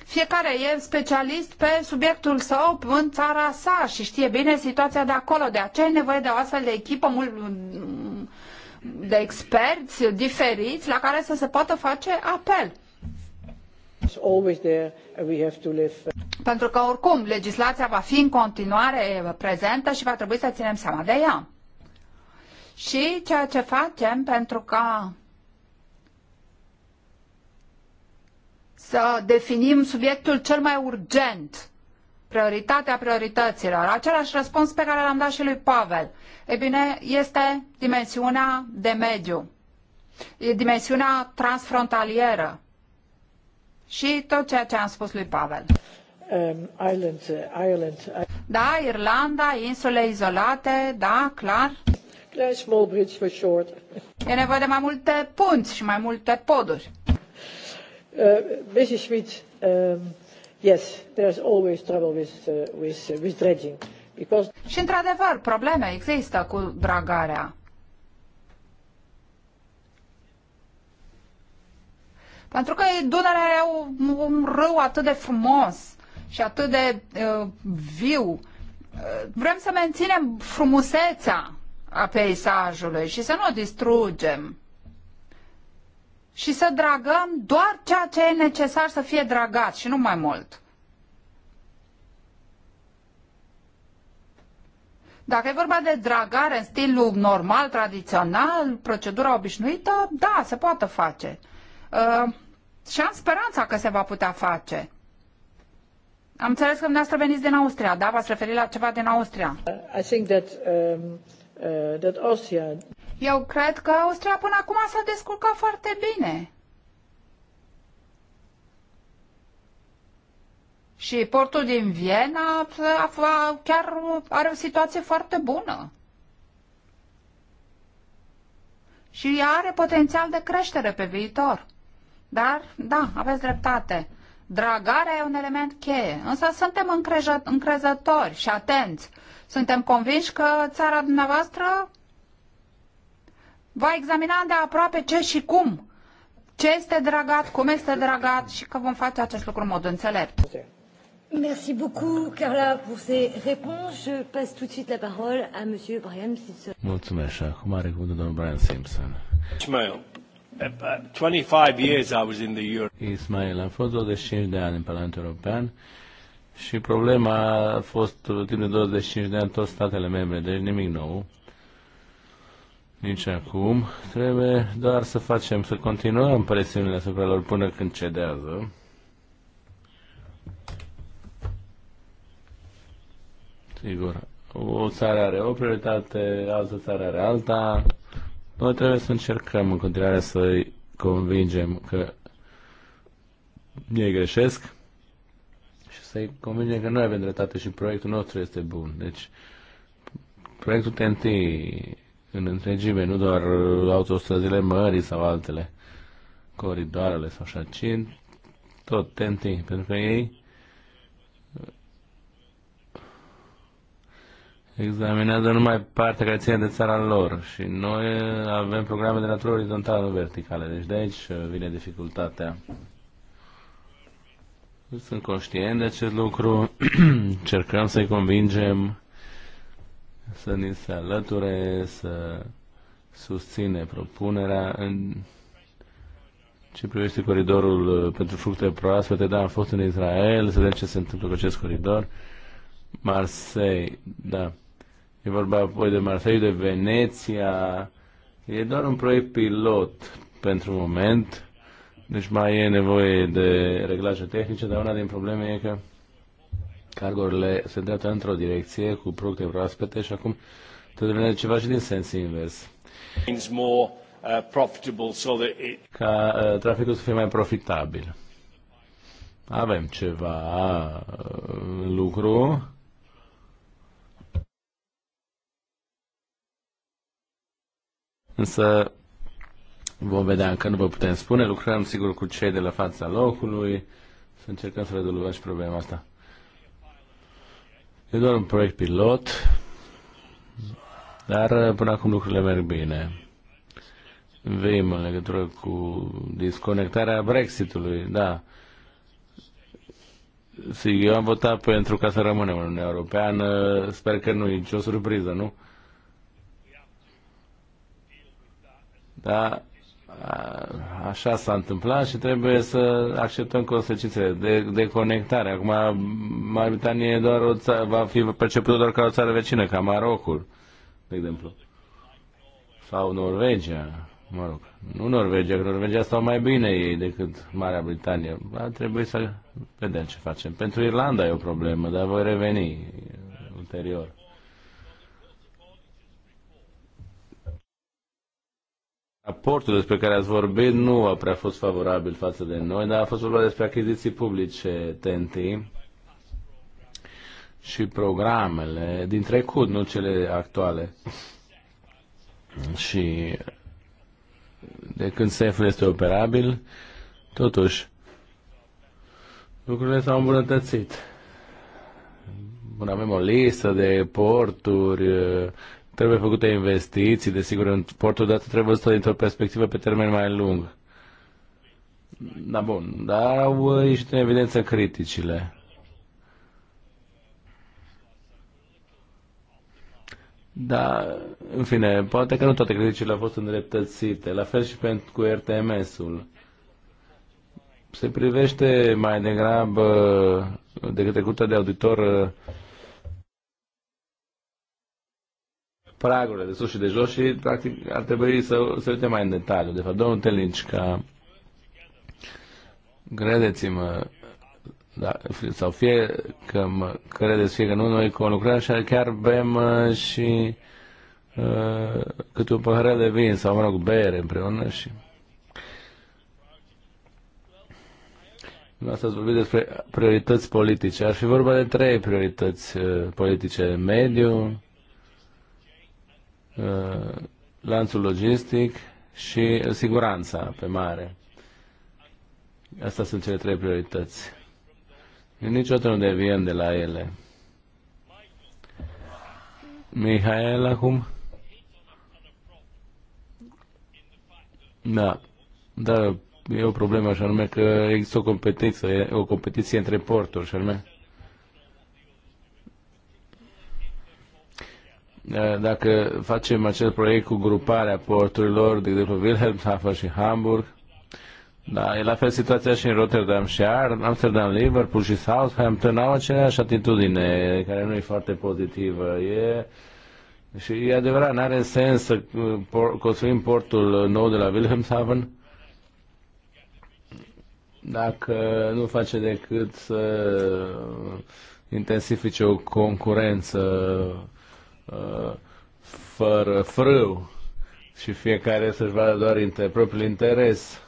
Speaker 1: fiecare e specialist pe subiectul său în țara sa și știe bine situația de acolo. De aceea e nevoie de o astfel de echipă mult, de experți diferiți la care să se poată face apel. Pentru că oricum legislația va fi în continuare prezentă și va trebui să ținem seama de ea. Și ceea ce facem pentru ca să definim subiectul cel mai urgent, prioritatea priorităților. Același răspuns pe care l-am dat și lui Pavel. E bine, este dimensiunea de mediu, e dimensiunea transfrontalieră și tot ceea ce am spus lui Pavel. Um, Ireland, uh, Ireland, uh, da, Irlanda, insule izolate, da, clar. Small bridge for short. E nevoie de mai multe punți și mai multe poduri. Uh, Mrs. Schmidt, um, yes, there's always trouble with, uh, with, uh, with dredging. Because... Și într-adevăr, probleme există cu dragarea. Pentru că Dunărea are un, un râu atât de frumos și atât de uh, viu. Uh, vrem să menținem frumusețea a peisajului și să nu o distrugem și să dragăm doar ceea ce e necesar să fie dragat și nu mai mult. Dacă e vorba de dragare în stilul normal, tradițional, procedura obișnuită, da, se poate face. Uh, și am speranța că se va putea face. Am înțeles că dumneavoastră veniți din Austria, da? V-ați referit la ceva din Austria. I think that, um, uh, that Austria... Eu cred că Austria până acum s-a descurcat foarte bine. Și portul din Viena a, a, chiar are o situație foarte bună. Și ea are potențial de creștere pe viitor. Dar, da, aveți dreptate. Dragarea e un element cheie, însă suntem încrezători și atenți. Suntem convinși că țara dumneavoastră va examina de aproape ce și cum, ce este dragat, cum este dragat și că vom face acest lucru în mod înțelept. Merci beaucoup, Carla, pour ces réponses. Je passe tout de
Speaker 3: suite la parole à Monsieur Brian Simpson.
Speaker 2: Mulțumesc. Acum are cuvântul domnul Brian Simpson. Ismail, 25 eh, years I was in the Euro. Ismail, am fost 25 de ani în Parlamentul European și problema a fost timp de 25 de ani în toate statele membre, deci nimic nou nici acum. Trebuie doar să facem, să continuăm presiunile asupra lor până când cedează. Sigur, o țară are o prioritate, altă țară are alta. Noi trebuie să încercăm în continuare să-i convingem că ei greșesc și să-i convingem că noi avem dreptate și proiectul nostru este bun. Deci, proiectul TNT în întregime, nu doar uh, autostrăzile mării sau altele, coridoarele sau așa, ci tot TNT, pentru că ei uh, examinează numai partea care ține de țara lor și noi uh, avem programe de natură orizontală, verticale, deci de aici vine dificultatea. Sunt conștient de acest lucru, [clears throat] încercăm să-i convingem să ni se alăture, să susține propunerea în ce privește coridorul uh, pentru fructe proaspete, da, am fost în Israel, să vedem ce se întâmplă cu acest coridor. Marseille, da. E vorba apoi de Marseille, de Veneția. E doar un proiect pilot pentru moment. Deci mai e nevoie de reglaje tehnice, dar una din probleme e că cargurile se îndreaptă într-o direcție cu producte proaspete și acum trebuie ceva și din sens invers. Uh, Ca uh, traficul să fie mai profitabil. Avem ceva uh, lucru. Însă vom vedea că nu vă putem spune. Lucrăm sigur cu cei de la fața locului să încercăm să rezolvăm și problema asta. E doar un proiect pilot, dar uh, până acum lucrurile merg bine. Vim în legătură cu disconectarea Brexitului, da. Eu am votat pentru ca să rămânem în Uniunea Europeană. Sper că nu e nicio surpriză, nu? Da, așa s-a întâmplat și trebuie să acceptăm consecințele de, de conectare. Acum, Marea Britanie e doar o țară, va fi percepută doar ca o țară vecină, ca Marocul, de exemplu. Sau Norvegia, mă rog. Nu Norvegia, că Norvegia stau mai bine ei decât Marea Britanie. Va trebui să vedem ce facem. Pentru Irlanda e o problemă, dar voi reveni ulterior. Raportul despre care ați vorbit nu a prea fost favorabil față de noi, dar a fost vorba despre achiziții publice TNT și programele din trecut, nu cele actuale. Și de când SEF este operabil, totuși, lucrurile s-au îmbunătățit. Bun, avem o listă de porturi Trebuie făcute investiții, desigur, în portul dat trebuie văzută dintr-o perspectivă pe termen mai lung. Da, bun, dar au uh, ieșit în evidență criticile. Da, în fine, poate că nu toate criticile au fost îndreptățite, la fel și pentru cu RTMS-ul. Se privește mai degrabă decât trecută de auditor uh, pragurile de sus și de jos și practic ar trebui să se uite mai în detaliu. De fapt, domnul Telinci, credeți-mă, da, sau fie că mă credeți, fie că nu, noi cu lucrarea, așa, chiar bem uh, și uh, câte un pahar de vin sau, mă rog, bere împreună și... Asta ați vorbit despre priorități politice. Ar fi vorba de trei priorități uh, politice. Mediu, Uh, lanțul logistic și uh, siguranța pe mare. Asta sunt cele trei priorități. Eu niciodată nu deviem de la ele. Mihail acum? Da. dar e o problemă, așa anume că există o competiție, o competiție între porturi, așa anume Eh, dacă facem acel proiect cu gruparea porturilor, de exemplu Wilhelmshaven și Hamburg, da, e la fel situația și în Rotterdam și Amsterdam, Liverpool și Southampton au aceeași atitudine care nu e foarte pozitivă. E, și e adevărat, nu are sens să uh, construim portul nou de la Wilhelmshaven dacă nu face decât să intensifice o concurență Uh, fără frâu și fiecare să-și vadă doar inter, propriul interes.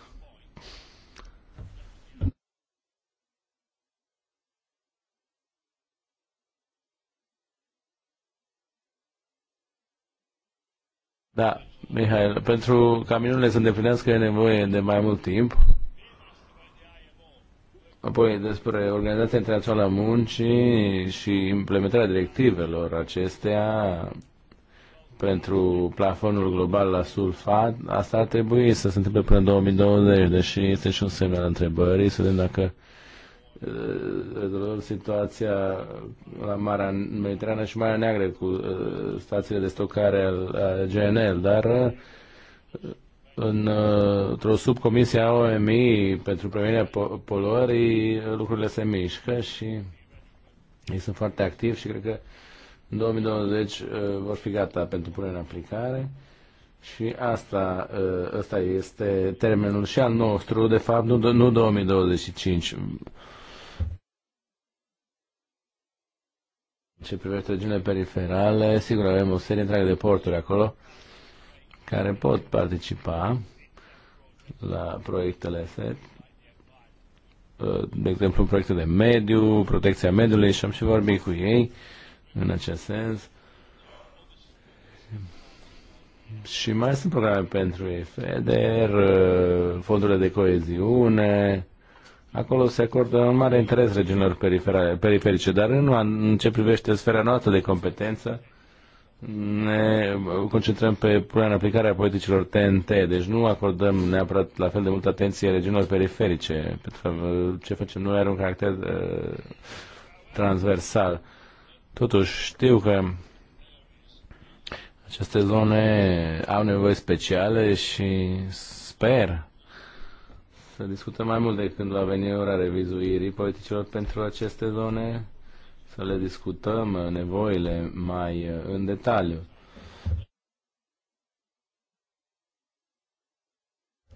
Speaker 2: Da, Mihail, pentru ca minunile să îndeplinească e nevoie de mai mult timp. Apoi despre Organizația Internațională a Muncii și implementarea directivelor acestea pentru plafonul global la sulfat, asta ar trebui să se întâmple până în 2020, deși este și un semn al întrebării, să vedem dacă uh, rezolvăm situația la Marea Mediterană și Marea Neagră cu uh, stațiile de stocare al GNL, dar uh, în, într-o subcomisie a OMI pentru prevenirea poluării, lucrurile se mișcă și ei sunt foarte activi și cred că în 2020 uh, vor fi gata pentru punerea în aplicare. Și asta, asta uh, este termenul și al nostru, de fapt, nu, nu 2025. Ce privește regiunile periferale, sigur avem o serie întreagă de porturi acolo care pot participa la proiectele SET, de exemplu proiecte de mediu, protecția mediului și am și vorbit cu ei în acest sens. Și mai sunt programe pentru ei, FEDER, uh, fondurile de coeziune, Acolo se acordă un mare interes regiunilor periferice, dar în, în ce privește sfera noastră de competență, ne concentrăm pe punerea în aplicare a politicilor TNT, deci nu acordăm neapărat la fel de multă atenție regiunilor periferice, pentru că uh, ce facem noi are un caracter uh, transversal. Totuși, știu că aceste zone au nevoi speciale și sper să discutăm mai mult de când va veni ora revizuirii politicilor pentru aceste zone să le discutăm uh, nevoile mai uh, în detaliu.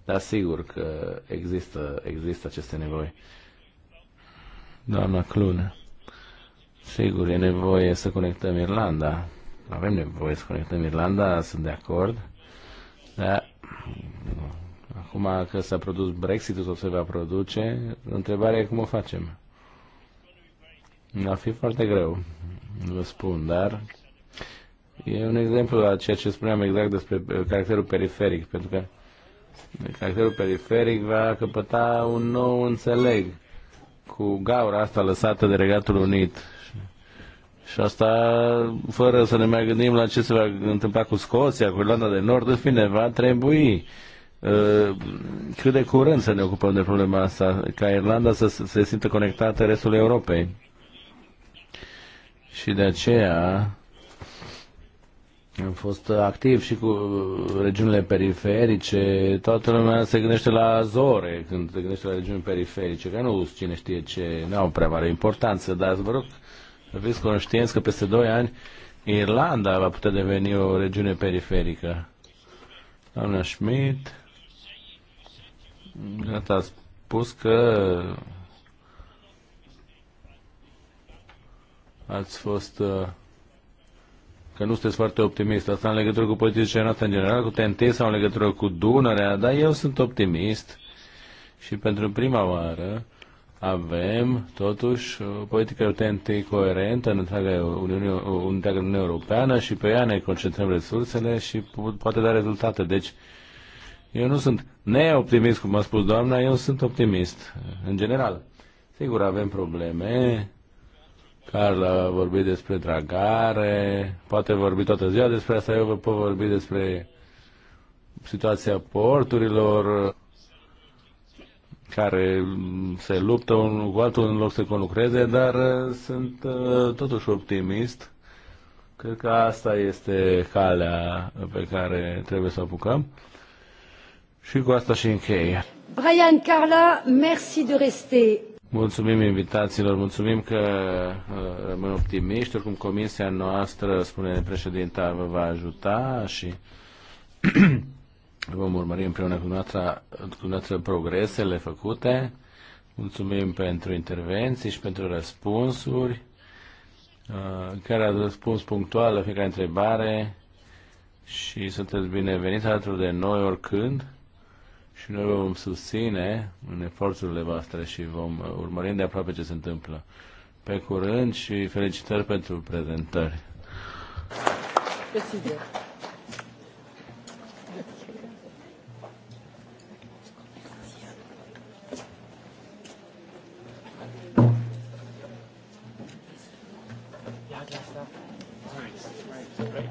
Speaker 2: Dar sigur că există, există aceste nevoi. Doamna Clune, sigur, e nevoie să conectăm Irlanda. Avem nevoie să conectăm Irlanda, sunt de acord. Da. acum că s-a produs Brexit-ul sau se va produce, întrebarea e cum o facem. Ar fi foarte greu, vă spun, dar e un exemplu la ceea ce spuneam exact despre caracterul periferic, pentru că caracterul periferic va căpăta un nou înțeleg cu gaura asta lăsată de Regatul Unit. Și asta fără să ne mai gândim la ce se va întâmpla cu Scoția, cu Irlanda de Nord, în fine, va trebui uh, cât de curând să ne ocupăm de problema asta, ca Irlanda să se simtă conectată restul Europei. Și de aceea am fost activ și cu regiunile periferice. Toată lumea se gândește la Azore când se gândește la regiuni periferice, că nu cine știe ce, nu au prea mare importanță, dar vă rog să fiți conștienți că peste 2 ani Irlanda va putea deveni o regiune periferică. Doamna Schmidt a spus că ați fost uh, că nu sunteți foarte optimist. Asta în legătură cu politicile noastre în general, cu TNT sau în legătură cu Dunărea, dar eu sunt optimist și pentru prima oară avem totuși o politică TNT coerentă în întreaga Uniune, Uniune Europeană și pe ea ne concentrăm resursele și poate da rezultate. Deci eu nu sunt neoptimist, cum a spus doamna, eu sunt optimist în general. Sigur, avem probleme, Carla a vorbit despre dragare, poate vorbi toată ziua despre asta, eu vă pot vorbi despre situația porturilor care se luptă unul cu altul în loc să conlucreze, dar uh, sunt uh, totuși optimist. Cred că asta este calea pe care trebuie să o apucăm. Și cu asta și închei.
Speaker 3: Brian, Carla, merci de rester
Speaker 2: Mulțumim invitațiilor, mulțumim că uh, rămân optimiști, oricum comisia noastră, spune președinta, vă va ajuta și [clears throat] vom urmări împreună cu noastră, cu noastră progresele făcute. Mulțumim pentru intervenții și pentru răspunsuri, uh, care a răspuns punctual la fiecare întrebare și sunteți bineveniți alături de noi oricând și noi vom susține în eforturile voastre și vom uh, urmări de aproape ce se întâmplă. Pe curând și felicitări pentru prezentări. Right.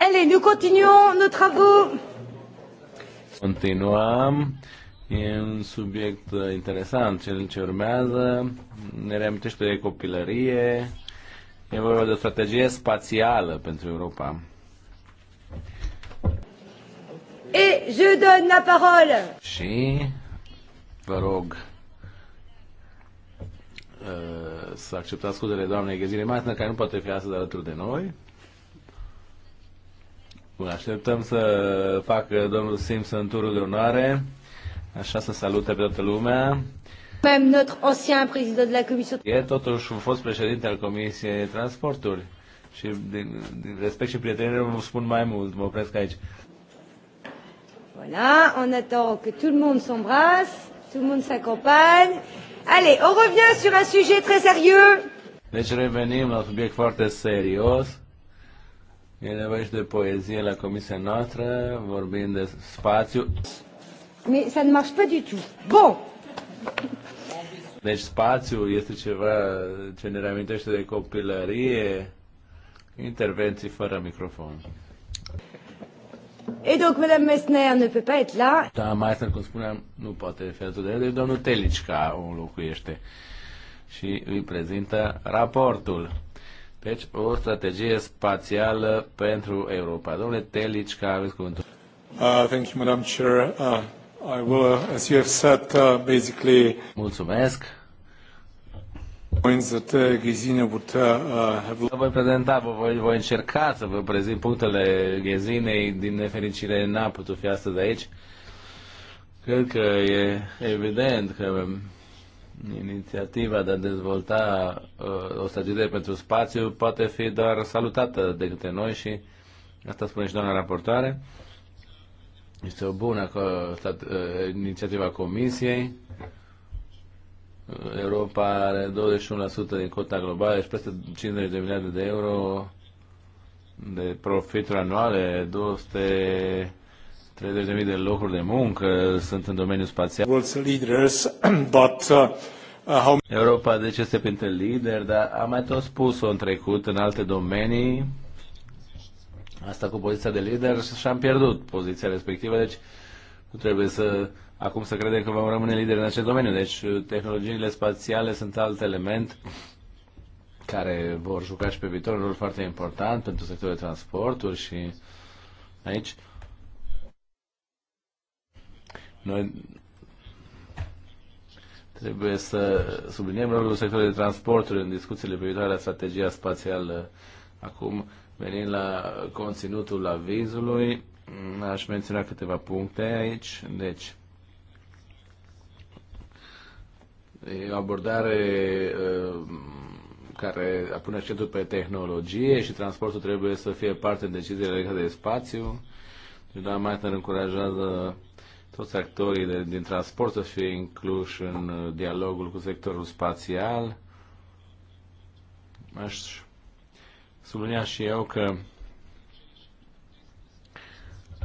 Speaker 1: Allez, nous continuons nos travaux.
Speaker 2: Continuăm. E un subiect interesant cel ce urmează. Ne reamintește de copilărie. E vorba de o strategie spațială pentru Europa.
Speaker 1: Et je donne la parole.
Speaker 2: Și vă rog Uh, să acceptați scuzele doamnei Ghezine Matnă, care nu poate fi astăzi alături de noi. Bun, așteptăm să facă domnul Simpson turul de onoare. Așa să salute pe toată lumea.
Speaker 3: Même notre ancien président de la Commission.
Speaker 2: E totuși un fost președinte al Comisiei Transporturi. Și din, din respect și prietenilor vă spun mai mult, mă opresc aici.
Speaker 3: Voilà, on attend que tout le monde s'embrasse, tout le monde s'accompagne. Allez, on revient sur un sujet très
Speaker 2: sérieux. Deci revenim la un subiect foarte serios. E nevoie și de poezie la comisia noastră, vorbim de spațiu.
Speaker 1: Mais ça ne marche pas du tout. Bon.
Speaker 2: Deci spațiu este ceva ce ne reamintește de copilărie. Intervenții fără microfon.
Speaker 1: Et donc, Madame Messner ne peut pas être là.
Speaker 2: Da, Meissner, cum spuneam, nu poate fi atât de el, deci domnul Telicca o locuiește și îi prezintă raportul. Deci, o strategie spațială pentru Europa. Domnule Telicca, aveți cuvântul. Uh, thank you, Madam Chair. Uh, I will, as you have said, uh, basically... Mulțumesc Uh, voi prezenta, vă voi, voi încerca să vă prezint punctele Ghezinei. Din nefericire n-a putut fi astăzi aici. Cred că e evident că um, inițiativa de a dezvolta uh, o strategie pentru spațiu poate fi doar salutată de către noi și asta spune și doamna raportoare. Este o bună uh, inițiativă a Comisiei Europa are 21% din cota globală deci peste 50 de miliarde de euro de profituri anuale, 200 30.000 de locuri de muncă sunt în domeniul spațial. Leaders, [clears throat] but, uh, uh how... Europa, deci, este printre lideri, dar am mai tot spus-o în trecut, în alte domenii. Asta cu poziția de lider și-am pierdut poziția respectivă, deci nu trebuie să acum să credem că vom rămâne lideri în acest domeniu. Deci tehnologiile spațiale sunt alt element care vor juca și pe viitor un rol foarte important pentru sectorul de transporturi și aici noi trebuie să subliniem rolul sectorului de transporturi în discuțiile privitoare la strategia spațială. Acum, venind la conținutul avizului, aș menționa câteva puncte aici. Deci, E o abordare care pune accentul pe tehnologie și transportul trebuie să fie parte în deciziile legate de spațiu. Și doamna Meitner încurajează toți actorii de, din transport să fie incluși în dialogul cu sectorul spațial. Aș sublinia și eu că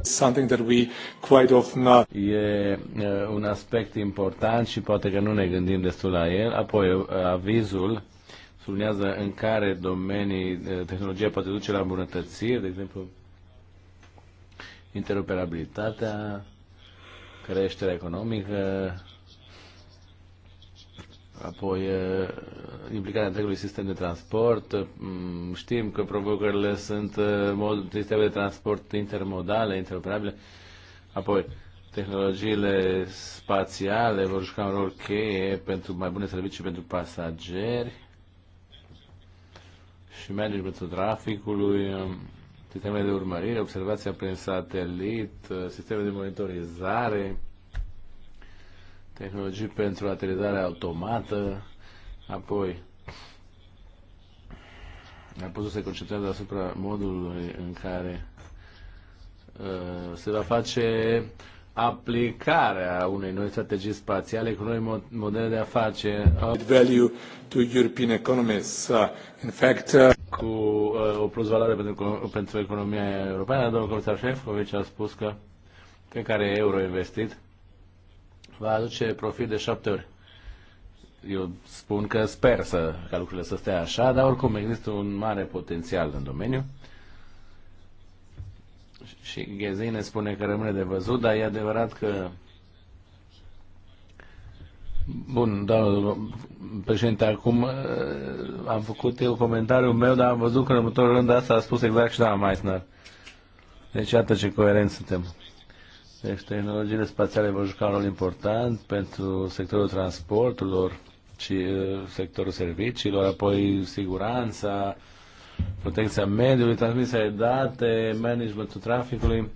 Speaker 2: Something that we quite often not. E un aspect important și poate că nu ne gândim destul la el. Apoi, avizul sublinează în care domenii tehnologia poate duce la îmbunătățiri, de exemplu, interoperabilitatea, creșterea economică, Apoi, implicarea întregului sistem de transport. Mm, știm că provocările sunt mod, sisteme de transport intermodale, interoperabile. Apoi, tehnologiile spațiale vor juca un rol cheie pentru mai bune servicii pentru pasageri și managementul traficului, sistemele de urmărire, observația prin satelit, sisteme de monitorizare, tehnologii pentru aterizare automată, apoi a putut să se concentreze asupra modului în care uh, se va face aplicarea unei noi strategii spațiale cu noi modele de afaceri. Value to European economies. Uh, in fact, uh... cu uh, o plusvaloare pentru, pentru economia europeană, domnul comisar Șefcovici a spus că fiecare euro investit va aduce profit de șapte ori. Eu spun că sper să, ca lucrurile să stea așa, dar oricum există un mare potențial în domeniu. Și Ghezine spune că rămâne de văzut, dar e adevărat că Bun, domnul președinte, acum uh, am făcut eu comentariul meu, dar am văzut că în următorul rând asta a spus exact și doamna Meissner. Deci iată ce coerenți suntem. Deci tehnologiile spațiale vor juca un rol important pentru sectorul transporturilor, și uh, sectorul serviciilor, apoi siguranța, protecția mediului, transmisia de date, managementul traficului.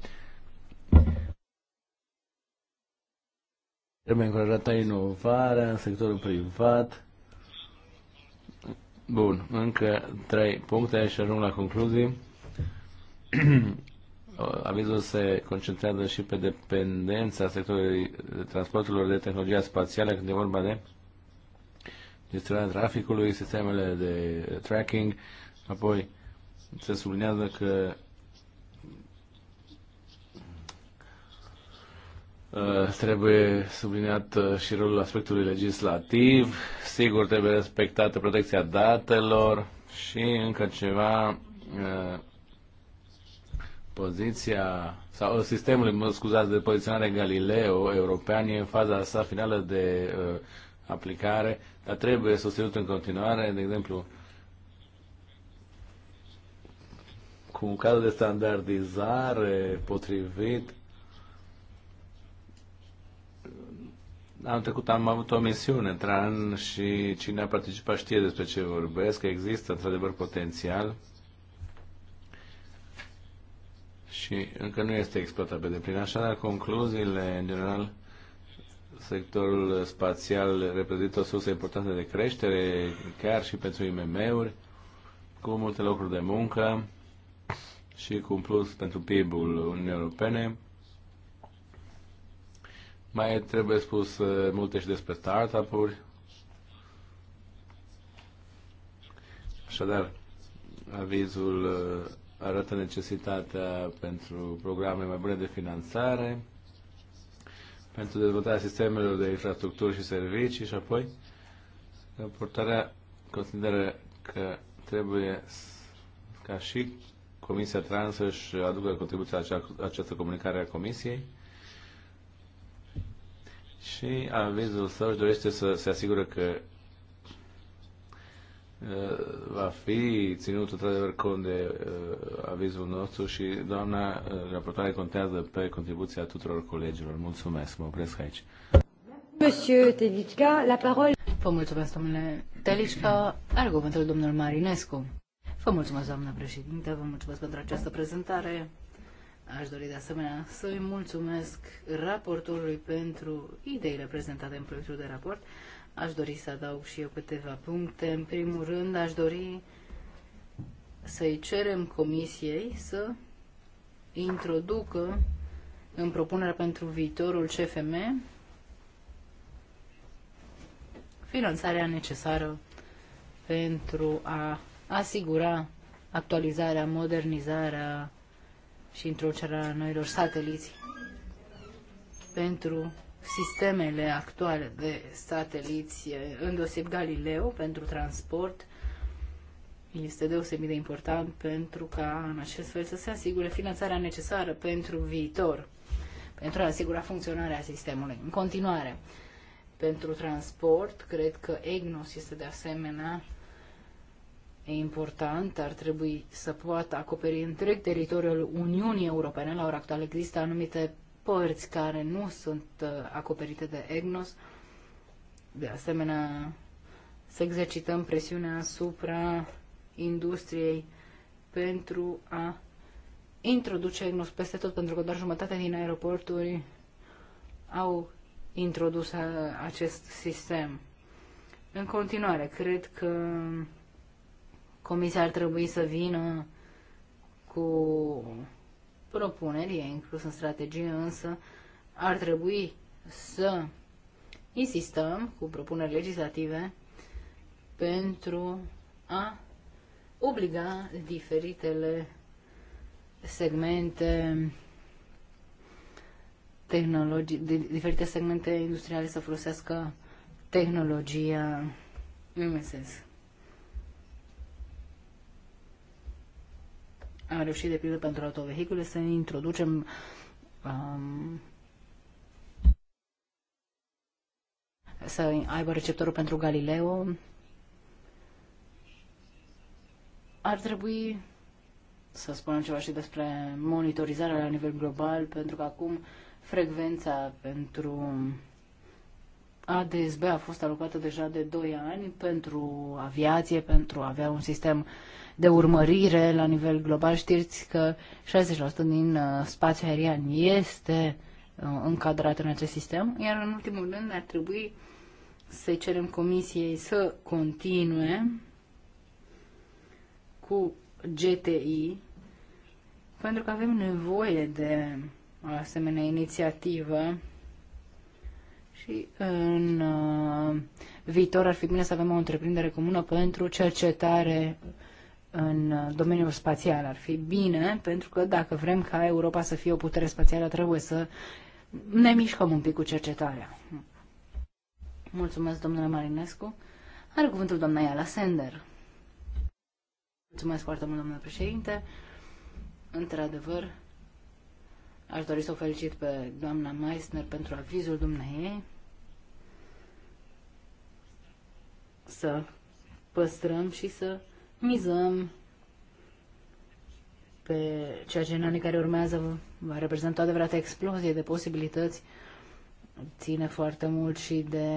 Speaker 2: Trebuie încurajată inovarea în sectorul privat. Bun, încă trei puncte și ajung la concluzii. [clears throat] Avizul se concentrează și pe dependența sectorului transporturilor de tehnologia spațială când e vorba de gestionarea traficului, sistemele de tracking, apoi se sublinează că uh, trebuie subliniat uh, și rolul aspectului legislativ, sigur trebuie respectată protecția datelor și încă ceva uh, poziția sau uh, sistemul, mă scuzați, de poziționare Galileo european e în faza sa finală de uh, aplicare, dar trebuie susținut în continuare, de exemplu, cu un cadru de standardizare potrivit. Am trecut, am avut o misiune tran și cine a participat știe despre ce vorbesc, că există într-adevăr potențial și încă nu este exploatat pe deplin. Așadar, concluziile, în general, sectorul spațial reprezintă o sursă importantă de creștere, chiar și pentru IMM-uri, cu multe locuri de muncă și cu un plus pentru PIB-ul Uniunii Europene. Mai trebuie spus uh, multe și despre startup-uri. Așadar, avizul uh, arată necesitatea pentru programe mai bune de finanțare, pentru dezvoltarea sistemelor de infrastructuri și servicii și apoi raportarea consideră că trebuie ca și Comisia Trans să-și aducă contribuția la această comunicare a Comisiei și avizul său își dorește să se asigură că Eh, va fi ținut într-adevăr cont de eh, avizul nostru și doamna eh, raportare contează pe contribuția tuturor colegilor. Mulțumesc, mă opresc aici.
Speaker 3: Monsieur Telicca, la parole. Vă mulțumesc, domnule Telicca. Are cuvântul domnul Marinescu. Vă mulțumesc, doamna președinte, vă mulțumesc pentru această prezentare. Aș dori de asemenea să îi mulțumesc raportorului pentru ideile prezentate în proiectul de raport Aș dori să adaug și eu câteva puncte. În primul rând, aș dori să-i cerem comisiei să introducă în propunerea pentru viitorul CFM finanțarea necesară pentru a asigura actualizarea, modernizarea și introducerea noilor sateliți pentru sistemele actuale de sateliți, eh, îndoseb Galileo pentru transport, este deosebit de important pentru ca în acest fel să se asigure finanțarea necesară pentru viitor, pentru a asigura funcționarea sistemului. În continuare, pentru transport, cred că EGNOS este de asemenea important, ar trebui să poată acoperi întreg teritoriul Uniunii Europene. La ora actuală există anumite părți care nu sunt uh, acoperite de EGNOS. De asemenea, să exercităm presiunea asupra industriei pentru a introduce EGNOS peste tot, pentru că doar jumătate din aeroporturi au introdus uh, acest sistem. În continuare, cred că Comisia ar trebui să vină cu propuneri, e inclus în strategie, însă ar trebui să insistăm cu propuneri legislative pentru a obliga diferitele segmente tehnologii, diferite segmente industriale să folosească tehnologia în sens Am reușit, de pildă, pentru autovehicule să introducem um, să aibă receptorul pentru Galileo. Ar trebui să spunem ceva și despre monitorizarea la nivel global, pentru că acum frecvența pentru ADSB a fost alocată deja de 2 ani pentru aviație, pentru a avea un sistem de urmărire la nivel global. Știți că 60% din uh, spațiu aerian este uh, încadrat în acest sistem, iar în ultimul rând ar trebui să cerem comisiei să continue cu GTI, pentru că avem nevoie de o asemenea inițiativă și în uh, viitor ar fi bine să avem o întreprindere comună pentru cercetare în domeniul spațial ar fi bine, pentru că dacă vrem ca Europa să fie o putere spațială, trebuie să ne mișcăm un pic cu cercetarea. Mulțumesc, domnule Marinescu. Are cuvântul doamna Iala Sender. Mulțumesc foarte mult, domnule președinte. Într-adevăr, aș dori să o felicit pe doamna Meissner pentru avizul dumneiei. Să păstrăm și să mizăm pe ceea ce în anii care urmează va reprezenta adevărată explozie de posibilități, ține foarte mult și de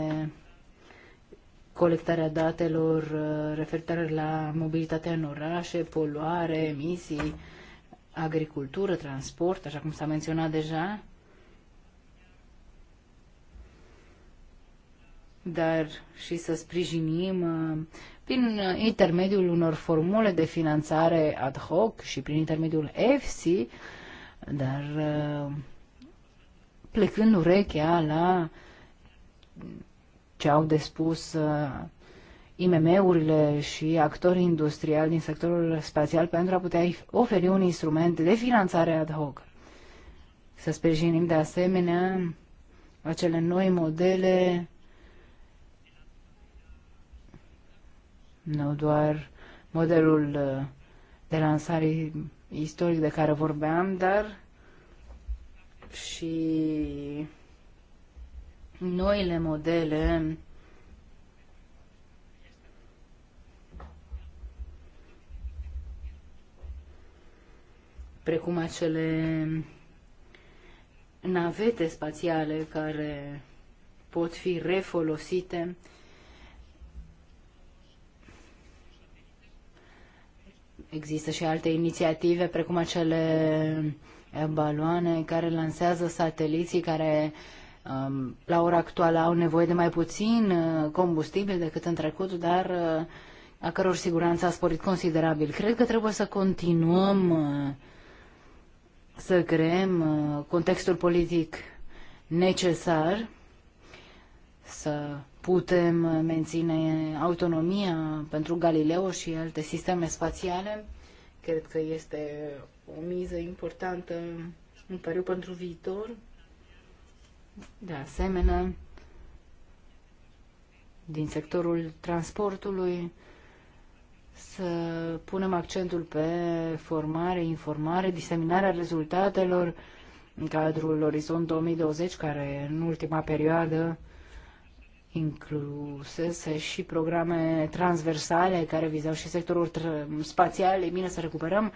Speaker 3: colectarea datelor uh, referitoare la mobilitatea în orașe, poluare, emisii, agricultură, transport, așa cum s-a menționat deja. Dar și să sprijinim uh, prin intermediul unor formule de finanțare ad hoc și prin intermediul EFSI, dar uh, plecând urechea la ce au de spus uh, IMM-urile și actorii industriali din sectorul spațial pentru a putea oferi un instrument de finanțare ad hoc. Să sprijinim de asemenea acele noi modele nu doar modelul uh, de lansare istoric de care vorbeam, dar și noile modele precum acele navete spațiale care pot fi refolosite Există și alte inițiative, precum acele eh, baloane care lansează sateliții care um, la ora actuală au nevoie de mai puțin eh, combustibil decât în trecut, dar eh, a căror siguranță a sporit considerabil. Cred că trebuie să continuăm să creăm contextul politic necesar să putem menține autonomia pentru Galileo și alte sisteme spațiale. Cred că este o miză importantă în pariu pentru viitor. De asemenea, din sectorul transportului, să punem accentul pe formare, informare, diseminarea rezultatelor în cadrul Orizont 2020, care în ultima perioadă inclusese și programe transversale care vizau și sectorul spațial. E bine să recuperăm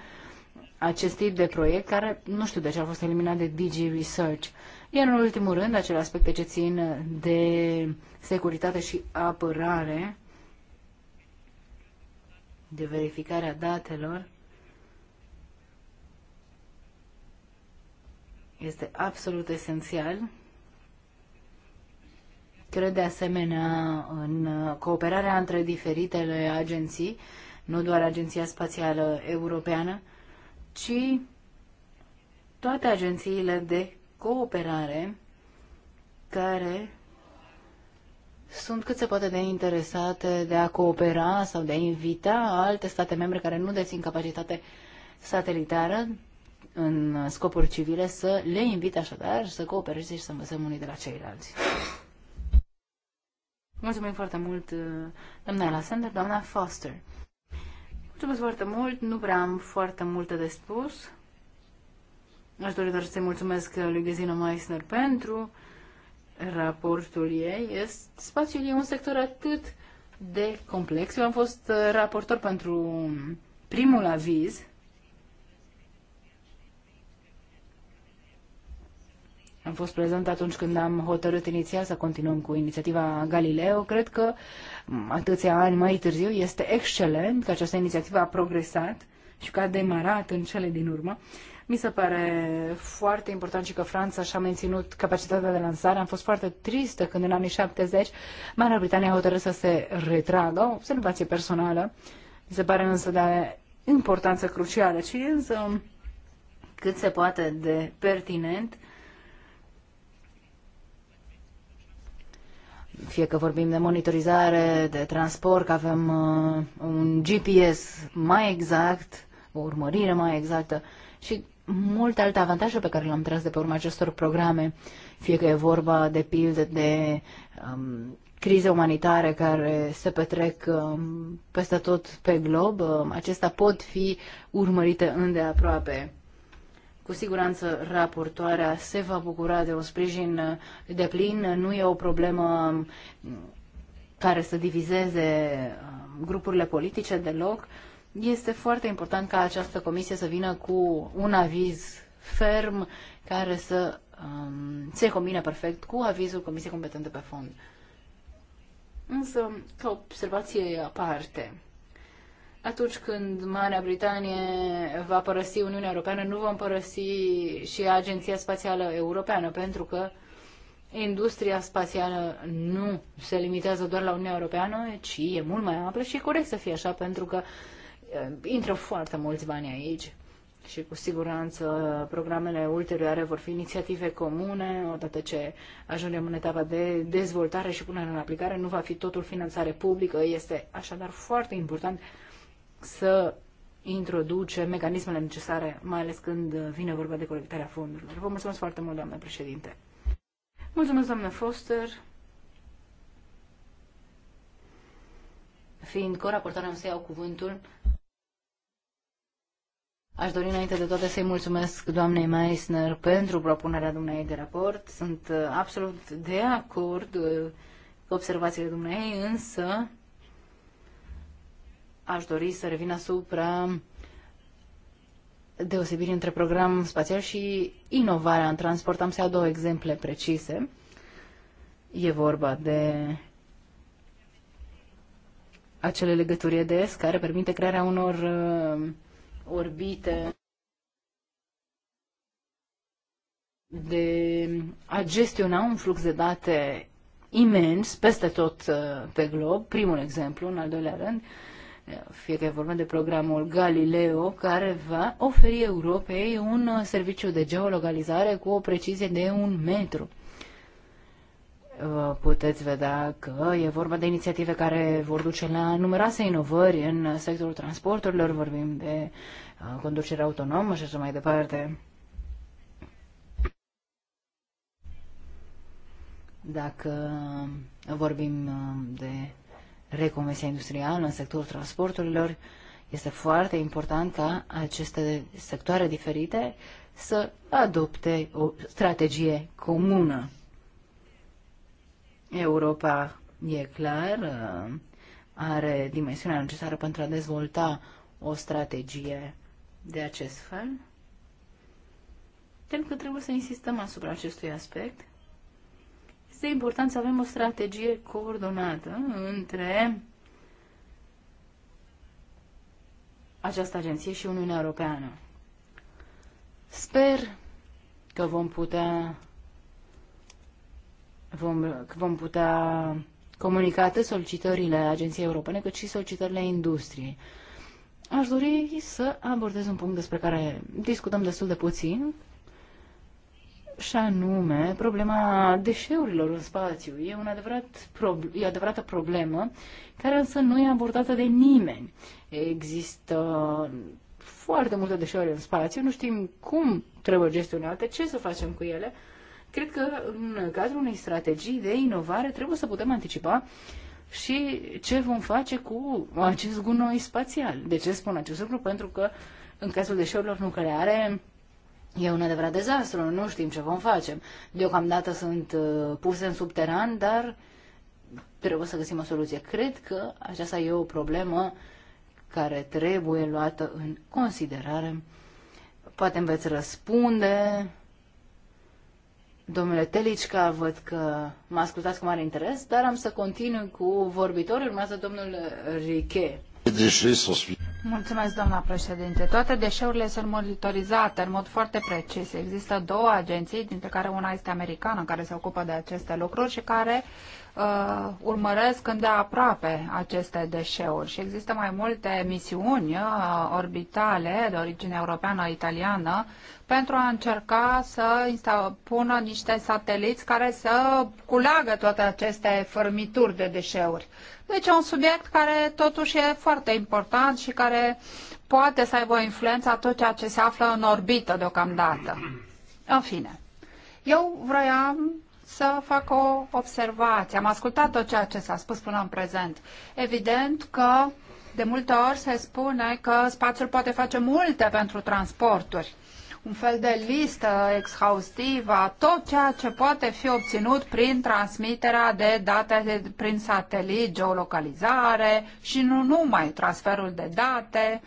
Speaker 3: acest tip de proiect care nu știu de ce a fost eliminat de DG Research. Iar în ultimul rând, acele aspecte ce țin de securitate și apărare, de verificarea datelor, este absolut esențial Cred de asemenea în cooperarea între diferitele agenții, nu doar Agenția Spațială Europeană, ci toate agențiile de cooperare care sunt cât se poate de interesate de a coopera sau de a invita alte state membre care nu dețin capacitate satelitară în scopuri civile să le invite așadar să coopereze și să învățăm unii de la ceilalți. Mulțumim foarte mult, uh, doamna Alexander, doamna Foster. Mulțumesc foarte mult, nu prea am foarte multe de spus. Aș dori doar să-i mulțumesc lui Gesina Meissner pentru raportul ei. Este, spațiul e un sector atât de complex. Eu am fost uh, raportor pentru primul aviz Am fost prezent atunci când am hotărât inițial să continuăm cu inițiativa Galileo. Cred că atâția ani mai târziu este excelent că această inițiativă a progresat și că a demarat în cele din urmă. Mi se pare foarte important și că Franța și-a menținut capacitatea de lansare. Am fost foarte tristă când în anii 70 Marea Britanie a hotărât să se retragă, o observație personală. Mi se pare însă de importanță crucială și însă cât se poate de pertinent fie că vorbim de monitorizare, de transport, că avem uh, un GPS mai exact, o urmărire mai exactă și multe alte avantaje pe care le-am tras de pe urma acestor programe, fie că e vorba de pildă de um, crize umanitare care se petrec um, peste tot pe glob, um, acestea pot fi urmărite îndeaproape. Cu siguranță raportoarea se va bucura de un sprijin de plin. Nu e o problemă care să divizeze uh, grupurile politice deloc. Este foarte important ca această comisie să vină cu un aviz ferm care să um, se combine perfect cu avizul comisiei competente pe fond. Însă, ca observație aparte, atunci când Marea Britanie va părăsi Uniunea Europeană, nu vom părăsi și Agenția Spațială Europeană, pentru că industria spațială nu se limitează doar la Uniunea Europeană, ci e mult mai amplă și e corect să fie așa, pentru că eh, intră foarte mulți bani aici și cu siguranță programele ulterioare vor fi inițiative comune, odată ce ajungem în etapa de dezvoltare și punere în aplicare, nu va fi totul finanțare publică, este așadar foarte important să introduce mecanismele necesare, mai ales când vine vorba de colectarea fondurilor. Vă mulțumesc foarte mult, doamnă președinte. Mulțumesc, doamnă Foster. Fiind coraportoarea, am să iau cuvântul. Aș dori înainte de toate să-i mulțumesc doamnei Meissner pentru propunerea dumneavoastră de raport. Sunt uh, absolut de acord uh, cu observațiile dumneavoastră, însă Aș dori să revin asupra deosebirii între program spațial și inovarea în transport. Am să iau două exemple precise. E vorba de acele legături EDS care permite crearea unor uh, orbite de a gestiona un flux de date imens peste tot uh, pe glob, primul exemplu, în al doilea rând, uh, fie că e vorba de programul Galileo, care va oferi Europei un uh, serviciu de geolocalizare cu o precizie de un metru. Puteți vedea că e vorba de inițiative care vor duce la numeroase inovări în sectorul transporturilor, vorbim de uh, conducere autonomă și așa mai departe. Dacă vorbim uh, de reconversia industrială în sectorul transporturilor. Este foarte important ca aceste sectoare diferite să adopte o strategie comună. Europa, e clar, are dimensiunea necesară pentru a dezvolta o strategie de acest fel. Cred că trebuie să insistăm asupra acestui aspect este important să avem o strategie coordonată între această agenție și Uniunea Europeană. Sper că vom putea vom, că vom putea comunica atât solicitările Agenției Europene cât și solicitările industriei. Aș dori să abordez un punct despre care discutăm destul de puțin, și anume problema deșeurilor în spațiu. E, un adevărat, e o adevărată problemă care însă nu e abordată de nimeni. Există foarte multe deșeuri în spațiu, nu știm cum trebuie gestionate, ce să facem cu ele. Cred că în cadrul unei strategii de inovare trebuie să putem anticipa și ce vom face cu acest gunoi spațial. De ce spun acest lucru? Pentru că în cazul deșeurilor nucleare E un adevărat dezastru, nu știm ce vom face. Deocamdată sunt uh, puse în subteran, dar trebuie să găsim o soluție. Cred că aceasta e o problemă care trebuie luată în considerare. Poate îmi veți răspunde. Domnule Telicca, văd că mă ascultați cu mare interes, dar am să continui cu vorbitorul, urmează domnul Riche. Deci,
Speaker 1: Mulțumesc, doamna președinte. Toate deșeurile sunt monitorizate în mod foarte precis. Există două agenții, dintre care una este americană, care se ocupă de aceste lucruri și care uh, urmăresc îndeaproape aceste deșeuri și există mai multe misiuni uh, orbitale de origine europeană-italiană pentru a încerca să pună niște sateliți care să culeagă toate aceste fărmituri de deșeuri. Deci e un subiect care totuși e foarte important și care poate să aibă o influență a tot ceea ce se află în orbită deocamdată. În fine, eu vroiam să fac o observație. Am ascultat tot ceea ce s-a spus până în prezent. Evident că de multe ori se spune că spațiul poate face multe pentru transporturi. Un fel de listă exhaustivă a tot ceea ce poate fi obținut prin transmiterea de date prin satelit, geolocalizare și nu numai transferul de date,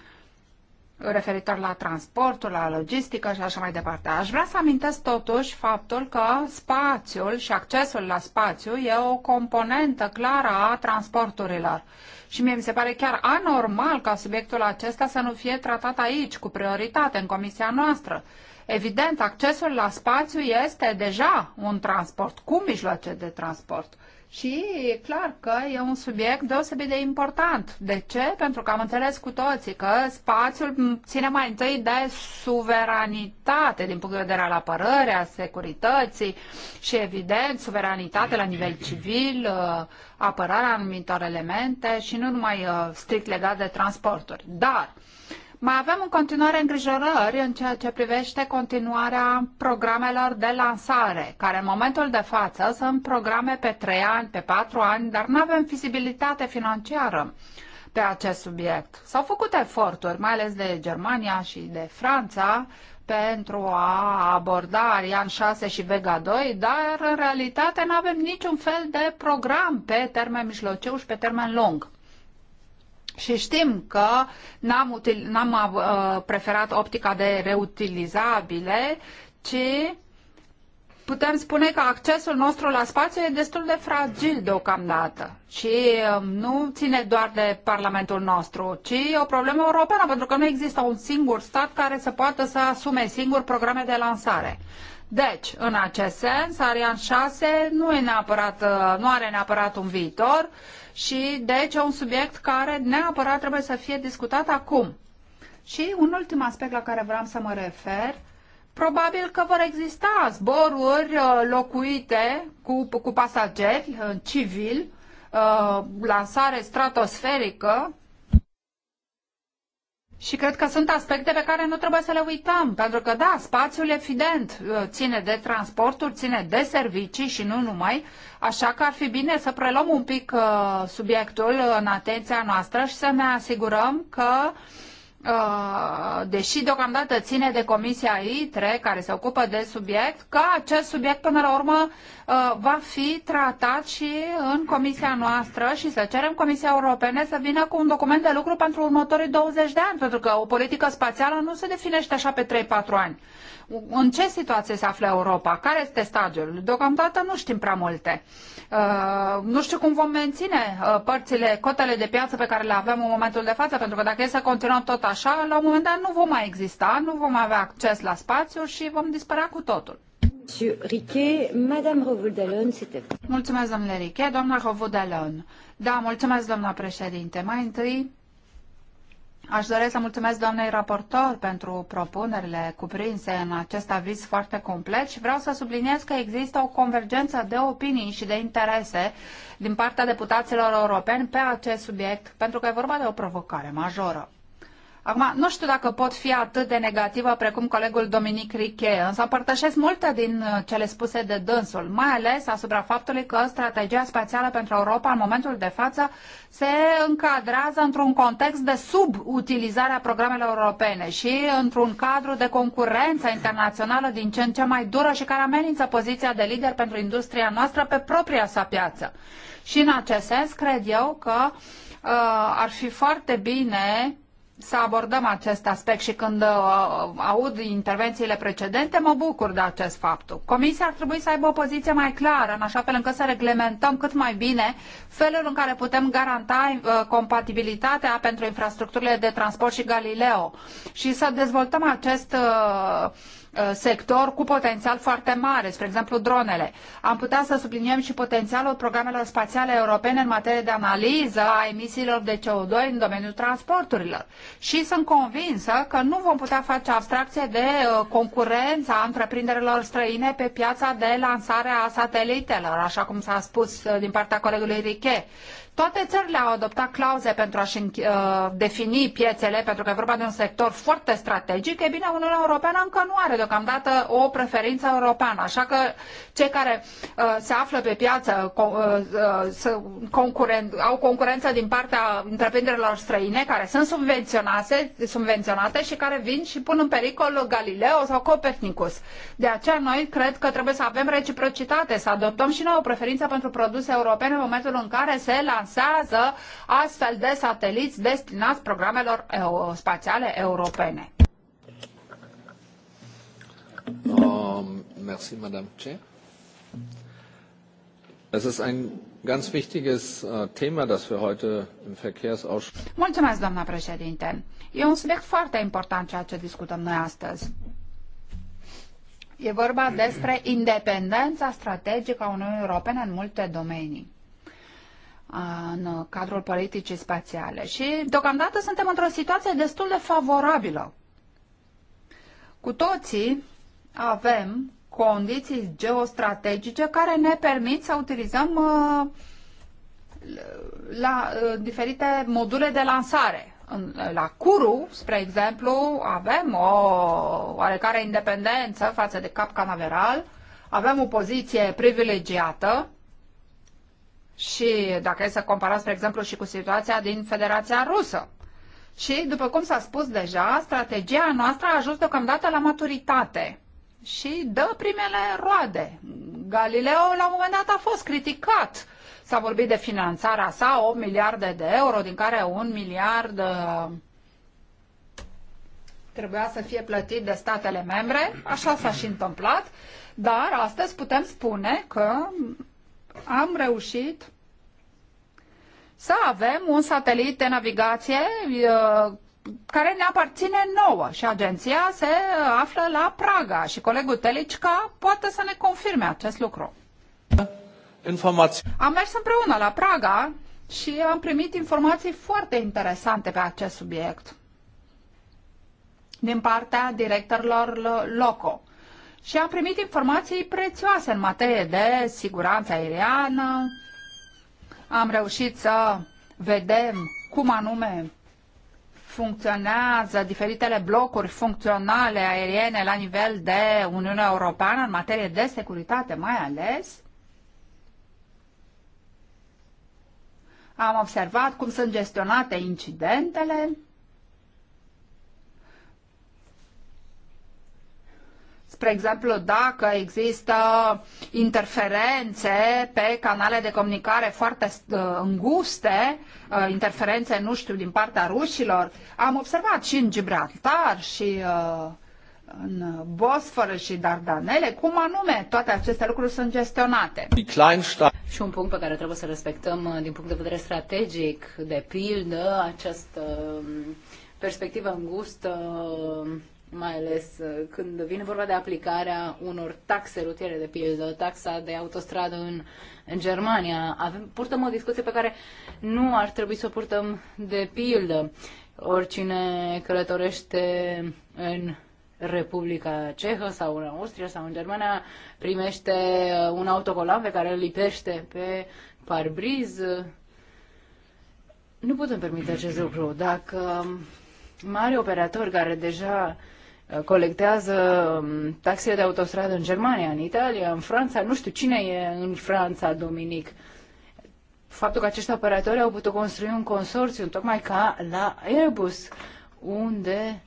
Speaker 1: referitor la transportul, la logistică și așa mai departe. Aș vrea să amintesc totuși faptul că spațiul și accesul la spațiu e o componentă clară a transporturilor. Și mie mi se pare chiar anormal ca subiectul acesta să nu fie tratat aici, cu prioritate, în comisia noastră. Evident, accesul la spațiu este deja un transport, cu mijloace de transport. Și e clar că e un subiect deosebit de important. De ce? Pentru că am înțeles cu toții că spațiul ține mai întâi de suveranitate din punct de vedere al apărării, a securității și, evident, suveranitate la nivel civil, uh, apărarea anumitor elemente și nu numai uh, strict legat de transporturi. Dar mai avem în continuare îngrijorări în ceea ce privește continuarea programelor de lansare, care în momentul de față sunt programe pe 3 ani, pe 4 ani, dar nu avem fizibilitate financiară pe acest subiect. S-au făcut eforturi, mai ales de Germania și de Franța, pentru a aborda Ariane 6 și Vega 2, dar în realitate nu avem niciun fel de program pe termen mijlociu și pe termen lung. Și știm că n-am, n-am uh, preferat optica de reutilizabile, ci putem spune că accesul nostru la spațiu e destul de fragil deocamdată și um, nu ține doar de Parlamentul nostru, ci e o problemă europeană, pentru că nu există un singur stat care să poată să asume singur programe de lansare. Deci, în acest sens, Ariane 6 nu, e neapărat, uh, nu are neapărat un viitor și deci e un subiect care neapărat trebuie să fie discutat acum. Și un ultim aspect la care vreau să mă refer, probabil că vor exista zboruri uh, locuite cu, cu pasageri uh, civili, lansare stratosferică, și cred că sunt aspecte pe care nu trebuie să le uităm, pentru că, da, spațiul evident uh, ține de transporturi, ține de servicii și nu numai, așa că ar fi bine să preluăm un pic uh, subiectul în atenția noastră și să ne asigurăm că uh, Uh, deși deocamdată ține de Comisia ITRE, care se ocupă de subiect, că acest subiect până la urmă uh, va fi tratat și în Comisia noastră și să cerem Comisia Europene să vină cu un document de lucru pentru următorii 20 de ani, pentru că o politică spațială nu se definește așa pe 3-4 ani. În ce situație se află Europa? Care este stadiul? Deocamdată nu știm prea multe. Uh, nu știu cum vom menține părțile, cotele de piață pe care le avem în momentul de față, pentru că dacă e să continuăm tot așa, așa, la un moment dat nu vom mai exista, nu vom avea acces la spațiu și vom dispărea cu totul. Madame Mulțumesc, domnule Riche. Doamna Rovudelon. Da, mulțumesc, doamna președinte. Mai întâi, aș dori să mulțumesc doamnei raportor pentru propunerile cuprinse în acest aviz foarte complet și vreau să subliniez că există o convergență de opinii și de interese din partea deputaților europeni pe acest subiect, pentru că e vorba de o provocare majoră. Acum, nu știu dacă pot fi atât de negativă precum colegul Dominic Riche, însă împărtășesc multe din uh, cele spuse de dânsul, mai ales asupra faptului că strategia spațială pentru Europa în momentul de față se încadrează într-un context de subutilizare a programelor europene și într-un cadru de concurență internațională din ce în ce mai dură și care amenință poziția de lider pentru industria noastră pe propria sa piață. Și în acest sens, cred eu că uh, ar fi foarte bine să abordăm acest aspect și când uh, aud intervențiile precedente, mă bucur de acest fapt. Comisia ar trebui să aibă o poziție mai clară, în așa fel încât să reglementăm cât mai bine felul în care putem garanta uh, compatibilitatea pentru infrastructurile de transport și Galileo și să dezvoltăm acest uh, Uh, sector cu potențial foarte mare, spre exemplu dronele. Am putea să subliniem și potențialul programelor spațiale europene în materie de analiză a emisiilor de CO2 în domeniul transporturilor. Și sunt convinsă că nu vom putea face abstracție de uh, concurența întreprinderilor străine pe piața de lansare a satelitelor, așa cum s-a spus uh, din partea colegului Riche. Toate țările au adoptat clauze pentru a-și uh, defini piețele, pentru că e vorba de un sector foarte strategic. E bine, Uniunea Europeană încă nu are deocamdată o preferință europeană, așa că cei care uh, se află pe piață uh, uh au concurență din partea întreprinderilor străine care sunt subvenționate, subvenționate și care vin și pun în pericol Galileo sau Copernicus. De aceea noi cred că trebuie să avem reciprocitate, să adoptăm și noi o preferință pentru produse europene în momentul în care se lansează lansează astfel de sateliți destinați programelor spațiale europene.
Speaker 2: Um, merci, Madame Es ist ein ganz wichtiges äh, Thema, das wir heute im Verkehrsausschuss.
Speaker 1: Mulțumesc, doamna președinte. E un subiect foarte important ceea ce discutăm noi astăzi. E vorba despre independența strategică a Uniunii Europene în multe domenii în cadrul politicii spațiale. Și deocamdată suntem într-o situație destul de favorabilă. Cu toții avem condiții geostrategice care ne permit să utilizăm uh, la uh, diferite module de lansare. la Curu, spre exemplu, avem o oarecare independență față de Cap Canaveral, avem o poziție privilegiată și dacă e să comparați, spre exemplu, și cu situația din Federația Rusă. Și, după cum s-a spus deja, strategia noastră a ajuns deocamdată la maturitate și dă primele roade. Galileo, la un moment dat, a fost criticat. S-a vorbit de finanțarea sa, 8 miliarde de euro, din care un miliard uh, trebuia să fie plătit de statele membre. Așa s-a și întâmplat. Dar astăzi putem spune că am reușit să avem un satelit de navigație uh, care ne aparține nouă și agenția se află la Praga și colegul Telicica poate să ne confirme acest lucru. Informații. Am mers împreună la Praga și am primit informații foarte interesante pe acest subiect din partea directorilor LOCO și am primit informații prețioase în materie de siguranță aeriană. Am reușit să vedem cum anume funcționează diferitele blocuri funcționale aeriene la nivel de Uniunea Europeană în materie de securitate mai ales. Am observat cum sunt gestionate incidentele Spre exemplu, dacă există interferențe pe canale de comunicare foarte uh, înguste, uh, interferențe, nu știu, din partea rușilor, am observat și în Gibraltar și uh, în Bosfor și Dardanele, cum anume toate aceste lucruri sunt gestionate. Și un punct
Speaker 3: pe care trebuie să respectăm din punct de vedere strategic, de pildă, această um, perspectivă îngustă mai ales uh, când vine vorba de aplicarea unor taxe rutiere, de pildă, taxa de autostradă în, în Germania. Avem, purtăm o discuție pe care nu ar trebui să o purtăm de pildă. Oricine călătorește în Republica Cehă sau în Austria sau în Germania primește uh, un autocolan pe care îl lipește pe parbriz. Nu putem permite acest lucru. Dacă mari operatori care deja colectează um, taxele de autostradă în Germania, în Italia, în Franța, nu știu cine e în Franța, Dominic. Faptul că acești operatori au putut construi un consorțiu, tocmai ca la Airbus, unde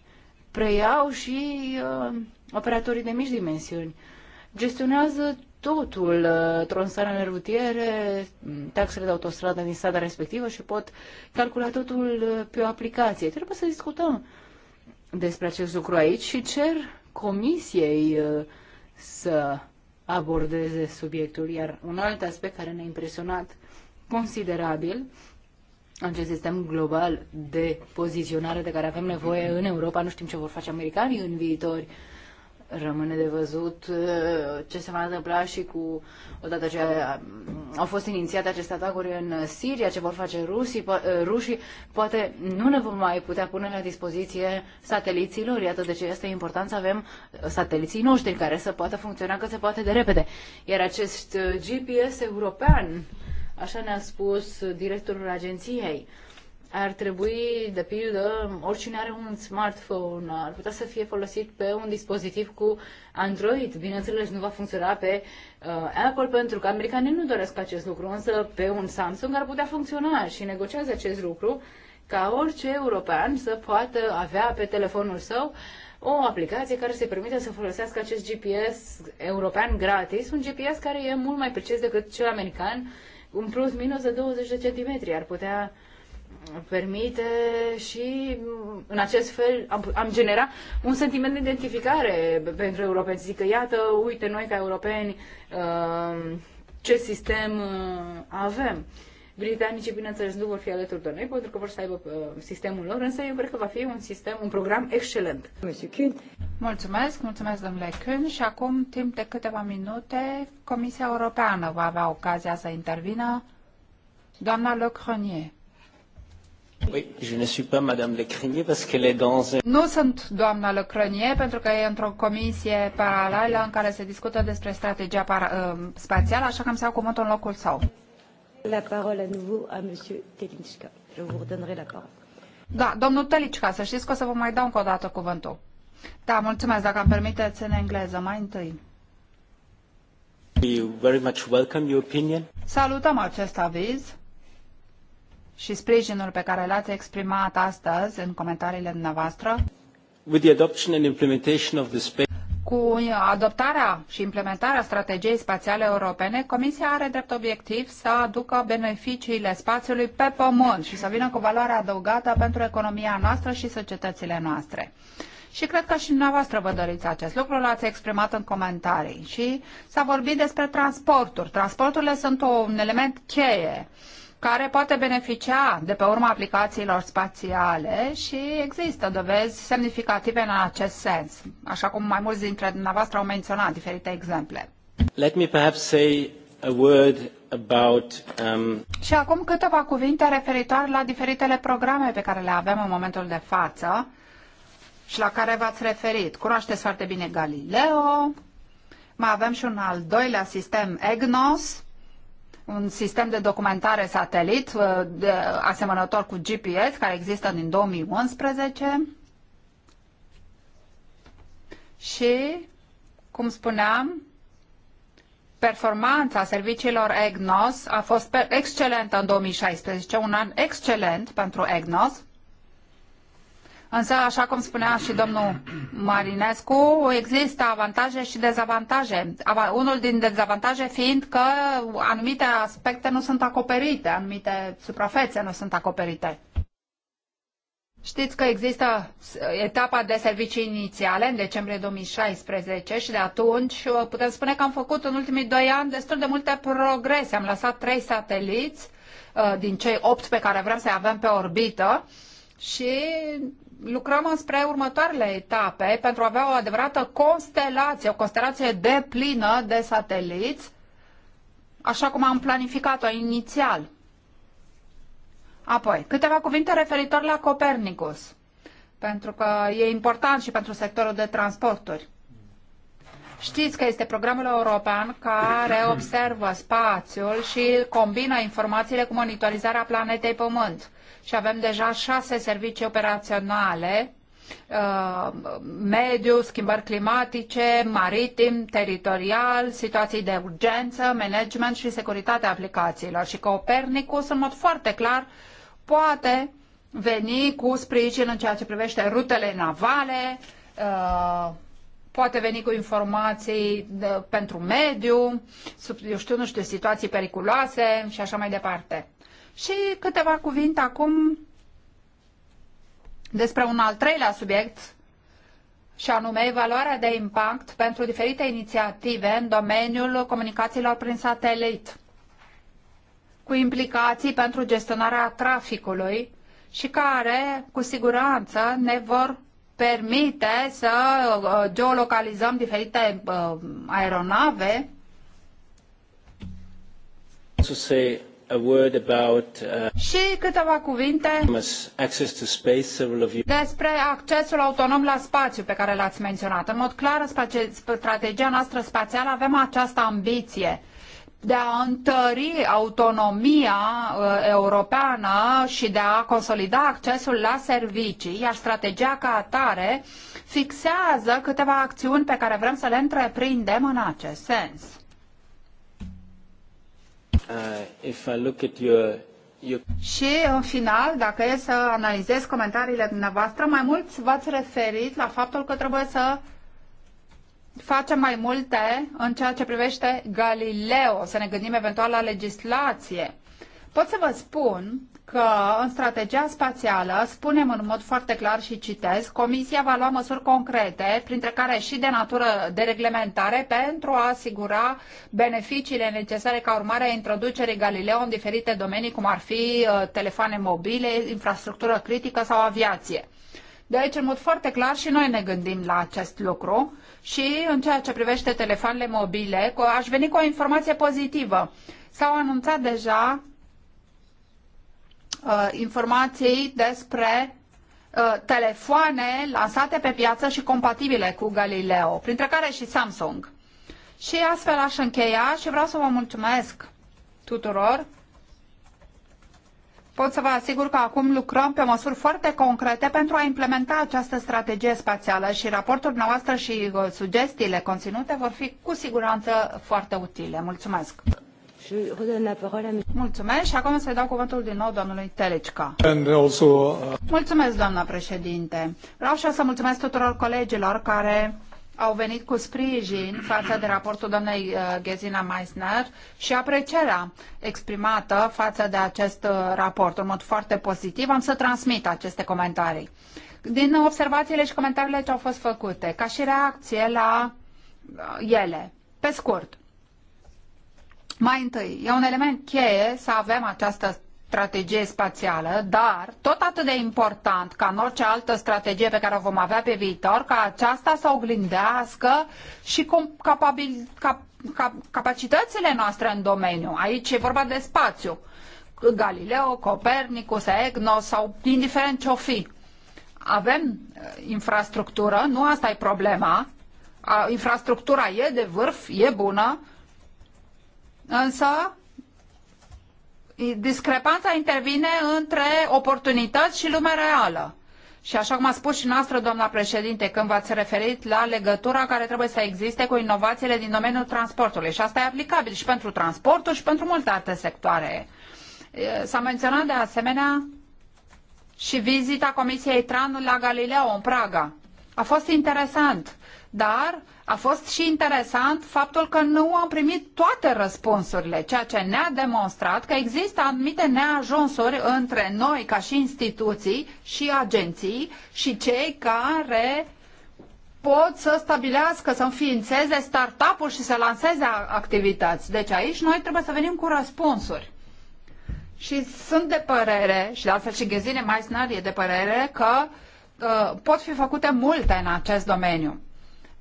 Speaker 3: preiau și uh, operatorii de mici dimensiuni. Gestionează totul, uh, tronsoanele rutiere, taxele de autostradă din sada respectivă și pot calcula totul uh, pe o aplicație. Trebuie să discutăm despre acest lucru aici și cer comisiei uh, să abordeze subiectul. Iar un alt aspect care ne-a impresionat considerabil acest sistem global de poziționare de care avem nevoie în Europa, nu știm ce vor face americanii în viitor, Rămâne de văzut uh, ce se va întâmpla și cu, odată ce uh, au fost inițiate aceste atacuri în Siria, ce vor face rusii, po- uh, rușii, poate nu ne vom mai putea pune la dispoziție sateliților. Iată de ce este important să avem sateliții noștri care să poată funcționa cât se poate de repede. Iar acest GPS european, așa ne-a spus directorul agenției, uh, ar trebui, de pildă, oricine are un smartphone, ar putea să fie folosit pe un dispozitiv cu Android. Bineînțeles, nu va funcționa pe uh, Apple, pentru că americanii nu doresc acest lucru, însă pe un Samsung ar putea funcționa și negociază acest lucru ca orice european să poată avea pe telefonul său o aplicație care se permite să folosească acest GPS european gratis, un GPS care e mult mai precis decât cel american, un plus minus de 20 de centimetri. Ar putea permite și în acest fel am, am generat un sentiment de identificare pentru europeni. Zic că iată, uite noi ca europeni uh, ce sistem uh, avem. Britanicii, bineînțeles, nu vor fi alături de noi pentru că vor să aibă uh, sistemul lor, însă eu
Speaker 1: cred că va fi un sistem, un program excelent. Mulțumesc, mulțumesc domnule Kuhn și acum, timp de câteva minute, Comisia Europeană va avea ocazia să intervină. Doamna Le Cronier. Nu sunt doamna Lecrinier pentru că e într-o comisie paralelă în care se discută despre strategia para, uh, spațială, așa că îmi iau cuvântul în locul său. La parole à nouveau à Monsieur Telinska. Je vous redonnerai la parole. Da, domnul Telicica, să știți că o să vă mai dau încă o dată cuvântul. Da, mulțumesc, dacă îmi permiteți în engleză, mai întâi.
Speaker 2: We very much welcome your opinion.
Speaker 1: Salutăm acest aviz și sprijinul pe care l-ați exprimat astăzi în comentariile dumneavoastră cu adoptarea și implementarea strategiei spațiale europene, Comisia are drept obiectiv să aducă beneficiile spațiului pe pământ și să vină cu valoare adăugată pentru economia noastră și societățile noastre. Și cred că și dumneavoastră vă doriți acest lucru, l-ați exprimat în comentarii. Și s-a vorbit despre transporturi. Transporturile sunt un element cheie. Uh, care poate beneficia de pe urma aplicațiilor spațiale și există dovezi semnificative în acest sens, așa cum mai mulți dintre dumneavoastră au menționat diferite exemple.
Speaker 2: Let me perhaps say a word about, um...
Speaker 1: Și acum câteva cuvinte referitoare la diferitele programe pe care le avem în momentul de față și la care v-ați referit. Cunoașteți foarte bine Galileo, mai avem și un al doilea sistem EGNOS, un sistem de documentare satelit uh, de, asemănător cu GPS care există din 2011 și, cum spuneam, performanța serviciilor EGNOS a fost excelentă în 2016, un an excelent pentru EGNOS Însă, așa cum spunea și domnul Marinescu, există avantaje și dezavantaje. Unul din dezavantaje fiind că anumite aspecte nu sunt acoperite, anumite suprafețe nu sunt acoperite. Știți că există etapa de servicii inițiale în decembrie 2016 și de atunci uh, putem spune că am făcut în ultimii doi ani destul de multe progrese. Am lăsat trei sateliți uh, din cei opt pe care vrem să-i avem pe orbită și lucrăm înspre următoarele etape pentru a avea o adevărată constelație, o constelație de plină de sateliți, așa cum am planificat-o inițial. Apoi, câteva cuvinte referitor la Copernicus, pentru că e important și pentru sectorul de transporturi. Știți că este programul european care observă spațiul și combină informațiile cu monitorizarea planetei Pământ și avem deja șase servicii operaționale uh, mediu, schimbări climatice, maritim, teritorial, situații de urgență, management și securitatea aplicațiilor. Și Copernicus, în mod foarte clar, poate veni cu sprijin în ceea ce privește rutele navale, uh, poate veni cu informații de, pentru mediu, sub, eu știu, nu știu, situații periculoase și așa mai departe. Și câteva cuvinte acum despre un al treilea subiect, și anume evaluarea de impact pentru diferite inițiative în domeniul comunicațiilor prin satelit, cu implicații pentru gestionarea traficului și care, cu siguranță, ne vor permite să uh, geolocalizăm diferite uh, aeronave
Speaker 2: a word about, uh,
Speaker 1: și câteva cuvinte despre accesul autonom la spațiu pe care l-ați menționat. În mod clar, în strategia noastră spațială avem această ambiție de a întări autonomia uh, europeană și de a consolida accesul la servicii, iar strategia ca atare fixează câteva acțiuni pe care vrem să le întreprindem în acest sens.
Speaker 2: Uh, if I look at your, your...
Speaker 1: Și în final, dacă e să analizez comentariile dumneavoastră, mai mulți v-ați referit la faptul că trebuie să facem mai multe în ceea ce privește Galileo, să ne gândim eventual la legislație. Pot să vă spun că în strategia spațială spunem în mod foarte clar și citez, Comisia va lua măsuri concrete, printre care și de natură de reglementare, pentru a asigura beneficiile necesare ca urmare a introducerii Galileo în diferite domenii, cum ar fi uh, telefoane mobile, infrastructură critică sau aviație. Deci, în mod foarte clar, și noi ne gândim la acest lucru și în ceea ce privește telefoanele mobile, aș veni cu o informație pozitivă. S-au anunțat deja Uh, informații despre uh, telefoane lansate pe piață și compatibile cu Galileo, printre care și Samsung. Și astfel aș încheia și vreau să vă mulțumesc tuturor. Pot să vă asigur că acum lucrăm pe măsuri foarte concrete pentru a implementa această strategie spațială și raportul noastră și uh, sugestiile conținute vor fi cu siguranță foarte utile. Mulțumesc! Mulțumesc și acum să-i dau cuvântul din nou domnului Telecica. Also, uh... Mulțumesc, doamna președinte. Vreau și să mulțumesc tuturor colegilor care au venit cu sprijin față de raportul doamnei uh, Ghezina Meissner și aprecierea exprimată față de acest uh, raport. În mod foarte pozitiv am să transmit aceste comentarii. Din observațiile și comentariile ce au fost făcute, ca și reacție la uh, ele, pe scurt, mai întâi, e un element cheie să avem această strategie spațială, dar tot atât de important ca în orice altă strategie pe care o vom avea pe viitor, ca aceasta să oglindească și capabil, cap, cap, capacitățile noastre în domeniu. Aici e vorba de spațiu. Galileo, Copernicus, EGNOS sau indiferent ce-o fi. Avem uh, infrastructură, nu asta e problema. Infrastructura e de vârf, e bună, Însă, discrepanța intervine între oportunități și lumea reală. Și așa cum a spus și noastră, doamna președinte, când v-ați referit la legătura care trebuie să existe cu inovațiile din domeniul transportului. Și asta e aplicabil și pentru transportul și pentru multe alte sectoare. S-a menționat de asemenea și vizita Comisiei Tran la Galileo, în Praga. A fost interesant dar a fost și interesant faptul că nu am primit toate răspunsurile, ceea ce ne-a demonstrat că există anumite neajunsuri între noi ca și instituții și agenții și cei care pot să stabilească, să înființeze startup-uri și să lanseze activități. Deci aici noi trebuie să venim cu răspunsuri. Și sunt de părere, și de altfel și Ghezine Meissner e de părere, că uh, pot fi făcute multe în acest domeniu.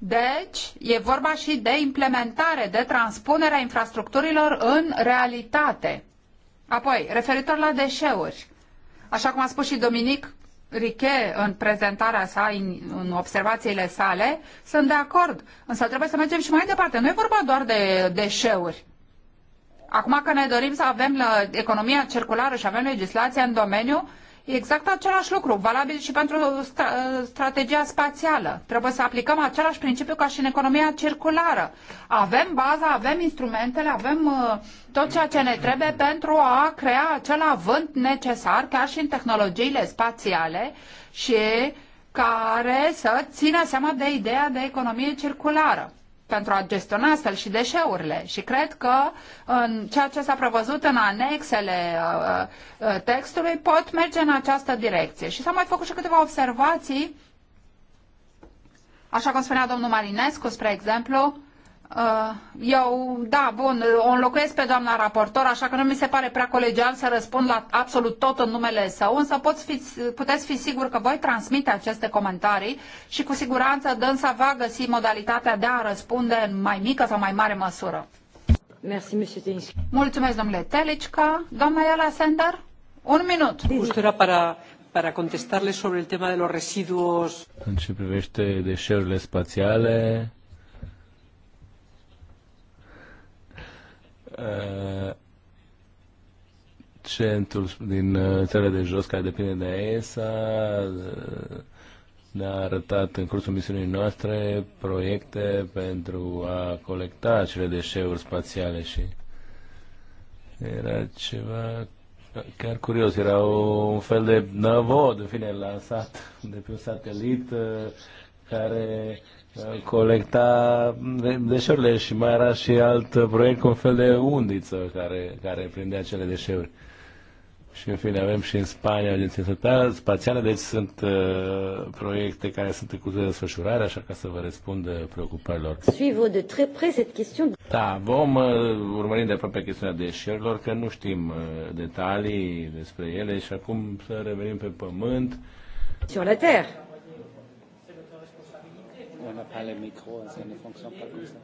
Speaker 1: Deci, e vorba și de implementare, de transpunerea infrastructurilor în realitate. Apoi, referitor la deșeuri, așa cum a spus și Dominic Riche în prezentarea sa, în observațiile sale, sunt de acord, însă trebuie să mergem și mai departe. Nu e vorba doar de deșeuri. Acum că ne dorim să avem economia circulară și avem legislația în domeniu, exact același lucru, valabil și pentru stra strategia spațială. Trebuie să aplicăm același principiu ca și în economia circulară. Avem baza, avem instrumentele, avem uh, tot ceea ce ne trebuie pentru a crea acel avânt necesar, chiar și în tehnologiile spațiale și care să țină seama de ideea de economie circulară pentru a gestiona astfel și deșeurile. Și cred că în ceea ce s-a prevăzut în anexele uh, uh, textului pot merge în această direcție. Și s-au mai făcut și câteva observații, așa cum spunea domnul Marinescu, spre exemplu, Uh, eu, da, bun, o înlocuiesc pe doamna raportor, așa că nu mi se pare prea colegial să răspund la absolut tot în numele său, însă poți fi, puteți fi sigur că voi transmite aceste comentarii și cu siguranță dânsa va găsi modalitatea de a răspunde în mai mică sau mai mare măsură. Merci, Mulțumesc, domnule Telicca. Doamna Iala Sender, un minut. Justo era para, para contestarle sobre el tema de los residuos.
Speaker 2: În ce privește deșeurile spațiale, Eh, centrul din eh, țările de jos care depinde de ESA eh, ne-a arătat în cursul misiunii noastre proiecte pentru a colecta acele deșeuri spațiale și era ceva chiar curios, era un fel de năvod, în fine, lansat de pe un satelit care colecta deșeurile și mai era și alt proiect cu un fel de undiță care, care prindea cele deșeuri. Și în fine avem și în Spania agenție spațială, deci sunt uh, proiecte care sunt în de desfășurare, așa ca să vă răspund uh, preocupărilor.
Speaker 1: de très
Speaker 2: Da, vom uh, urmări de aproape chestiunea deșeurilor, că nu știm uh, detalii despre ele și acum să revenim pe pământ. Sur la terre. On n'a pas le micro, ça ne fonctionne pas comme ça.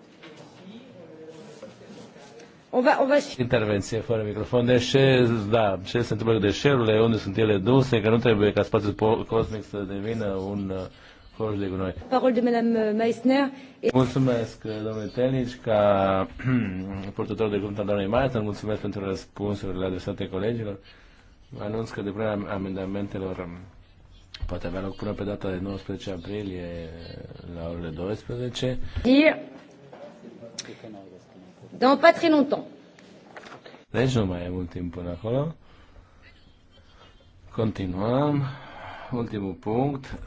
Speaker 2: On va, on va... Intervenție fără microfon. De ce, da, ce se întâmplă cu deșeurile, unde sunt ele duse, că nu trebuie ca spațiul cosmic să devină un coș uh, de gunoi.
Speaker 3: de Madame uh, Mulțumesc,
Speaker 2: uh, domnule Tenic, ca [clears throat] purtător de cuvânt al doamnei Maia, mulțumesc pentru răspunsurile adresate colegilor. Anunț că depunerea amendamentelor um, poate avea loc până pe data de 19 aprilie la orele 12.
Speaker 1: Dire dans pas très
Speaker 3: longtemps.
Speaker 2: Deci nu mai e mult timp până acolo. Continuăm. Ultimul punct.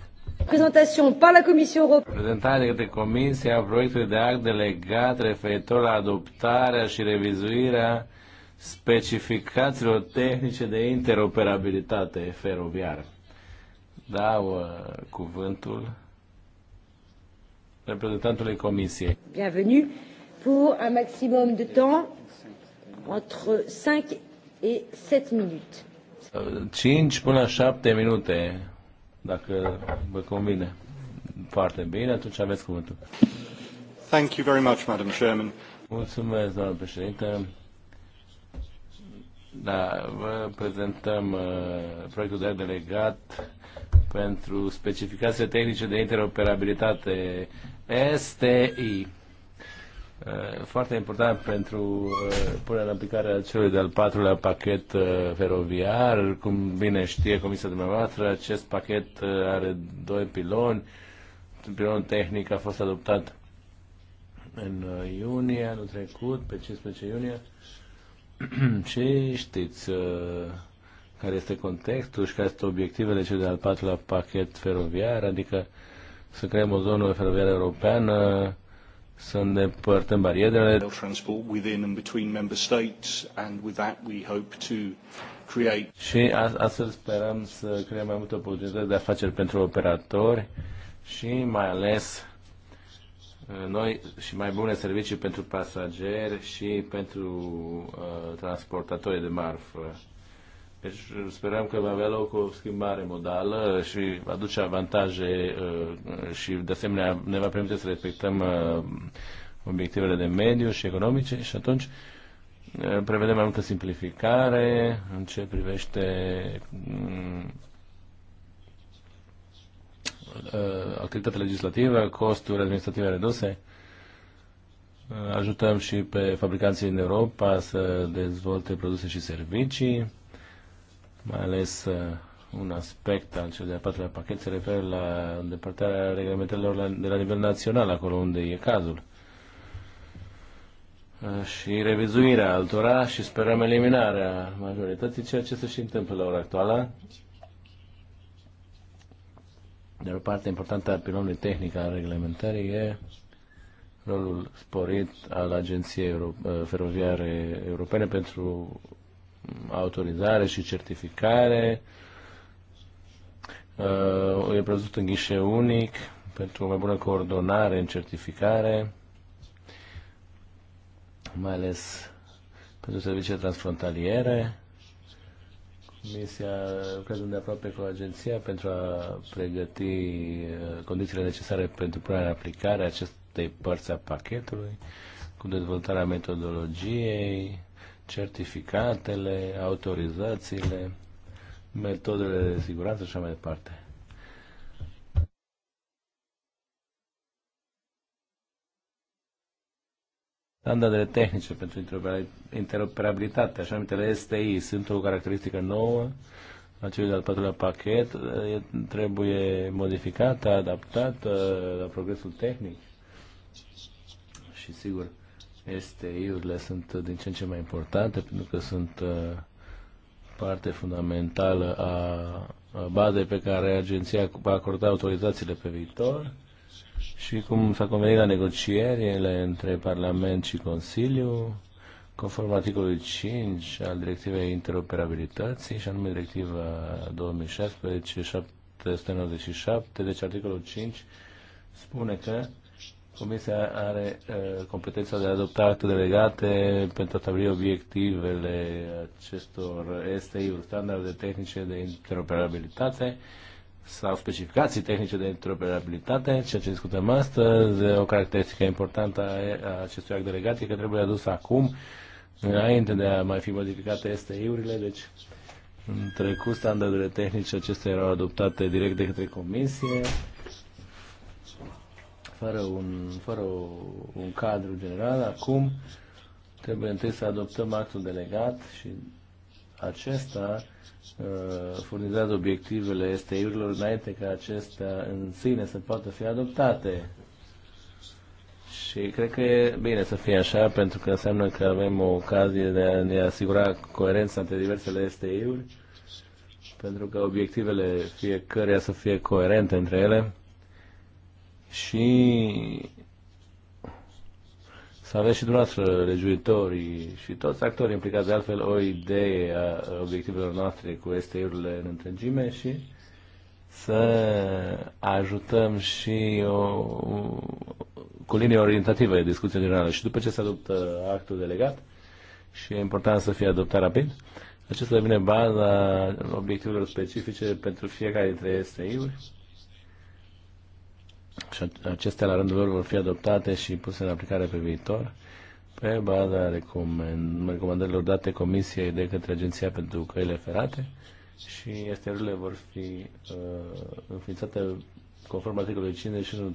Speaker 3: Prezentation par la Comisie Europeană.
Speaker 2: Prezentare de Comisia a proiectului de act delegat referitor la adoptarea și revizuirea specificațiilor tehnice de interoperabilitate feroviară dau uh, cuvântul reprezentantului Comisiei.
Speaker 1: Bienvenue
Speaker 3: pour un maximum de temps entre 5 et
Speaker 1: 7 minutes.
Speaker 2: 5 până la 7 minute, dacă vă convine. Foarte bine, atunci aveți cuvântul. Thank you very much, Madam Chairman. Mulțumesc, doamnă președinte. Da, vă prezentăm uh, proiectul de delegat pentru specificații tehnice de interoperabilitate STI. Uh, foarte important pentru uh, punerea în aplicare a celui de-al patrulea pachet uh, feroviar. Cum bine știe Comisia dumneavoastră, acest pachet are doi piloni. pilon tehnic a fost adoptat în iunie anul trecut, pe 15 iunie. [clears throat] Și știți, care este contextul și care este obiectivele cel de-al patrulea pachet feroviar, adică să creăm o zonă feroviară europeană, să îndepărtăm barierele. Și astfel sperăm să creăm mai multe oportunități de afaceri pentru operatori și mai ales uh, noi și mai bune servicii pentru pasageri și pentru uh, transportatorii de marfă. Deci speram că va avea loc o schimbare modală și va duce avantaje uh, și de asemenea ne va permite să respectăm uh, obiectivele de mediu și economice și atunci uh, prevedem mai multă simplificare în ce privește mm, activitatea legislativă, costuri administrative reduse. Ajutăm și pe fabricanții în Europa să dezvolte produse și servicii mai ales uh, un aspect al cel de-al patrulea pachet se referă la îndepărtarea reglementărilor de la nivel național, acolo unde e cazul. Uh, și revizuirea altora și sperăm eliminarea majorității, ceea ce se și întâmplă la ora actuală. De o parte importantă a pilonului tehnic al reglementării e rolul sporit al Agenției Euro- uh, Feroviare Europene pentru autorizare și certificare. Uh, e prezut în ghișe unic pentru o mai bună coordonare în certificare, mai ales pentru servicii transfrontaliere. Comisia lucrează de aproape cu agenția pentru a pregăti uh, condițiile necesare pentru punerea în aplicare acestei părți a pachetului, cu dezvoltarea metodologiei, certificatele, autorizațiile, metodele de siguranță și așa mai departe. Standardele tehnice pentru interoperabilitate, așa numitele STI, sunt o caracteristică nouă a celui de-al patrulea pachet, trebuie modificată, adaptată la progresul tehnic și sigur STI-urile sunt din ce în ce mai importante pentru că sunt uh, parte fundamentală a bazei pe care agenția va acorda autorizațiile pe viitor și cum s-a convenit la negocierile între Parlament și Consiliu, conform articolului 5 al Directivei Interoperabilității și anume Directiva 2016-797, deci articolul 5 spune că Comisia are uh, competența de a adopta acte delegate pentru a stabili obiectivele acestor STI-uri, standarde tehnice de interoperabilitate sau specificații tehnice de interoperabilitate, ceea ce discutăm astăzi, o caracteristică importantă a acestui act delegat e că trebuie adus acum, înainte de a mai fi modificate STI-urile, deci în trecut standardele tehnice acestea erau adoptate direct de către Comisie, fără un, fără un cadru general. Acum trebuie întâi să adoptăm actul delegat și acesta uh, furnizează obiectivele STI-urilor înainte ca acestea în sine să poată fi adoptate. Și cred că e bine să fie așa, pentru că înseamnă că avem o ocazie de a ne asigura coerența între diversele STI-uri, pentru că obiectivele fiecăreia să fie coerente între ele și să aveți și dumneavoastră regiuitorii și toți actorii implicați de altfel o idee a obiectivelor noastre cu STI-urile în întregime și să ajutăm și o, cu linie orientativă de discuție generală. Și după ce se adoptă actul delegat, și e important să fie adoptat rapid, acesta devine baza obiectivelor specifice pentru fiecare dintre STI-uri și acestea la rândul lor vor fi adoptate și puse în aplicare pe viitor pe baza recomandărilor date Comisiei de către Agenția pentru Căile Ferate și esterurile vor fi uh, înființate conform articolului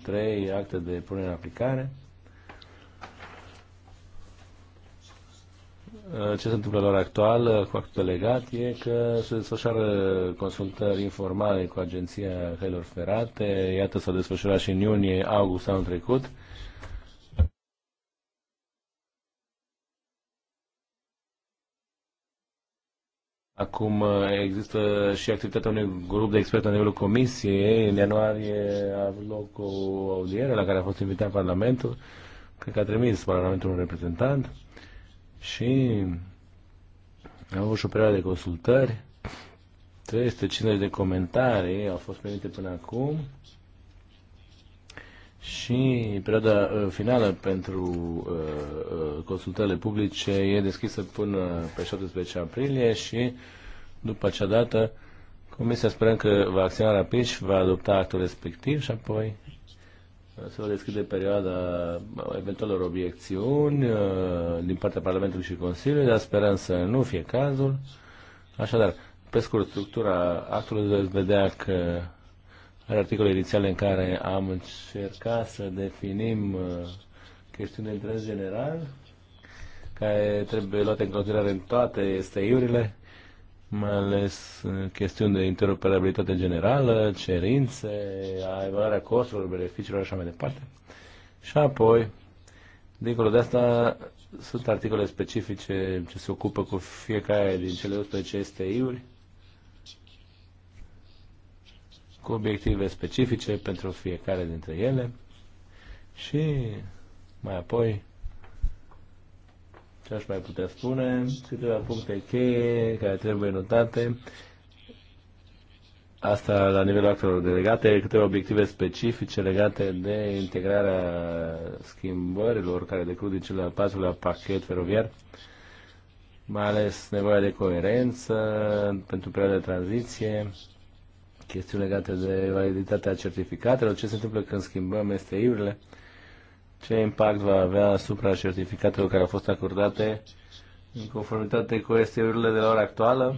Speaker 2: 51.3 acte de punere în aplicare Uh, ce se întâmplă la ora actuală cu actul delegat e că se desfășoară consultări informale cu Agenția Helor Ferate. Iată, s-a desfășurat și în iunie, august anul trecut. Acum uh, există și activitatea unui grup de experți la nivelul comisiei. În ianuarie a avut loc o audiere la care a fost invitat Parlamentul. Cred că a trimis Parlamentul un reprezentant și am avut și o perioadă de consultări. 350 de comentarii au fost primite până acum și perioada uh, finală pentru uh, uh, consultările publice e deschisă până pe 17 aprilie și după acea dată Comisia sperăm că va acționa rapid și va adopta actul respectiv și apoi se va deschide perioada eventualelor obiecțiuni uh, din partea Parlamentului și Consiliului, dar sperăm să nu fie cazul. Așadar, pe scurt, structura actului veți vedea că are articole inițiale în care am încercat să definim uh, chestiuni de interes general, care trebuie luate în considerare în toate steiurile mai ales chestiuni de interoperabilitate generală, cerințe, evaluarea costurilor, beneficiilor și așa mai departe. Și apoi, dincolo de asta, sunt articole specifice ce se ocupă cu fiecare din cele 11 STI-uri, cu obiective specifice pentru fiecare dintre ele și mai apoi ce aș mai putea spune, câteva puncte cheie care trebuie notate. Asta la nivelul actelor delegate, câteva obiective specifice legate de integrarea schimbărilor care decurg din cel de-al patrulea pachet feroviar, mai ales nevoia de coerență pentru perioada de tranziție, chestiuni legate de validitatea certificatelor, ce se întâmplă când schimbăm STI-urile, ce impact va avea asupra certificatelor care au fost acordate în conformitate cu STU-urile de la ora actuală.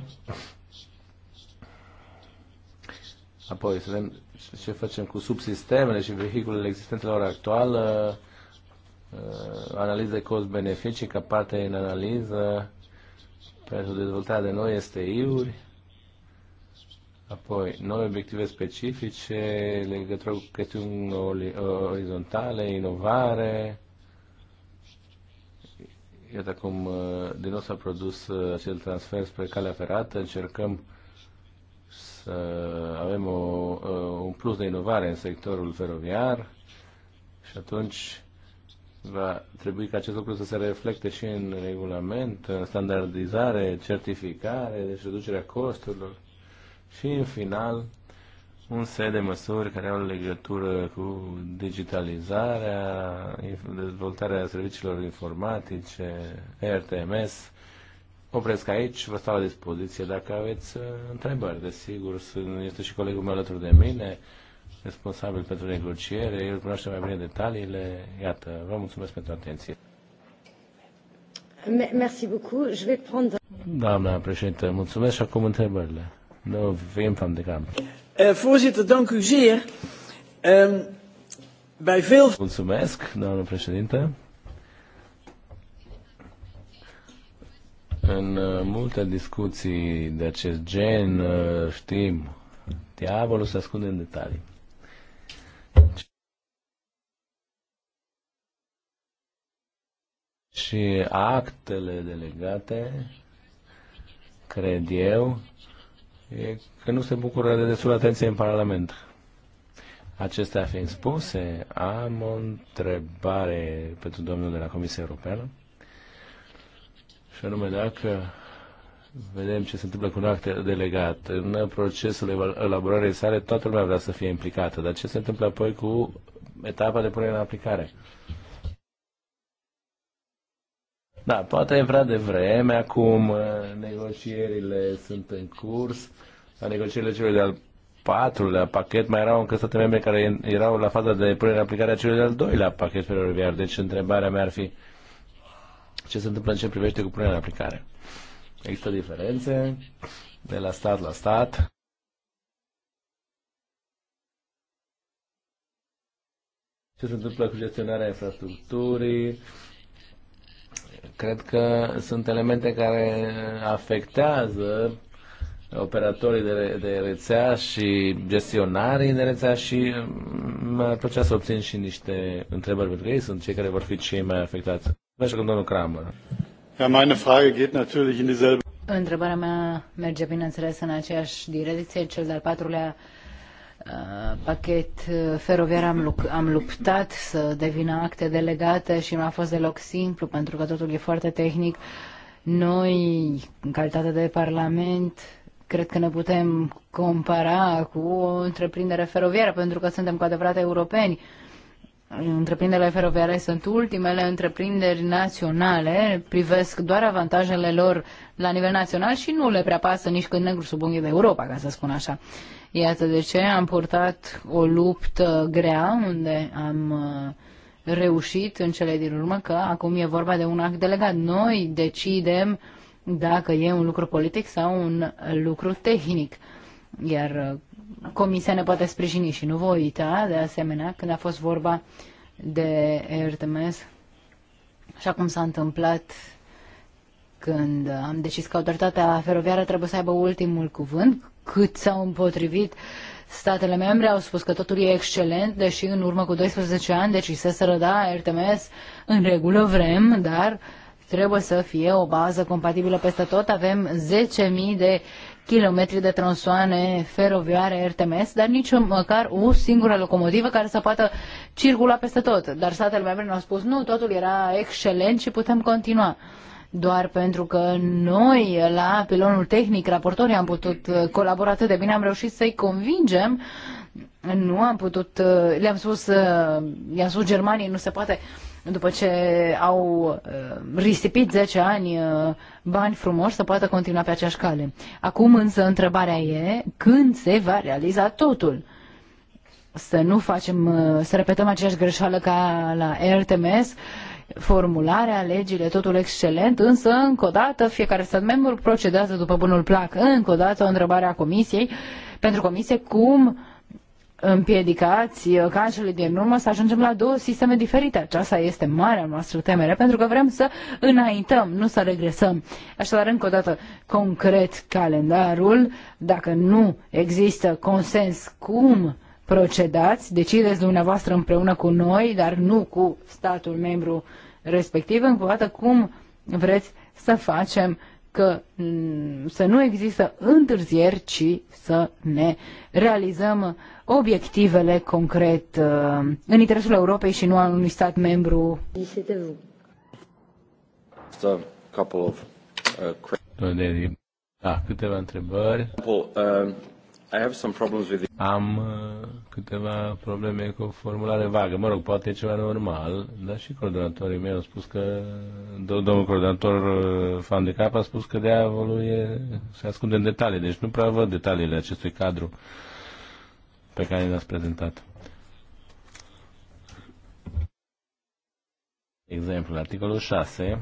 Speaker 2: Apoi să vedem ce facem cu subsistemele și vehiculele existente la ora actuală, uh, analize cost-beneficii ca parte în analiză pentru dezvoltarea de noi STI-uri Apoi, noi obiective specifice, legătură cu chestiuni orizontale, inovare. Iată cum uh, din nou s-a produs uh, acel transfer spre calea ferată, încercăm să avem o, uh, un plus de inovare în sectorul feroviar și atunci va trebui ca acest lucru să se reflecte și în regulament, în standardizare, certificare, deci reducerea costurilor și, în final, un set de măsuri care au legătură cu digitalizarea, dezvoltarea serviciilor informatice, RTMS. Opresc aici, vă stau la dispoziție dacă aveți uh, întrebări. Desigur, este și colegul meu alături de mine, responsabil pentru negociere, el cunoaște mai bine detaliile. Iată, vă mulțumesc pentru atenție. Merci beaucoup. Je vais prendre... Doamna președinte, mulțumesc și acum întrebările. No, Wim van de Uh, Voorzitter, dank u zeer. Ehm, bij veel... Mulțumesc, doamnă președinte. În eh, multe discuții de acest gen eh, știm, diavolul se ascunde în detalii. Și actele delegate, cred eu, e că nu se bucură de destul atenție în Parlament. Acestea fiind spuse, am o întrebare pentru domnul de la Comisia Europeană. Și anume dacă vedem ce se întâmplă cu un act delegat. În procesul elaborării sale toată lumea vrea să fie implicată, dar ce se întâmplă apoi cu etapa de punere în aplicare? Da, poate e de vreme acum, uh, negocierile sunt în curs, la negocierile celor de-al patrulea pachet, mai erau încă state membre care erau la faza de punere în aplicare a celui de-al doilea pachet feroviar. Deci întrebarea mea ar fi ce se întâmplă în ce privește cu punerea în aplicare. Există diferențe de la stat la stat. Ce se întâmplă cu gestionarea infrastructurii, Cred că sunt elemente care afectează operatorii de, de rețea și gestionarii de rețea și mi-ar mm, plăcea să obțin și niște întrebări, pentru că ei sunt cei care vor fi cei mai afectați. Așa cum domnul Kramer. Ja, meine Frage geht natürlich in dieselbe...
Speaker 3: Întrebarea mea merge, bineînțeles, în aceeași direcție. Cel de-al patrulea Uh, pachet uh, feroviar am, lu- am luptat să devină acte delegate și nu a fost deloc simplu pentru că totul e foarte tehnic. Noi, în calitate de Parlament, cred că ne putem compara cu o întreprindere feroviară pentru că suntem cu adevărat europeni. Întreprinderile feroviare sunt ultimele întreprinderi naționale, privesc doar avantajele lor la nivel național și nu le prea pasă nici când negru sub unghii de Europa, ca să spun așa. Uh, Iată de ce am purtat o luptă grea unde am uh, reușit în cele din urmă că acum e vorba de un act delegat. Noi decidem dacă e un lucru politic sau un lucru tehnic. Iar uh, comisia ne poate sprijini și nu voi uita, de asemenea, când a fost vorba de RTMS, așa cum s-a întâmplat când am decis că autoritatea feroviară trebuie să aibă ultimul cuvânt, cât s-au împotrivit statele membre, au spus că totul e excelent, deși în urmă cu 12 ani deciseseră, da, RTMS, în regulă vrem, dar trebuie să fie o bază compatibilă peste tot. Avem 10.000 de kilometri de tronsoane feroviare RTMS, dar nici măcar o singură locomotivă care să poată circula peste tot. Dar statele membre ne-au spus, nu, totul era excelent și putem continua. Uh, doar pentru că noi, la pilonul tehnic, raportorii am putut uh, colabora atât de bine, am reușit să-i convingem, nu am putut, uh, le-am spus, uh, i-am spus germanii, nu se poate, după ce au risipit 10 ani bani frumoși, să poată continua pe aceeași cale. Acum însă întrebarea e când se va realiza totul să nu facem, să repetăm aceeași greșeală ca la RTMS, formularea, legile, totul excelent, însă încă o dată fiecare stat membru procedează după bunul plac. Încă o dată o întrebare a comisiei, pentru comisie, cum împiedicați ca cele din urmă să ajungem la două sisteme diferite. Aceasta este marea noastră temere, pentru că vrem să înaintăm, nu să regresăm. Așadar, încă o dată, concret calendarul, dacă nu există consens cum procedați, decideți dumneavoastră împreună cu noi, dar nu cu statul membru respectiv, încă o dată cum vreți să facem că mm, să nu există întârzieri, ci să ne realizăm obiectivele concret uh, în interesul Europei și nu al unui stat membru.
Speaker 2: Uh, da, câteva întrebări. Uh, I have some problems with Am uh, câteva probleme cu o formulare vagă. Mă rog, poate e ceva normal, dar și coordonatorii mei au spus că, domnul coordonator fan uh, de cap a spus că diavolul e, se ascunde în detalii, deci nu prea văd detaliile acestui cadru pe care l-ați prezentat. Exemplu, articolul 6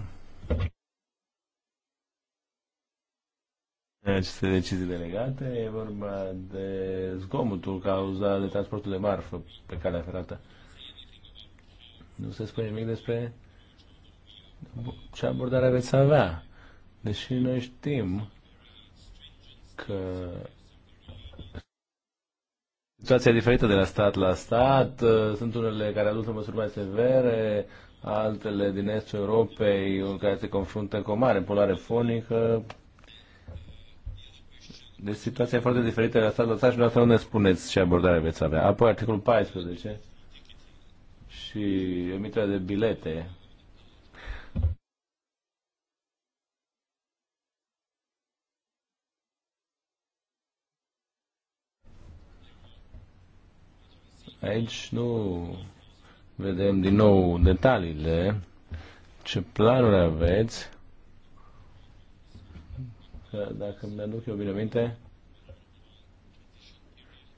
Speaker 2: aceste decizii delegate, e vorba de zgomotul cauzat de transportul de marfă pe calea ferată. Nu se spune nimic despre ce abordare veți avea. Deși noi știm că situația e diferită de la stat la stat, sunt unele care adoptă măsuri mai severe, altele din estul Europei care se confruntă cu o mare polare fonică, deci situația e foarte diferită la stat la stat și la unde spuneți ce abordare veți avea. Apoi articolul 14 și emiterea de bilete. Aici nu vedem din nou detaliile, ce planuri aveți că, dacă îmi aduc eu bine minte,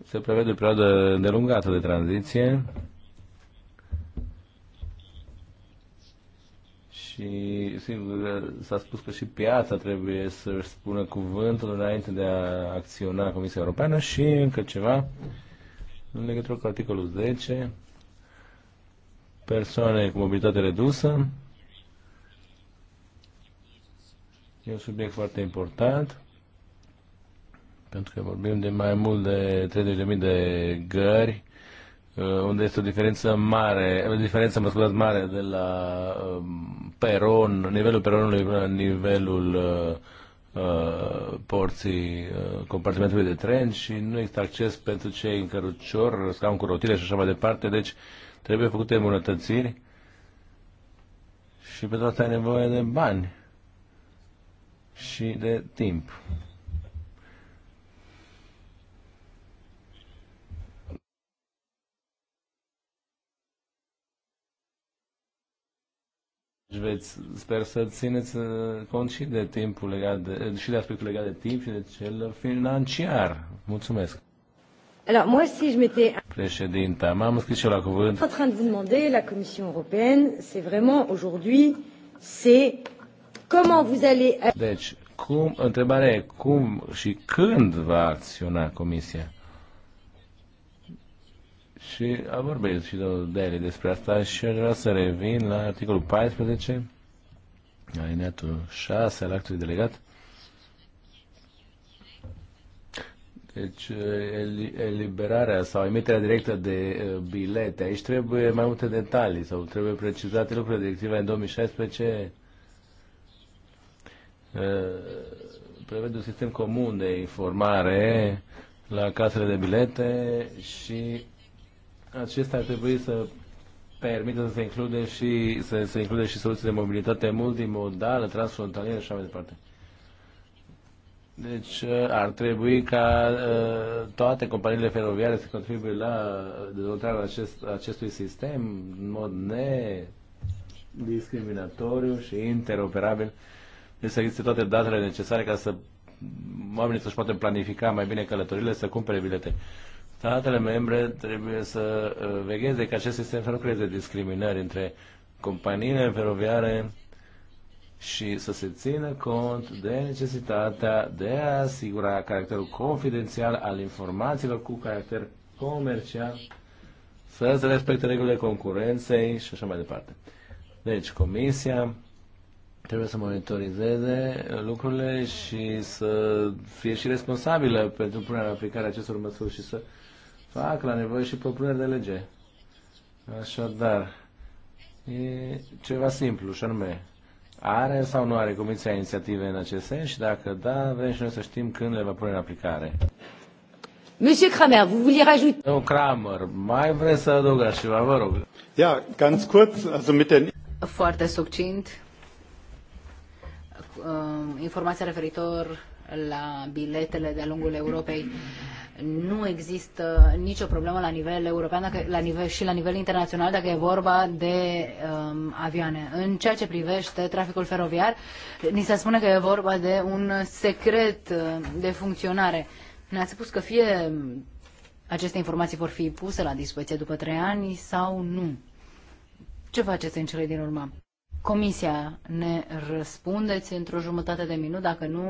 Speaker 2: se prevede o perioadă delungată de tranziție și sigur s-a spus că și piața trebuie să spună cuvântul înainte de a acționa Comisia Europeană și încă ceva în legătură cu articolul 10 persoane cu mobilitate redusă E un subiect foarte important pentru că vorbim de mai mult de 30.000 de gări uh, unde este o diferență mare, o diferență, mă scuzați, mare de la um, peron, nivelul peronului până la nivelul uh, uh, porții uh, compartimentului de tren și nu există acces pentru cei în cărucior, scaun cu rotile și așa mai departe, deci trebuie făcute îmbunătățiri și pentru asta ai nevoie de bani și de timp. Deci veți, sper să țineți uh, cont și de timpul legat de, uh, și de aspectul legat de timp și de cel financiar. Mulțumesc.
Speaker 3: Alors, moi si je m'étais...
Speaker 2: Președinta, m-am scris și eu la cuvânt.
Speaker 3: En train de vous demander, la Commission européenne, c'est vraiment aujourd'hui, c'est Comment vous allez...
Speaker 2: Deci, cum, întrebarea e cum și când va acționa Comisia? Și a vorbit și de Deli despre asta și aș vrea să revin la articolul 14, alineatul 6 al actului delegat. Deci, eliberarea sau emiterea directă de bilete. Aici trebuie mai multe detalii sau trebuie precizate lucrurile. Directiva în 2016 Eh, prevede un sistem comun de informare la casele de bilete și acesta ar trebui să permită să se include și, să se include și soluții de mobilitate multimodală, transfrontalieră și așa mai departe. Deci eh, ar trebui ca eh, toate companiile feroviare să contribuie la dezvoltarea acest, acestui sistem în mod nediscriminatoriu și interoperabil deci să existe toate datele necesare ca să oamenii să-și poată planifica mai bine călătorile, să cumpere bilete. Statele membre trebuie să uh, vegheze că acest sistem să nu creeze discriminări între companiile feroviare și să se țină cont de necesitatea de a asigura caracterul confidențial al informațiilor cu caracter comercial, să se respecte regulile concurenței și așa mai departe. Deci, Comisia trebuie să monitorizeze lucrurile și să fie și responsabilă pentru punerea în aplicare acestor măsuri și să facă la nevoie și propuneri de lege. Așadar, e ceva simplu și anume, are sau nu are Comisia inițiative în acest sens și dacă da, vrem și noi să știm când le va pune în aplicare.
Speaker 3: Monsieur Kramer, vous vouliez rajouter...
Speaker 2: Domnul Kramer, mai vreți să adăugați ceva, vă rog. Ja, ganz kurz, also mit den... Foarte succint,
Speaker 3: Uh, informația referitor la biletele de-a lungul Europei. Nu există nicio problemă la nivel european dacă, la nivel, și la nivel internațional dacă e vorba de um, avioane. În ceea ce privește traficul feroviar, ni se spune că e vorba de un secret uh, de funcționare. Ne-ați spus că fie aceste informații vor fi puse la dispoziție după trei ani sau nu. Ce faceți în cele din urmă? Comisia, ne răspundeți într-o jumătate de minut, dacă nu...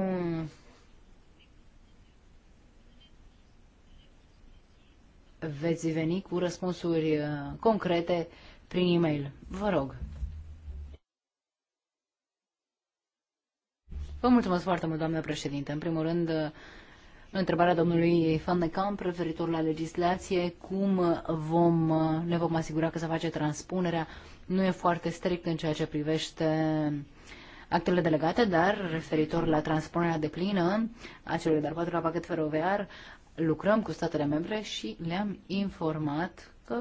Speaker 3: Veți veni cu răspunsuri uh, concrete prin e-mail. Vă rog. Vă mulțumesc foarte mult, doamnă președinte. În primul rând, uh, întrebarea domnului Van de Camp referitor la legislație, cum vom, uh, ne vom asigura că se face transpunerea nu e foarte strict în ceea ce privește actele delegate, dar referitor la transpunerea de plină a celor de-al patrulea pachet feroviar, lucrăm cu statele membre și le-am informat că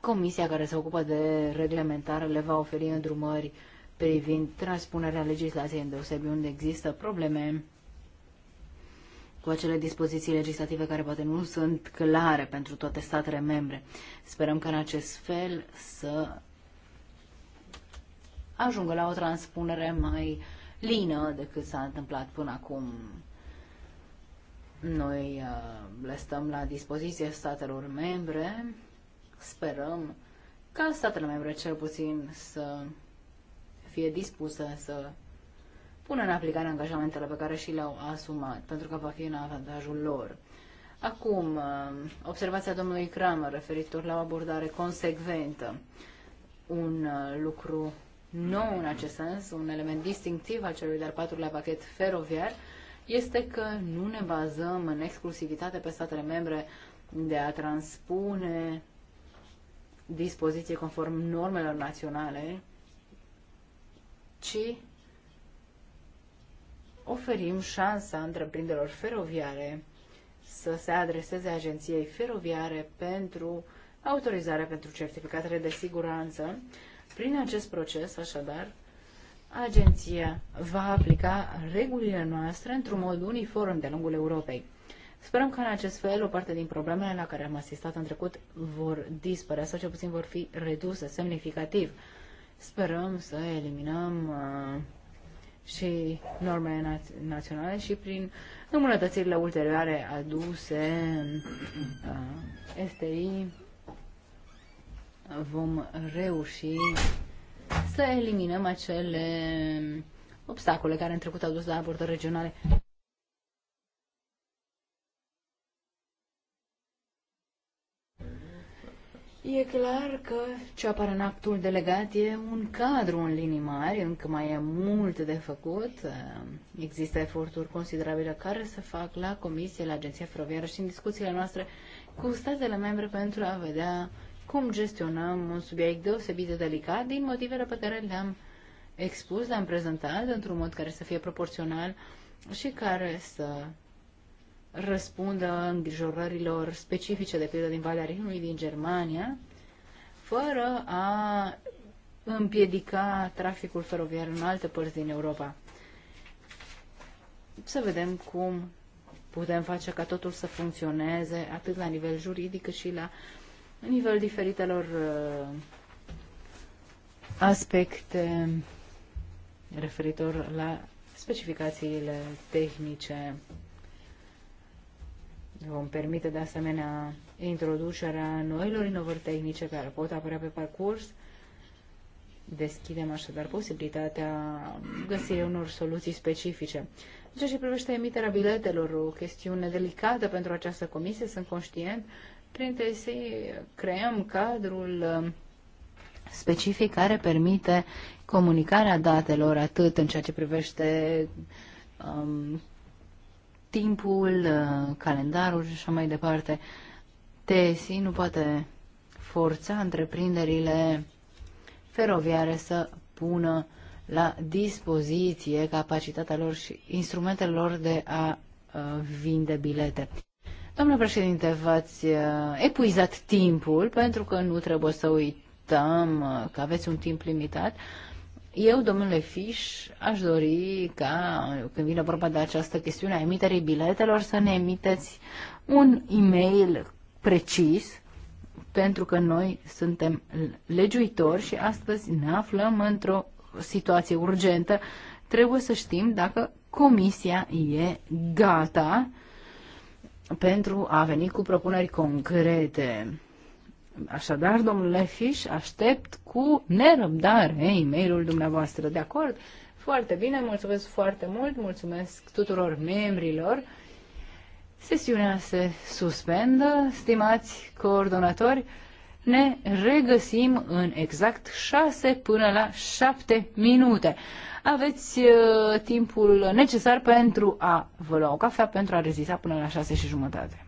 Speaker 3: comisia care se ocupă de reglementare le va oferi îndrumări privind transpunerea legislației în deosebi unde există probleme cu acele dispoziții legislative care poate nu sunt clare pentru toate statele membre. Sperăm că în acest fel să ajungă la o transpunere mai lină decât s-a întâmplat până acum. Noi uh, le stăm la dispoziție statelor membre. Sperăm ca statele membre cel puțin să fie dispuse să pună în aplicare angajamentele pe care și le-au asumat, pentru că va fi în avantajul lor. Acum, uh, observația domnului Kramer referitor la o abordare consecventă. Un uh, lucru nou în acest sens, un element distinctiv al celui de-al patrulea pachet feroviar, este că nu ne bazăm în exclusivitate pe statele membre de a transpune dispoziții conform normelor naționale, ci oferim șansa întreprinderilor feroviare să se adreseze agenției feroviare pentru autorizare pentru certificatele de siguranță. Prin acest proces, așadar, agenția va aplica regulile noastre într-un mod uniform de lungul Europei. Sperăm că în acest fel o parte din problemele la care am asistat în trecut vor dispărea sau cel puțin vor fi reduse semnificativ. Sperăm să eliminăm uh, și normele naționale și prin îmbunătățirile ulterioare aduse în uh, STI vom reuși să eliminăm acele obstacole care în trecut au dus la abordări regionale. E clar că ce apare în actul delegat e un cadru în linii mari, încă mai e mult de făcut. Există eforturi considerabile care se fac la Comisie, la Agenția Feroviară și în discuțiile noastre cu statele membre pentru a vedea cum gestionăm un subiect deosebit de delicat din motivele pe care le-am expus, le-am prezentat într-un mod care să fie proporțional și care să răspundă îngrijorărilor specifice, de pildă din Valea Rinului, din Germania, fără a împiedica traficul feroviar în alte părți din Europa. Să vedem cum putem face ca totul să funcționeze atât la nivel juridic cât și la nivel diferitelor uh, aspecte referitor la specificațiile tehnice Vom permite de asemenea introducerea noilor inovări tehnice care pot apărea pe parcurs. Deschidem așadar posibilitatea găsirii unor soluții specifice. În ceea ce privește emiterea biletelor, o chestiune delicată pentru această comisie, sunt conștient, prin TSI creăm cadrul um, specific care permite comunicarea datelor atât în ceea ce privește um, timpul, uh, calendarul și așa mai departe. TSI nu poate forța întreprinderile feroviare să pună la dispoziție capacitatea lor și instrumentele lor de a uh, vinde bilete. Domnule președinte, v-ați uh, epuizat timpul pentru că nu trebuie să uităm că aveți un timp limitat. Eu, domnule Fiș, aș dori ca, când vine vorba de această chestiune a emiterii biletelor, să ne emiteți un e-mail precis, pentru că noi suntem legiuitori și astăzi ne aflăm într-o situație urgentă. Trebuie să știm dacă comisia e gata pentru a veni cu propuneri concrete. Așadar, domnule Fiș, aștept cu nerăbdare e mail dumneavoastră. De acord? Foarte bine, mulțumesc foarte mult, mulțumesc tuturor membrilor. Sesiunea se suspendă, stimați coordonatori. Ne regăsim în exact 6 până la 7 minute. Aveți uh, timpul necesar pentru a vă lua o cafea, pentru a rezista până la 6 și jumătate.